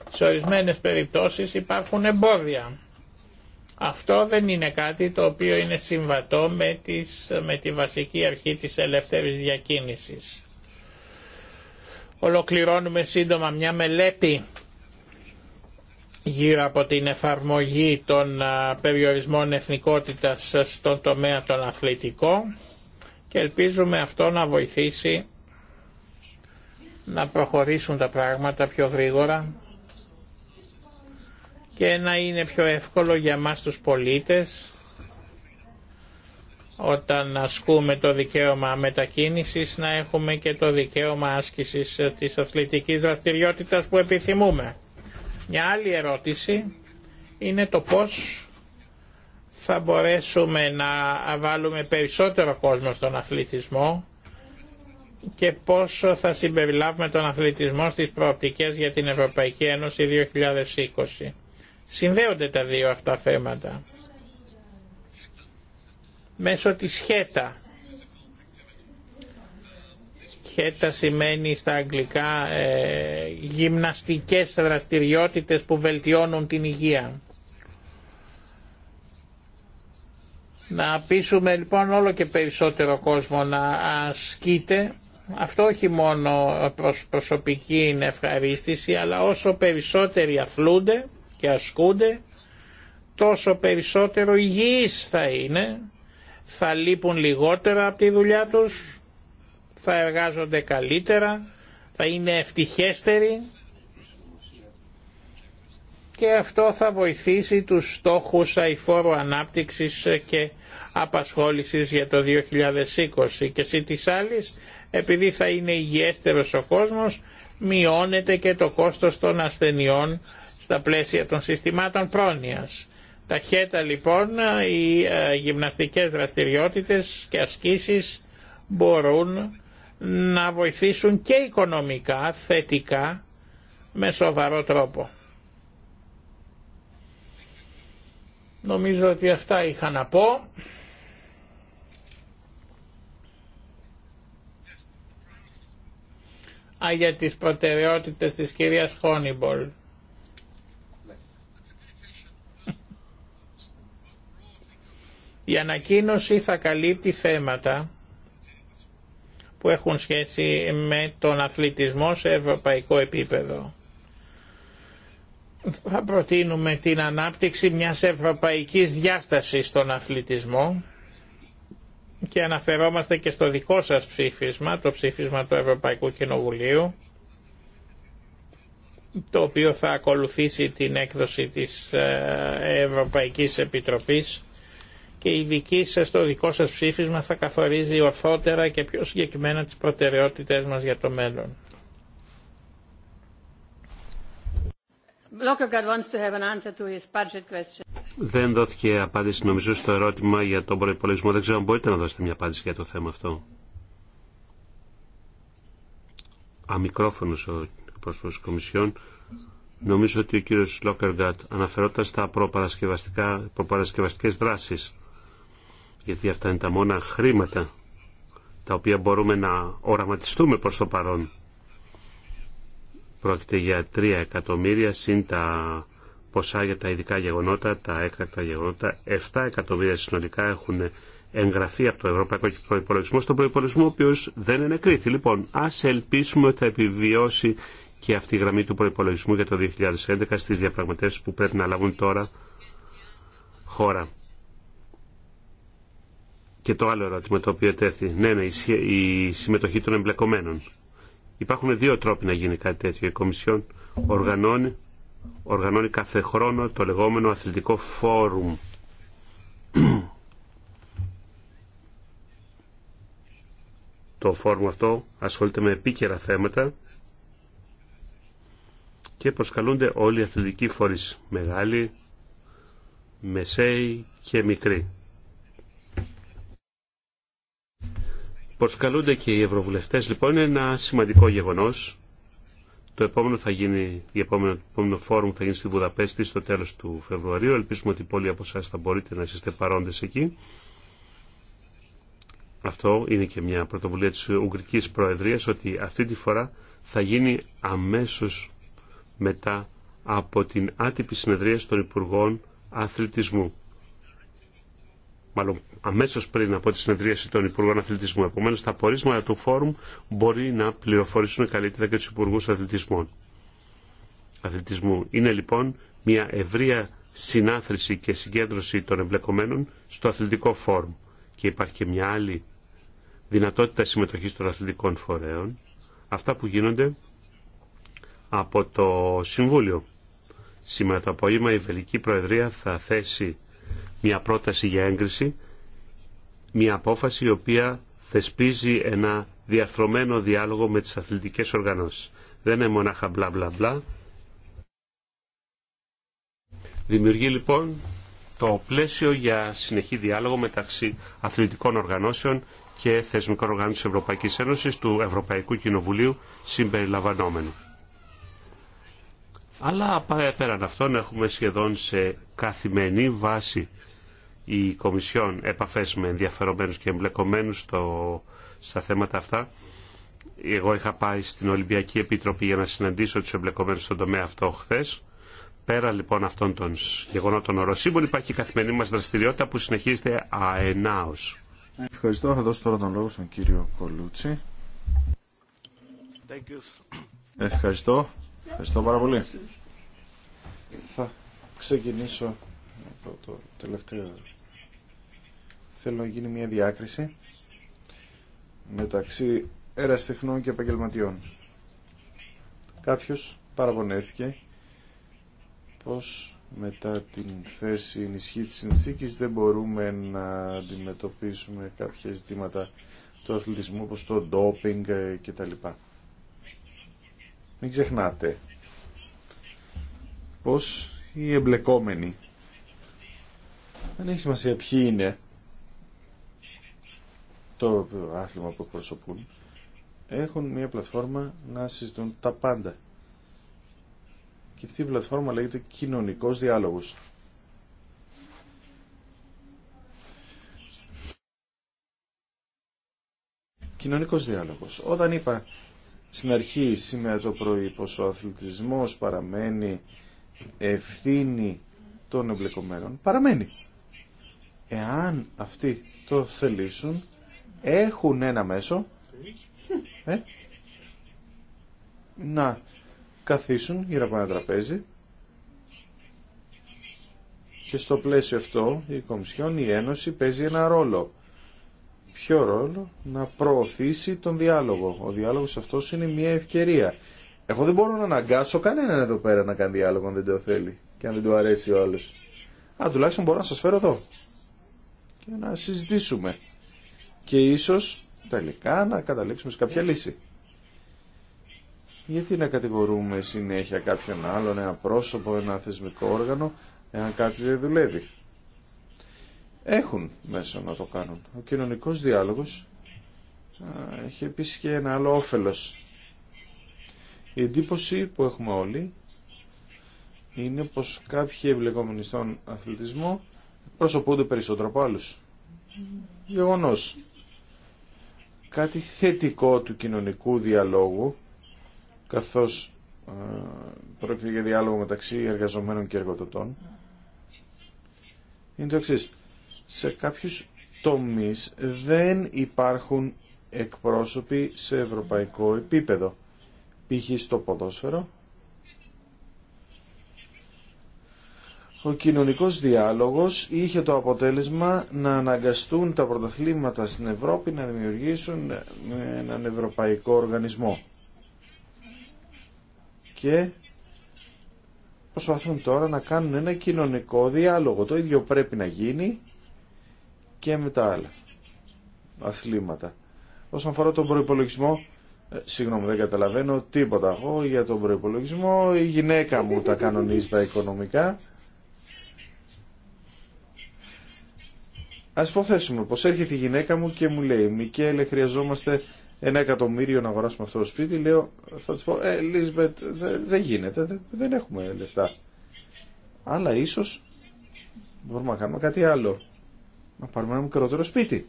C: Σε ορισμένες περιπτώσεις υπάρχουν εμπόδια. Αυτό δεν είναι κάτι το οποίο είναι συμβατό με, τις, με τη βασική αρχή της ελεύθερης διακίνησης. Ολοκληρώνουμε σύντομα μια μελέτη γύρω από την εφαρμογή των περιορισμών εθνικότητας στον τομέα των αθλητικών και ελπίζουμε αυτό να βοηθήσει να προχωρήσουν τα πράγματα πιο γρήγορα και να είναι πιο εύκολο για μας τους πολίτες όταν ασκούμε το δικαίωμα μετακίνησης να έχουμε και το δικαίωμα άσκησης της αθλητικής δραστηριότητας που επιθυμούμε. Μια άλλη ερώτηση είναι το πώς θα μπορέσουμε να βάλουμε περισσότερο κόσμο στον αθλητισμό και πόσο θα συμπεριλάβουμε τον αθλητισμό στις προοπτικές για την Ευρωπαϊκή Ένωση 2020. Συνδέονται τα δύο αυτά θέματα. Μέσω της ΧΕΤΑ. ΧΕΤΑ σημαίνει στα αγγλικά ε, γυμναστικές δραστηριότητες που βελτιώνουν την υγεία. Να πείσουμε λοιπόν όλο και περισσότερο κόσμο να ασκείται αυτό όχι μόνο προς προσωπική είναι ευχαρίστηση αλλά όσο περισσότεροι αθλούνται και ασκούνται τόσο περισσότερο υγιείς θα είναι, θα λείπουν λιγότερα από τη δουλειά τους, θα εργάζονται καλύτερα, θα είναι ευτυχέστεροι και αυτό θα βοηθήσει τους στόχους αηφόρου ανάπτυξης και απασχόλησης για το 2020 και σε της άλλης επειδή θα είναι υγιέστερος ο κόσμος μειώνεται και το κόστος των ασθενειών στα πλαίσια των συστημάτων πρόνοιας. Ταχέτα λοιπόν οι ε, γυμναστικές δραστηριότητες και ασκήσεις μπορούν να βοηθήσουν και οικονομικά θετικά με σοβαρό τρόπο. Νομίζω ότι αυτά είχα να πω. για τις προτεραιότητες της κυρίας Χόνιμπολ. Η ανακοίνωση θα καλύπτει θέματα που έχουν σχέση με τον αθλητισμό σε ευρωπαϊκό επίπεδο. Θα προτείνουμε την ανάπτυξη μιας ευρωπαϊκής διάστασης στον αθλητισμό και αναφερόμαστε και στο δικό σας ψήφισμα, το ψήφισμα του Ευρωπαϊκού Κοινοβουλίου, το οποίο θα ακολουθήσει την έκδοση της ε, Ευρωπαϊκής Επιτροπής και η δική σας, το δικό σας ψήφισμα θα καθορίζει ορθότερα και πιο συγκεκριμένα τις προτεραιότητες μας για το μέλλον.
A: Δεν δόθηκε απάντηση νομίζω στο ερώτημα για τον προπολογισμό. Δεν ξέρω αν μπορείτε να δώσετε μια απάντηση για το θέμα αυτό. Αμικρόφωνος ο της Κομισιόν. Νομίζω ότι ο κύριος Λόκεργατ αναφερόταν στα προπαρασκευαστικές δράσεις. Γιατί αυτά είναι τα μόνα χρήματα τα οποία μπορούμε να οραματιστούμε προς το παρόν. Πρόκειται για 3 εκατομμύρια συν τα ποσά για τα ειδικά γεγονότα, τα έκτακτα γεγονότα. 7 εκατομμύρια συνολικά έχουν εγγραφεί από το Ευρωπαϊκό Προπολογισμό στον προπολογισμό, ο οποίο δεν ενεκρίθη. Λοιπόν, α ελπίσουμε ότι θα επιβιώσει και αυτή η γραμμή του προπολογισμού για το 2011 στι διαπραγματεύσει που πρέπει να λάβουν τώρα χώρα. Και το άλλο ερώτημα το οποίο τέθη. Ναι, ναι, η συμμετοχή των εμπλεκομένων. Υπάρχουν δύο τρόποι να γίνει κάτι τέτοιο. Η Κομισιόν οργανώνει, οργανώνει κάθε χρόνο το λεγόμενο αθλητικό φόρουμ. το φόρουμ αυτό ασχολείται με επίκαιρα θέματα και προσκαλούνται όλοι οι αθλητικοί φορείς, μεγάλοι, μεσαίοι και μικροί. Προσκαλούνται και οι ευρωβουλευτές, λοιπόν, είναι ένα σημαντικό γεγονός. Το επόμενο, θα γίνει, επόμενο, το επόμενο φόρουμ θα γίνει στη Βουδαπέστη στο τέλος του Φεβρουαρίου. Ελπίζουμε ότι πολλοί από εσάς θα μπορείτε να είστε παρόντες εκεί. Αυτό είναι και μια πρωτοβουλία της Ουγγρικής Προεδρίας ότι αυτή τη φορά θα γίνει αμέσως μετά από την άτυπη συνεδρία των Υπουργών Αθλητισμού μάλλον αμέσω πριν από τη συνεδρίαση των Υπουργών Αθλητισμού. Επομένω, τα πορίσματα του φόρουμ μπορεί να πληροφορήσουν καλύτερα και του Υπουργού Αθλητισμού. Είναι λοιπόν μια ευρεία συνάθρηση και συγκέντρωση των εμπλεκομένων στο αθλητικό φόρουμ. Και υπάρχει και μια άλλη δυνατότητα συμμετοχή των αθλητικών φορέων, αυτά που γίνονται από το Συμβούλιο. Σήμερα το απόγευμα η Βελική Προεδρία θα θέσει μια πρόταση για έγκριση, μια απόφαση η οποία θεσπίζει ένα διαρθρωμένο διάλογο με τις αθλητικές οργανώσεις. Δεν είναι μονάχα μπλα μπλα μπλα. Δημιουργεί λοιπόν το πλαίσιο για συνεχή διάλογο μεταξύ αθλητικών οργανώσεων και θεσμικών οργάνων της Ευρωπαϊκής Ένωσης, του Ευρωπαϊκού Κοινοβουλίου συμπεριλαμβανόμενου. Αλλά πέραν αυτών έχουμε σχεδόν σε καθημερινή βάση η Κομισιόν επαφές με ενδιαφερομένους και εμπλεκομένους στα θέματα αυτά. Εγώ είχα πάει στην Ολυμπιακή Επιτροπή για να συναντήσω τους εμπλεκομένους στον τομέα αυτό χθε. Πέρα λοιπόν αυτών των γεγονότων οροσύμων υπάρχει η καθημερινή μας δραστηριότητα που συνεχίζεται αενάως. Ευχαριστώ. Θα
B: δώσω τώρα τον λόγο στον κύριο Κολούτσι. Ευχαριστώ. Ευχαριστώ πάρα πολύ. Θα ξεκινήσω το τελευταίο. Θέλω να γίνει μια διάκριση μεταξύ εραστεχνών και επαγγελματιών. Κάποιος παραπονέθηκε πως μετά την θέση ενισχύ της συνθήκης δεν μπορούμε να αντιμετωπίσουμε κάποια ζητήματα του αθλητισμού όπως το ντόπινγκ ε, κτλ. Μην ξεχνάτε πως οι εμπλεκόμενοι δεν έχει σημασία ποιοι είναι το άθλημα που εκπροσωπούν. Έχουν μια πλατφόρμα να συζητούν τα πάντα. Και αυτή η πλατφόρμα λέγεται κοινωνικός διάλογος. Κοινωνικός διάλογος. Όταν είπα στην αρχή σήμερα το πρωί πως ο αθλητισμός παραμένει ευθύνη των εμπλεκομένων, παραμένει εάν αυτοί το θελήσουν, έχουν ένα μέσο ε, να καθίσουν γύρω από ένα τραπέζι και στο πλαίσιο αυτό η Κομισιόν, η Ένωση παίζει ένα ρόλο. Ποιο ρόλο? Να προωθήσει τον διάλογο. Ο διάλογος αυτός είναι μια ευκαιρία. Εγώ δεν μπορώ να αναγκάσω κανέναν εδώ πέρα να κάνει διάλογο αν δεν το θέλει και αν δεν του αρέσει ο άλλος. Α, τουλάχιστον μπορώ να σας φέρω εδώ και να συζητήσουμε και ίσως τελικά να καταλήξουμε σε κάποια λύση. Γιατί να κατηγορούμε συνέχεια κάποιον άλλον, ένα πρόσωπο, ένα θεσμικό όργανο, εάν κάτι δεν δουλεύει. Έχουν μέσο να το κάνουν. Ο κοινωνικός διάλογος έχει επίσης και ένα άλλο όφελος. Η εντύπωση που έχουμε όλοι είναι πως κάποιοι εμπλεκόμενοι στον αθλητισμό προσωπούνται περισσότερο από άλλους. Γεγονός. Κάτι θετικό του κοινωνικού διαλόγου, καθώς ε, πρόκειται για διάλογο μεταξύ εργαζομένων και εργοδοτών, είναι το εξή. Σε κάποιους τομείς δεν υπάρχουν εκπρόσωποι σε ευρωπαϊκό επίπεδο. Π.χ. στο ποδόσφαιρο, ο κοινωνικός διάλογος είχε το αποτέλεσμα να αναγκαστούν τα πρωταθλήματα στην Ευρώπη να δημιουργήσουν έναν ευρωπαϊκό οργανισμό. Και προσπαθούν τώρα να κάνουν ένα κοινωνικό διάλογο. Το ίδιο πρέπει να γίνει και με τα άλλα αθλήματα. Όσον αφορά τον προϋπολογισμό, ε, Συγγνώμη, δεν καταλαβαίνω τίποτα εγώ για τον προϋπολογισμό Η γυναίκα μου τα κανονίζει τα οικονομικά. Ας υποθέσουμε πως έρχεται η γυναίκα μου και μου λέει «Μικέλε, χρειαζόμαστε ένα εκατομμύριο να αγοράσουμε αυτό το σπίτι». Λέω, θα της πω «Ε, Λίσμπετ, δεν γίνεται, δεν έχουμε λεφτά». Αλλά ίσως μπορούμε να κάνουμε κάτι άλλο. Να πάρουμε ένα μικρότερο σπίτι.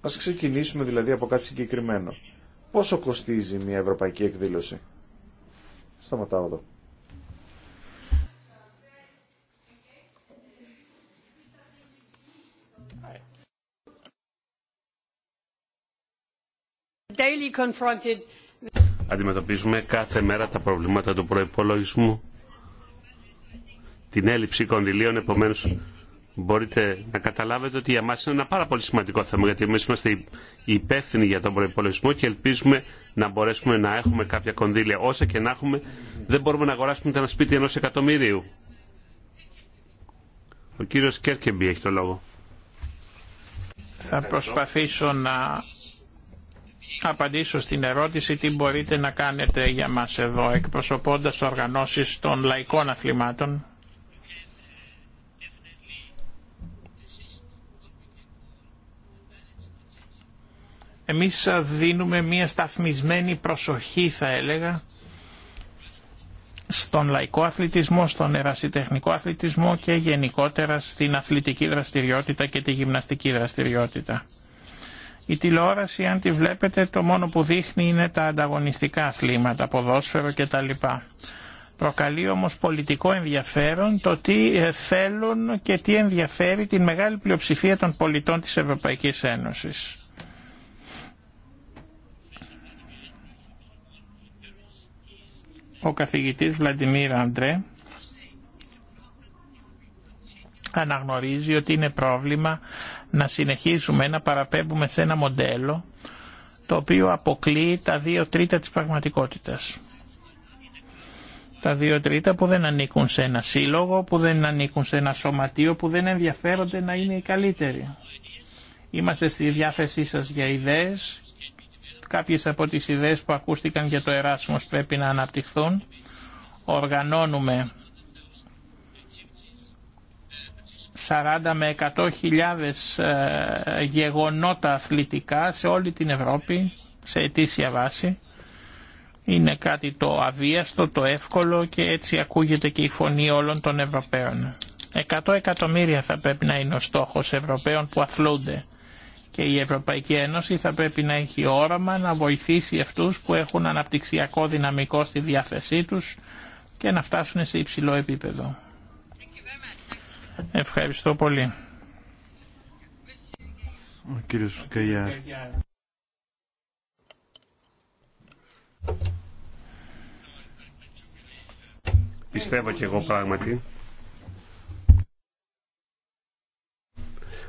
B: Ας ξεκινήσουμε δηλαδή από κάτι συγκεκριμένο. Πόσο κοστίζει μια ευρωπαϊκή εκδήλωση. Σταματάω εδώ.
A: Αντιμετωπίζουμε κάθε μέρα τα προβλήματα του προϋπολογισμού, την έλλειψη κονδυλίων, επομένως μπορείτε να καταλάβετε ότι για μας είναι ένα πάρα πολύ σημαντικό θέμα, γιατί εμείς είμαστε υπεύθυνοι για τον προϋπολογισμό και ελπίζουμε να μπορέσουμε να έχουμε κάποια κονδύλια. Όσα και να έχουμε, δεν μπορούμε να αγοράσουμε ένα σπίτι ενός εκατομμυρίου. Ο κύριος Κέρκεμπι έχει το λόγο.
C: Θα προσπαθήσω να απαντήσω στην ερώτηση τι μπορείτε να κάνετε για μας εδώ εκπροσωπώντας οργανώσεις των λαϊκών αθλημάτων. Εμείς δίνουμε μια σταθμισμένη προσοχή θα έλεγα στον λαϊκό αθλητισμό, στον ερασιτεχνικό αθλητισμό και γενικότερα στην αθλητική δραστηριότητα και τη γυμναστική δραστηριότητα. Η τηλεόραση αν τη βλέπετε το μόνο που δείχνει είναι τα ανταγωνιστικά αθλήματα, ποδόσφαιρο κτλ. Προκαλεί όμως πολιτικό ενδιαφέρον το τι ε, θέλουν και τι ενδιαφέρει την μεγάλη πλειοψηφία των πολιτών της Ευρωπαϊκής Ένωσης. Ο καθηγητής Βλαντιμίρ Αντρέ αναγνωρίζει ότι είναι πρόβλημα να συνεχίσουμε να παραπέμπουμε σε ένα μοντέλο το οποίο αποκλείει τα δύο τρίτα της πραγματικότητας. Τα δύο τρίτα που δεν ανήκουν σε ένα σύλλογο, που δεν ανήκουν σε ένα σωματείο, που δεν ενδιαφέρονται να είναι οι καλύτεροι. Είμαστε στη διάθεσή σας για ιδέες. Κάποιες από τις ιδέες που ακούστηκαν για το Εράσμος πρέπει να αναπτυχθούν. Οργανώνουμε 40 με 100 χιλιάδες ε, γεγονότα αθλητικά σε όλη την Ευρώπη σε ετήσια βάση. Είναι κάτι το αβίαστο, το εύκολο και έτσι ακούγεται και η φωνή όλων των Ευρωπαίων. 100 εκατομμύρια θα πρέπει να είναι ο στόχος Ευρωπαίων που αθλούνται και η Ευρωπαϊκή Ένωση θα πρέπει να έχει όραμα να βοηθήσει αυτούς που έχουν αναπτυξιακό δυναμικό στη διάθεσή τους και να φτάσουν σε υψηλό επίπεδο. Ευχαριστώ πολύ.
A: Ο κύριος Πιστεύω και εγώ πράγματι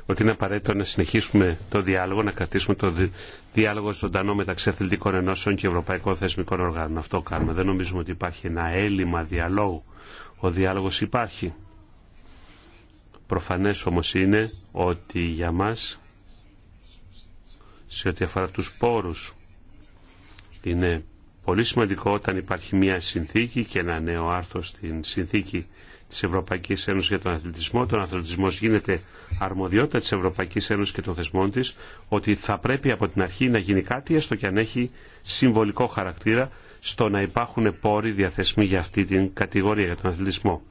A: ότι είναι απαραίτητο να συνεχίσουμε το διάλογο, να κρατήσουμε το διάλογο ζωντανό μεταξύ αθλητικών ενώσεων και ευρωπαϊκών θεσμικών οργάνων. Αυτό κάνουμε. Δεν νομίζουμε ότι υπάρχει ένα έλλειμμα διαλόγου. Ο διάλογος υπάρχει. Προφανές όμως είναι ότι για μας σε ό,τι αφορά τους πόρους είναι πολύ σημαντικό όταν υπάρχει μια συνθήκη και ένα νέο άρθρο στην συνθήκη της Ευρωπαϊκής Ένωσης για τον αθλητισμό. Τον αθλητισμός γίνεται αρμοδιότητα της Ευρωπαϊκής Ένωσης και των θεσμών της ότι θα πρέπει από την αρχή να γίνει κάτι έστω και αν έχει συμβολικό χαρακτήρα στο να υπάρχουν πόροι διαθεσμοί για αυτή την κατηγορία για τον αθλητισμό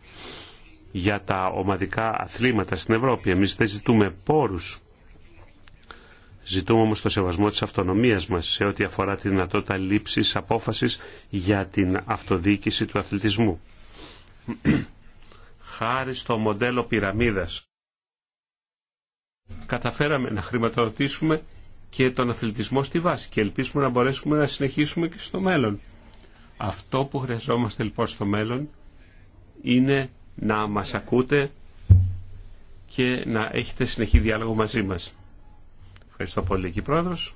A: για τα ομαδικά αθλήματα στην Ευρώπη. Εμείς δεν ζητούμε πόρους. Ζητούμε όμως το σεβασμό της αυτονομίας μας σε ό,τι αφορά τη δυνατότητα λήψης απόφασης για την αυτοδιοίκηση του αθλητισμού. Χάρη στο μοντέλο πυραμίδας καταφέραμε να χρηματοδοτήσουμε και τον αθλητισμό στη βάση και ελπίζουμε να μπορέσουμε να συνεχίσουμε και στο μέλλον. Αυτό που χρειαζόμαστε λοιπόν στο μέλλον είναι να μας ακούτε και να έχετε συνεχή διάλογο μαζί μας. Ευχαριστώ πολύ, κύριε Πρόεδρος.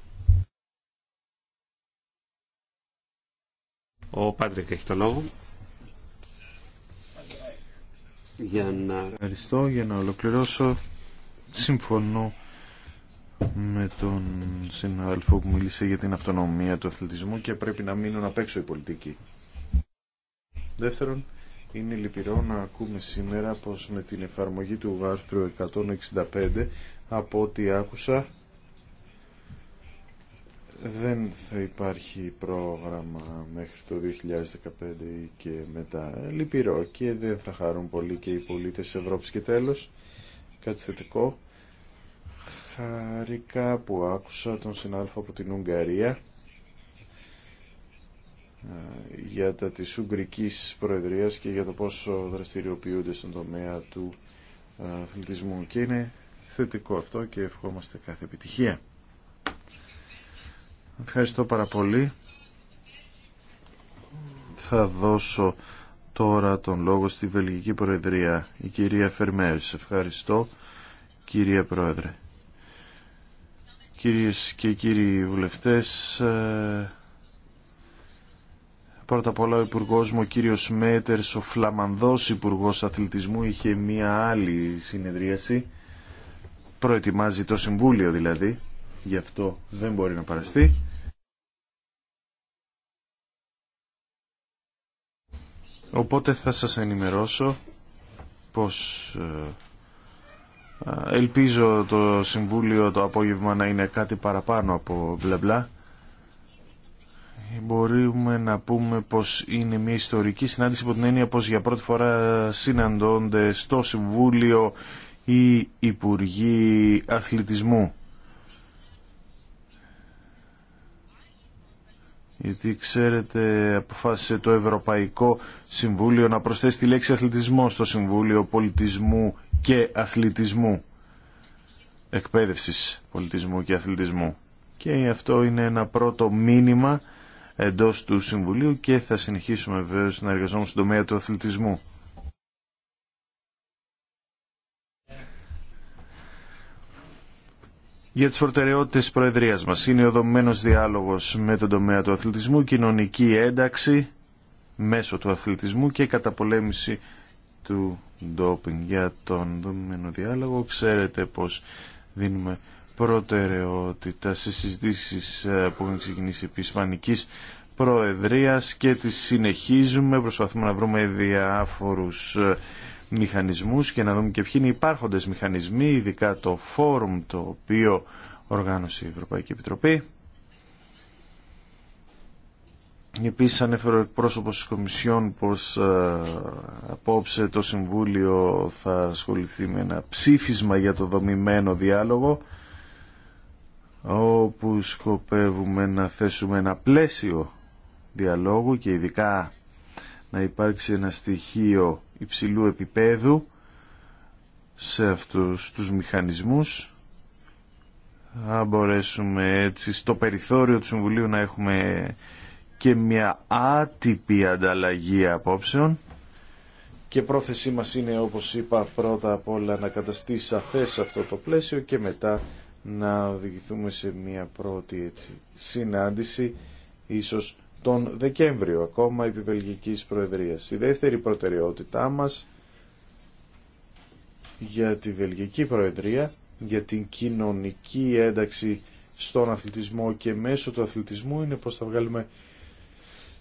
A: Ο Πάντρικ έχει το λόγο. Για να...
B: Ευχαριστώ για να ολοκληρώσω. Συμφωνώ με τον συναδελφό που μίλησε για την αυτονομία του αθλητισμού και πρέπει να μείνουν απ' έξω οι πολιτικοί. Δεύτερον, είναι λυπηρό να ακούμε σήμερα πως με την εφαρμογή του άρθρου 165 από ό,τι άκουσα δεν θα υπάρχει πρόγραμμα μέχρι το 2015 και μετά λυπηρό και δεν θα χαρούν πολύ και οι πολίτες της Ευρώπης και τέλος κάτι θετικό χαρικά που άκουσα τον συνάδελφο από την Ουγγαρία για τα της Ουγγρικής Προεδρίας και για το πόσο δραστηριοποιούνται στον τομέα του ε, αθλητισμού και είναι θετικό αυτό και ευχόμαστε κάθε επιτυχία. Ευχαριστώ πάρα πολύ. Θα δώσω τώρα τον λόγο στη Βελγική Προεδρία, η κυρία Φερμέρης. Ευχαριστώ, κυρία Πρόεδρε. Κυρίες και κύριοι βουλευτές, ε, Πρώτα απ' όλα ο υπουργό μου, ο κύριο Μέτερ, ο φλαμανδό υπουργό αθλητισμού, είχε μία άλλη συνεδρίαση. Προετοιμάζει το Συμβούλιο δηλαδή, γι' αυτό δεν μπορεί να παραστεί. Οπότε θα σας ενημερώσω πως ε, ελπίζω το Συμβούλιο το απόγευμα να είναι κάτι παραπάνω από μπλε μπλα μπορούμε να πούμε πως είναι μια ιστορική συνάντηση από την έννοια πως για πρώτη φορά συναντώνται στο Συμβούλιο οι Υπουργοί Αθλητισμού. Γιατί ξέρετε αποφάσισε το Ευρωπαϊκό Συμβούλιο να προσθέσει τη λέξη αθλητισμό στο Συμβούλιο Πολιτισμού και Αθλητισμού. Εκπαίδευσης πολιτισμού και αθλητισμού. Και αυτό είναι ένα πρώτο μήνυμα Εντό του Συμβουλίου και θα συνεχίσουμε βεβαίω να εργαζόμαστε στον τομέα του αθλητισμού. Για τις προτεραιότητες της Προεδρίας μας είναι ο δομμένος διάλογος με τον τομέα του αθλητισμού, κοινωνική ένταξη μέσω του αθλητισμού και καταπολέμηση του ντόπινγκ. Για τον δομμένο διάλογο ξέρετε πως δίνουμε προτεραιότητα σε συζητήσεις ε, που έχουν ξεκινήσει επί Ισπανικής Προεδρίας και τις συνεχίζουμε. Προσπαθούμε να βρούμε διάφορους ε, μηχανισμούς και να δούμε και ποιοι είναι οι υπάρχοντες μηχανισμοί, ειδικά το φόρουμ το οποίο οργάνωσε η Ευρωπαϊκή Επιτροπή. Επίσης ανέφερε ο πρόσωπος της Κομισιόν πως ε, απόψε το Συμβούλιο θα ασχοληθεί με ένα ψήφισμα για το δομημένο διάλογο όπου σκοπεύουμε να θέσουμε ένα πλαίσιο διαλόγου και ειδικά να υπάρξει ένα στοιχείο υψηλού επίπεδου σε αυτούς τους μηχανισμούς θα μπορέσουμε έτσι στο περιθώριο του Συμβουλίου να έχουμε και μια άτυπη ανταλλαγή απόψεων και πρόθεσή μας είναι όπως είπα πρώτα απ' όλα να καταστεί σαφές αυτό το πλαίσιο και μετά να οδηγηθούμε σε μια πρώτη έτσι, συνάντηση, ίσως τον Δεκέμβριο, ακόμα επί Βελγικής Προεδρίας. Η δεύτερη προτεραιότητά μας για τη Βελγική Προεδρία, για την κοινωνική ένταξη στον αθλητισμό και μέσω του αθλητισμού είναι πως θα βγάλουμε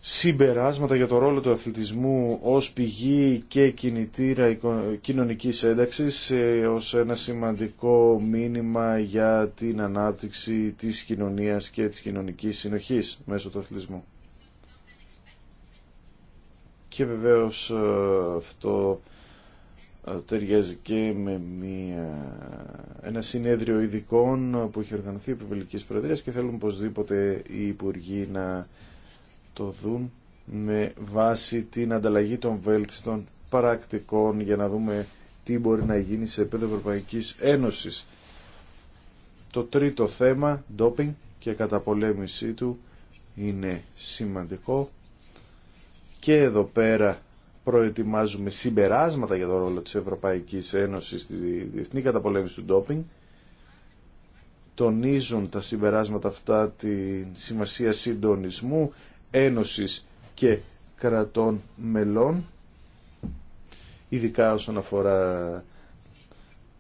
B: συμπεράσματα για το ρόλο του αθλητισμού ως πηγή και κινητήρα κοινωνικής ένταξης ε, ως ένα σημαντικό μήνυμα για την ανάπτυξη της κοινωνίας και της κοινωνικής συνοχής μέσω του αθλητισμού. Και βεβαίως ε, αυτό ε, ταιριάζει και με μια, ένα συνέδριο ειδικών που έχει οργανωθεί επί Βελικής Προεδρίας και θέλουν οπωσδήποτε οι Υπουργοί να το δουν με βάση την ανταλλαγή των βέλτιστων πρακτικών για να δούμε τι μπορεί να γίνει σε επίπεδο Ευρωπαϊκής Ένωσης. Το τρίτο θέμα, ντόπινγκ και καταπολέμησή του, είναι σημαντικό. Και εδώ πέρα προετοιμάζουμε συμπεράσματα για το ρόλο της Ευρωπαϊκής Ένωσης στη διεθνή καταπολέμηση του ντόπινγκ. Τονίζουν τα συμπεράσματα αυτά τη σημασία συντονισμού, Ένωσης και κρατών μελών, ειδικά όσον αφορά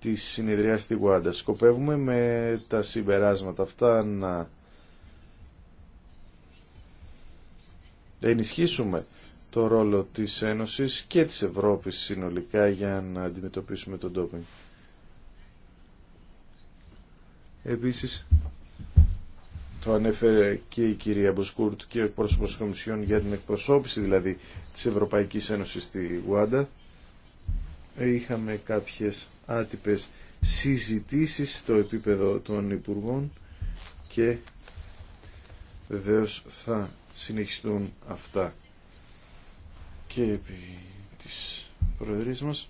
B: τη συνεδρία στη Γουάντα. Σκοπεύουμε με τα συμπεράσματα αυτά να ενισχύσουμε το ρόλο της Ένωσης και της Ευρώπης συνολικά για να αντιμετωπίσουμε τον τόπινγκ. Επίσης, το ανέφερε και η κυρία Μποσκούρτ και ο εκπρόσωπο τη Κομισιόν για την εκπροσώπηση δηλαδή τη Ευρωπαϊκή Ένωση στη Γουάντα. Είχαμε κάποιε άτυπε συζητήσει στο επίπεδο των Υπουργών και βεβαίω θα συνεχιστούν αυτά και επί της Προεδρής μας.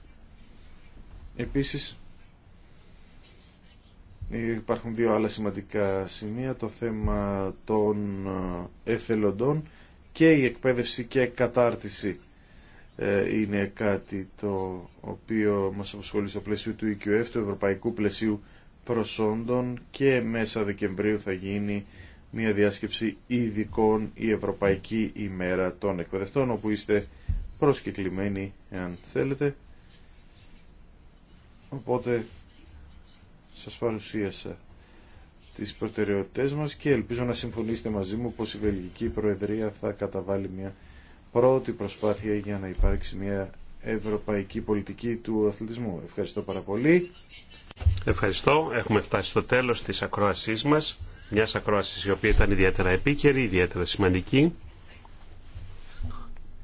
B: Επίσης, Υπάρχουν δύο άλλα σημαντικά σημεία, το θέμα των ε, εθελοντών και η εκπαίδευση και κατάρτιση ε, είναι κάτι το οποίο μας απασχολεί στο πλαίσιο του EQF, του Ευρωπαϊκού Πλαισίου Προσόντων και μέσα Δεκεμβρίου θα γίνει μια διάσκεψη ειδικών η Ευρωπαϊκή ημέρα των εκπαιδευτών όπου είστε προσκεκλημένοι εάν θέλετε. Οπότε σας παρουσίασα τις προτεραιότητες μας και ελπίζω να συμφωνήσετε μαζί μου πως η Βελγική Προεδρία θα καταβάλει μια πρώτη προσπάθεια για να υπάρξει μια ευρωπαϊκή πολιτική του αθλητισμού.
A: Ευχαριστώ πάρα πολύ. Ευχαριστώ. Έχουμε φτάσει στο τέλος της ακρόασής μας. Μια ακρόαση η οποία ήταν ιδιαίτερα επίκαιρη, ιδιαίτερα σημαντική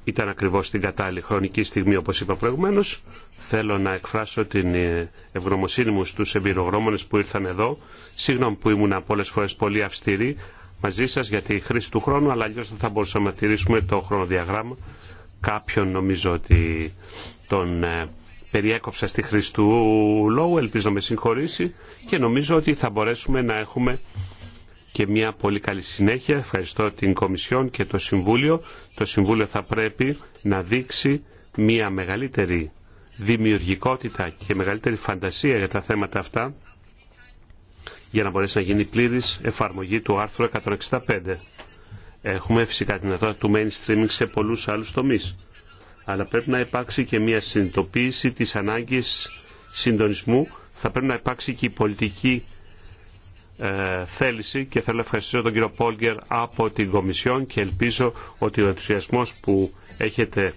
A: ήταν ακριβώς την κατάλληλη χρονική στιγμή όπως είπα προηγουμένως. Θέλω να εκφράσω την ε, ευγνωμοσύνη μου στους εμπειρογρόμονες που ήρθαν εδώ. Συγγνώμη που ήμουν πολλές φορές πολύ αυστηρή μαζί σας για τη χρήση του χρόνου, αλλά αλλιώς δεν θα μπορούσαμε να τηρήσουμε το χρονοδιαγράμμα. Κάποιον νομίζω ότι τον ε, περιέκοψα στη χρήση του λόγου, ελπίζω να με συγχωρήσει και νομίζω ότι θα μπορέσουμε να έχουμε και μια πολύ καλή συνέχεια. Ευχαριστώ την Κομισιόν και το Συμβούλιο. Το Συμβούλιο θα πρέπει να δείξει μια μεγαλύτερη δημιουργικότητα και μεγαλύτερη φαντασία για τα θέματα αυτά για να μπορέσει να γίνει πλήρης εφαρμογή του άρθρου 165. Έχουμε φυσικά την δυνατότητα του mainstreaming σε πολλούς άλλους τομείς. Αλλά πρέπει να υπάρξει και μια συνειδητοποίηση της ανάγκης συντονισμού. Θα πρέπει να υπάρξει και η πολιτική ε, θέληση και θέλω να ευχαριστήσω τον κύριο Πόλγκερ από την Κομισιόν και ελπίζω ότι ο ενθουσιασμός που έχετε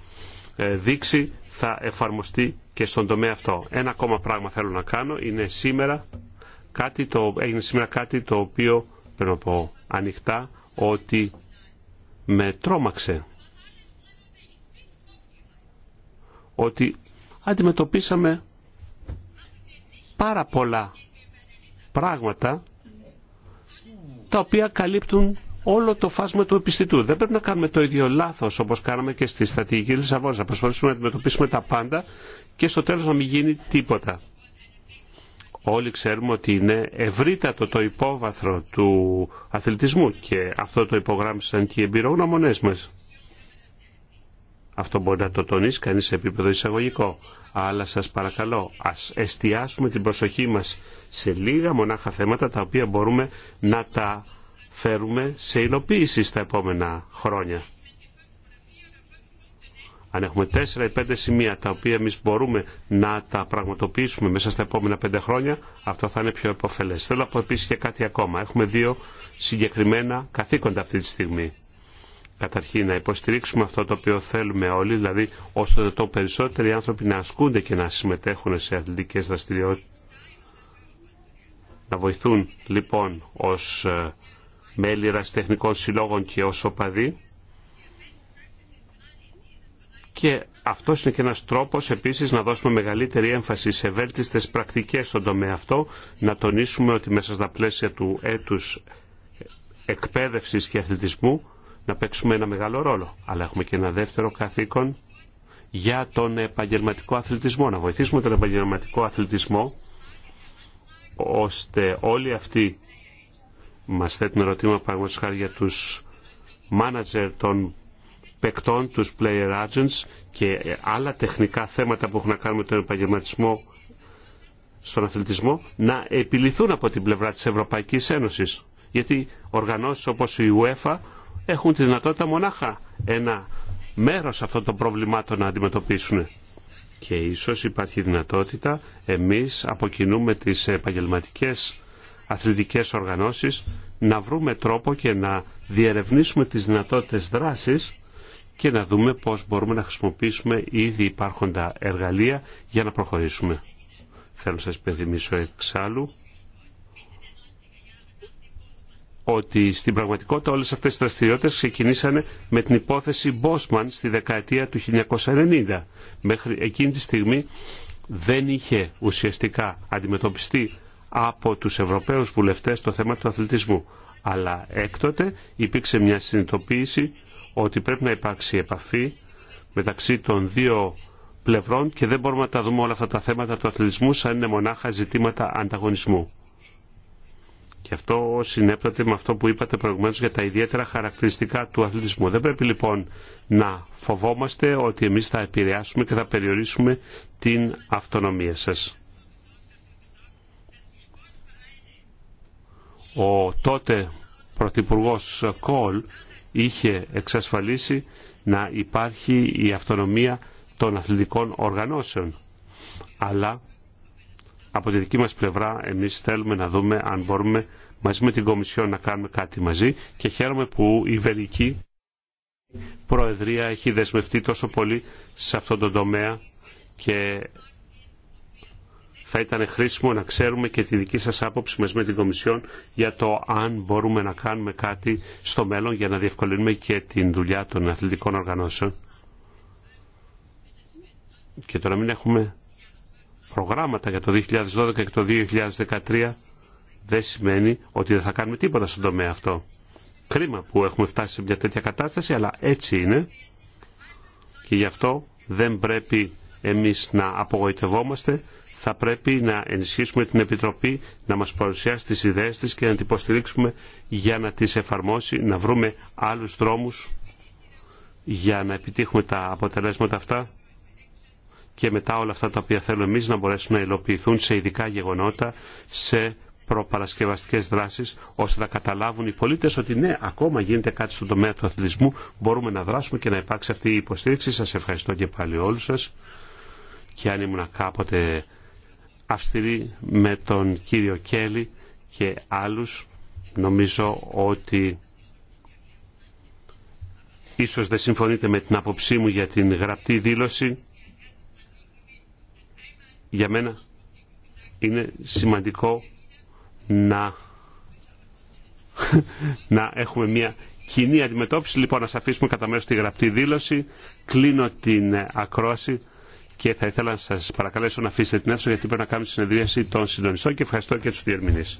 A: ε, δείξει θα εφαρμοστεί και στον τομέα αυτό. Ένα ακόμα πράγμα θέλω να κάνω είναι σήμερα κάτι το, έγινε σήμερα κάτι το οποίο πρέπει να πω ανοιχτά ότι με τρόμαξε ότι αντιμετωπίσαμε πάρα πολλά πράγματα τα οποία καλύπτουν όλο το φάσμα του επιστητού. Δεν πρέπει να κάνουμε το ίδιο λάθο όπω κάναμε και στη στρατηγική Λισαβόνα. Να προσπαθήσουμε να αντιμετωπίσουμε τα πάντα και στο τέλο να μην γίνει τίποτα. Όλοι ξέρουμε ότι είναι ευρύτατο το υπόβαθρο του αθλητισμού και αυτό το υπογράμμισαν και οι εμπειρογνωμονέ μα. Αυτό μπορεί να το τονίσει κανεί σε επίπεδο εισαγωγικό. Αλλά σα παρακαλώ, α εστιάσουμε την προσοχή μα σε λίγα μονάχα θέματα τα οποία μπορούμε να τα φέρουμε σε υλοποίηση στα επόμενα χρόνια. Αν έχουμε τέσσερα ή πέντε σημεία τα οποία εμεί μπορούμε να τα πραγματοποιήσουμε μέσα στα επόμενα πέντε χρόνια, αυτό θα είναι πιο επωφελέ. Θέλω να πω επίση και κάτι ακόμα. Έχουμε δύο συγκεκριμένα καθήκοντα αυτή τη στιγμή. Καταρχήν, να υποστηρίξουμε αυτό το οποίο θέλουμε όλοι, δηλαδή ώστε το περισσότεροι άνθρωποι να ασκούνται και να συμμετέχουν σε αθλητικέ δραστηριότητε να βοηθούν λοιπόν ως ε, μέλη ραστεχνικών συλλόγων και ως οπαδοί. Και αυτό είναι και ένας τρόπος επίσης να δώσουμε μεγαλύτερη έμφαση σε βέλτιστες πρακτικές στον τομέα αυτό, να τονίσουμε ότι μέσα στα πλαίσια του έτους εκπαίδευσης και αθλητισμού να παίξουμε ένα μεγάλο ρόλο. Αλλά έχουμε και ένα δεύτερο καθήκον για τον επαγγελματικό αθλητισμό, να βοηθήσουμε τον επαγγελματικό αθλητισμό ώστε όλοι αυτοί μας θέτουν ερωτήμα παραγωγή για τους μάνατζερ των παικτών, τους player agents και άλλα τεχνικά θέματα που έχουν να κάνουν με τον επαγγελματισμό στον αθλητισμό να επιληθούν από την πλευρά της Ευρωπαϊκής Ένωσης. Γιατί οργανώσεις όπως η UEFA έχουν τη δυνατότητα μονάχα ένα μέρος αυτών των προβλημάτων να αντιμετωπίσουν και ίσως υπάρχει δυνατότητα εμείς από κοινού με τις επαγγελματικές αθλητικές οργανώσεις να βρούμε τρόπο και να διερευνήσουμε τις δυνατότητες δράσης και να δούμε πώς μπορούμε να χρησιμοποιήσουμε ήδη υπάρχοντα εργαλεία για να προχωρήσουμε. Θέλω να σας υπενθυμίσω εξάλλου ότι στην πραγματικότητα όλες αυτές οι δραστηριότητες ξεκινήσανε με την υπόθεση Μπόσμαν στη δεκαετία του 1990. Μέχρι εκείνη τη στιγμή δεν είχε ουσιαστικά αντιμετωπιστεί από τους Ευρωπαίους βουλευτές το θέμα του αθλητισμού. Αλλά έκτοτε υπήρξε μια συνειδητοποίηση ότι πρέπει να υπάρξει επαφή μεταξύ των δύο πλευρών και δεν μπορούμε να τα δούμε όλα αυτά τα θέματα του αθλητισμού σαν είναι μονάχα ζητήματα ανταγωνισμού. Και αυτό συνέπτεται με αυτό που είπατε προηγουμένω για τα ιδιαίτερα χαρακτηριστικά του αθλητισμού. Δεν πρέπει λοιπόν να φοβόμαστε ότι εμεί θα επηρεάσουμε και θα περιορίσουμε την αυτονομία σα. Ο τότε Πρωθυπουργό Κόλ είχε εξασφαλίσει να υπάρχει η αυτονομία των αθλητικών οργανώσεων. Αλλά από τη δική μας πλευρά εμείς θέλουμε να δούμε αν μπορούμε μαζί με την Κομισιόν να κάνουμε κάτι μαζί και χαίρομαι που η Βελική Προεδρία έχει δεσμευτεί τόσο πολύ σε αυτόν τον τομέα και θα ήταν χρήσιμο να ξέρουμε και τη δική σας άποψη μαζί με την Κομισιόν για το αν μπορούμε να κάνουμε κάτι στο μέλλον για να διευκολύνουμε και την δουλειά των αθλητικών οργανώσεων. Και τώρα μην έχουμε προγράμματα για το 2012 και το 2013 δεν σημαίνει ότι δεν θα κάνουμε τίποτα στον τομέα αυτό. Κρίμα που έχουμε φτάσει σε μια τέτοια κατάσταση, αλλά έτσι είναι και γι' αυτό δεν πρέπει εμείς να απογοητευόμαστε, θα πρέπει να ενισχύσουμε την Επιτροπή να μας παρουσιάσει τις ιδέες της και να την υποστηρίξουμε για να τις εφαρμόσει, να βρούμε άλλους δρόμους για να επιτύχουμε τα αποτελέσματα αυτά και μετά όλα αυτά τα οποία θέλουμε εμείς να μπορέσουν να υλοποιηθούν σε ειδικά γεγονότα, σε προπαρασκευαστικές δράσεις, ώστε να καταλάβουν οι πολίτες ότι ναι, ακόμα γίνεται κάτι στον τομέα του αθλητισμού, μπορούμε να δράσουμε και να υπάρξει αυτή η υποστήριξη. Σας ευχαριστώ και πάλι όλους σας και αν ήμουν κάποτε αυστηρή με τον κύριο Κέλλη και άλλους, νομίζω ότι ίσως δεν συμφωνείτε με την άποψή μου για την γραπτή δήλωση για μένα είναι σημαντικό να, να έχουμε μια κοινή αντιμετώπιση. Λοιπόν, να αφήσουμε κατά μέρο τη γραπτή δήλωση. Κλείνω την ε, ακρόαση και θα ήθελα να σας παρακαλέσω να αφήσετε την αίθουσα γιατί πρέπει να κάνουμε συνεδρίαση των συντονιστών και ευχαριστώ και τους διερμηνείς.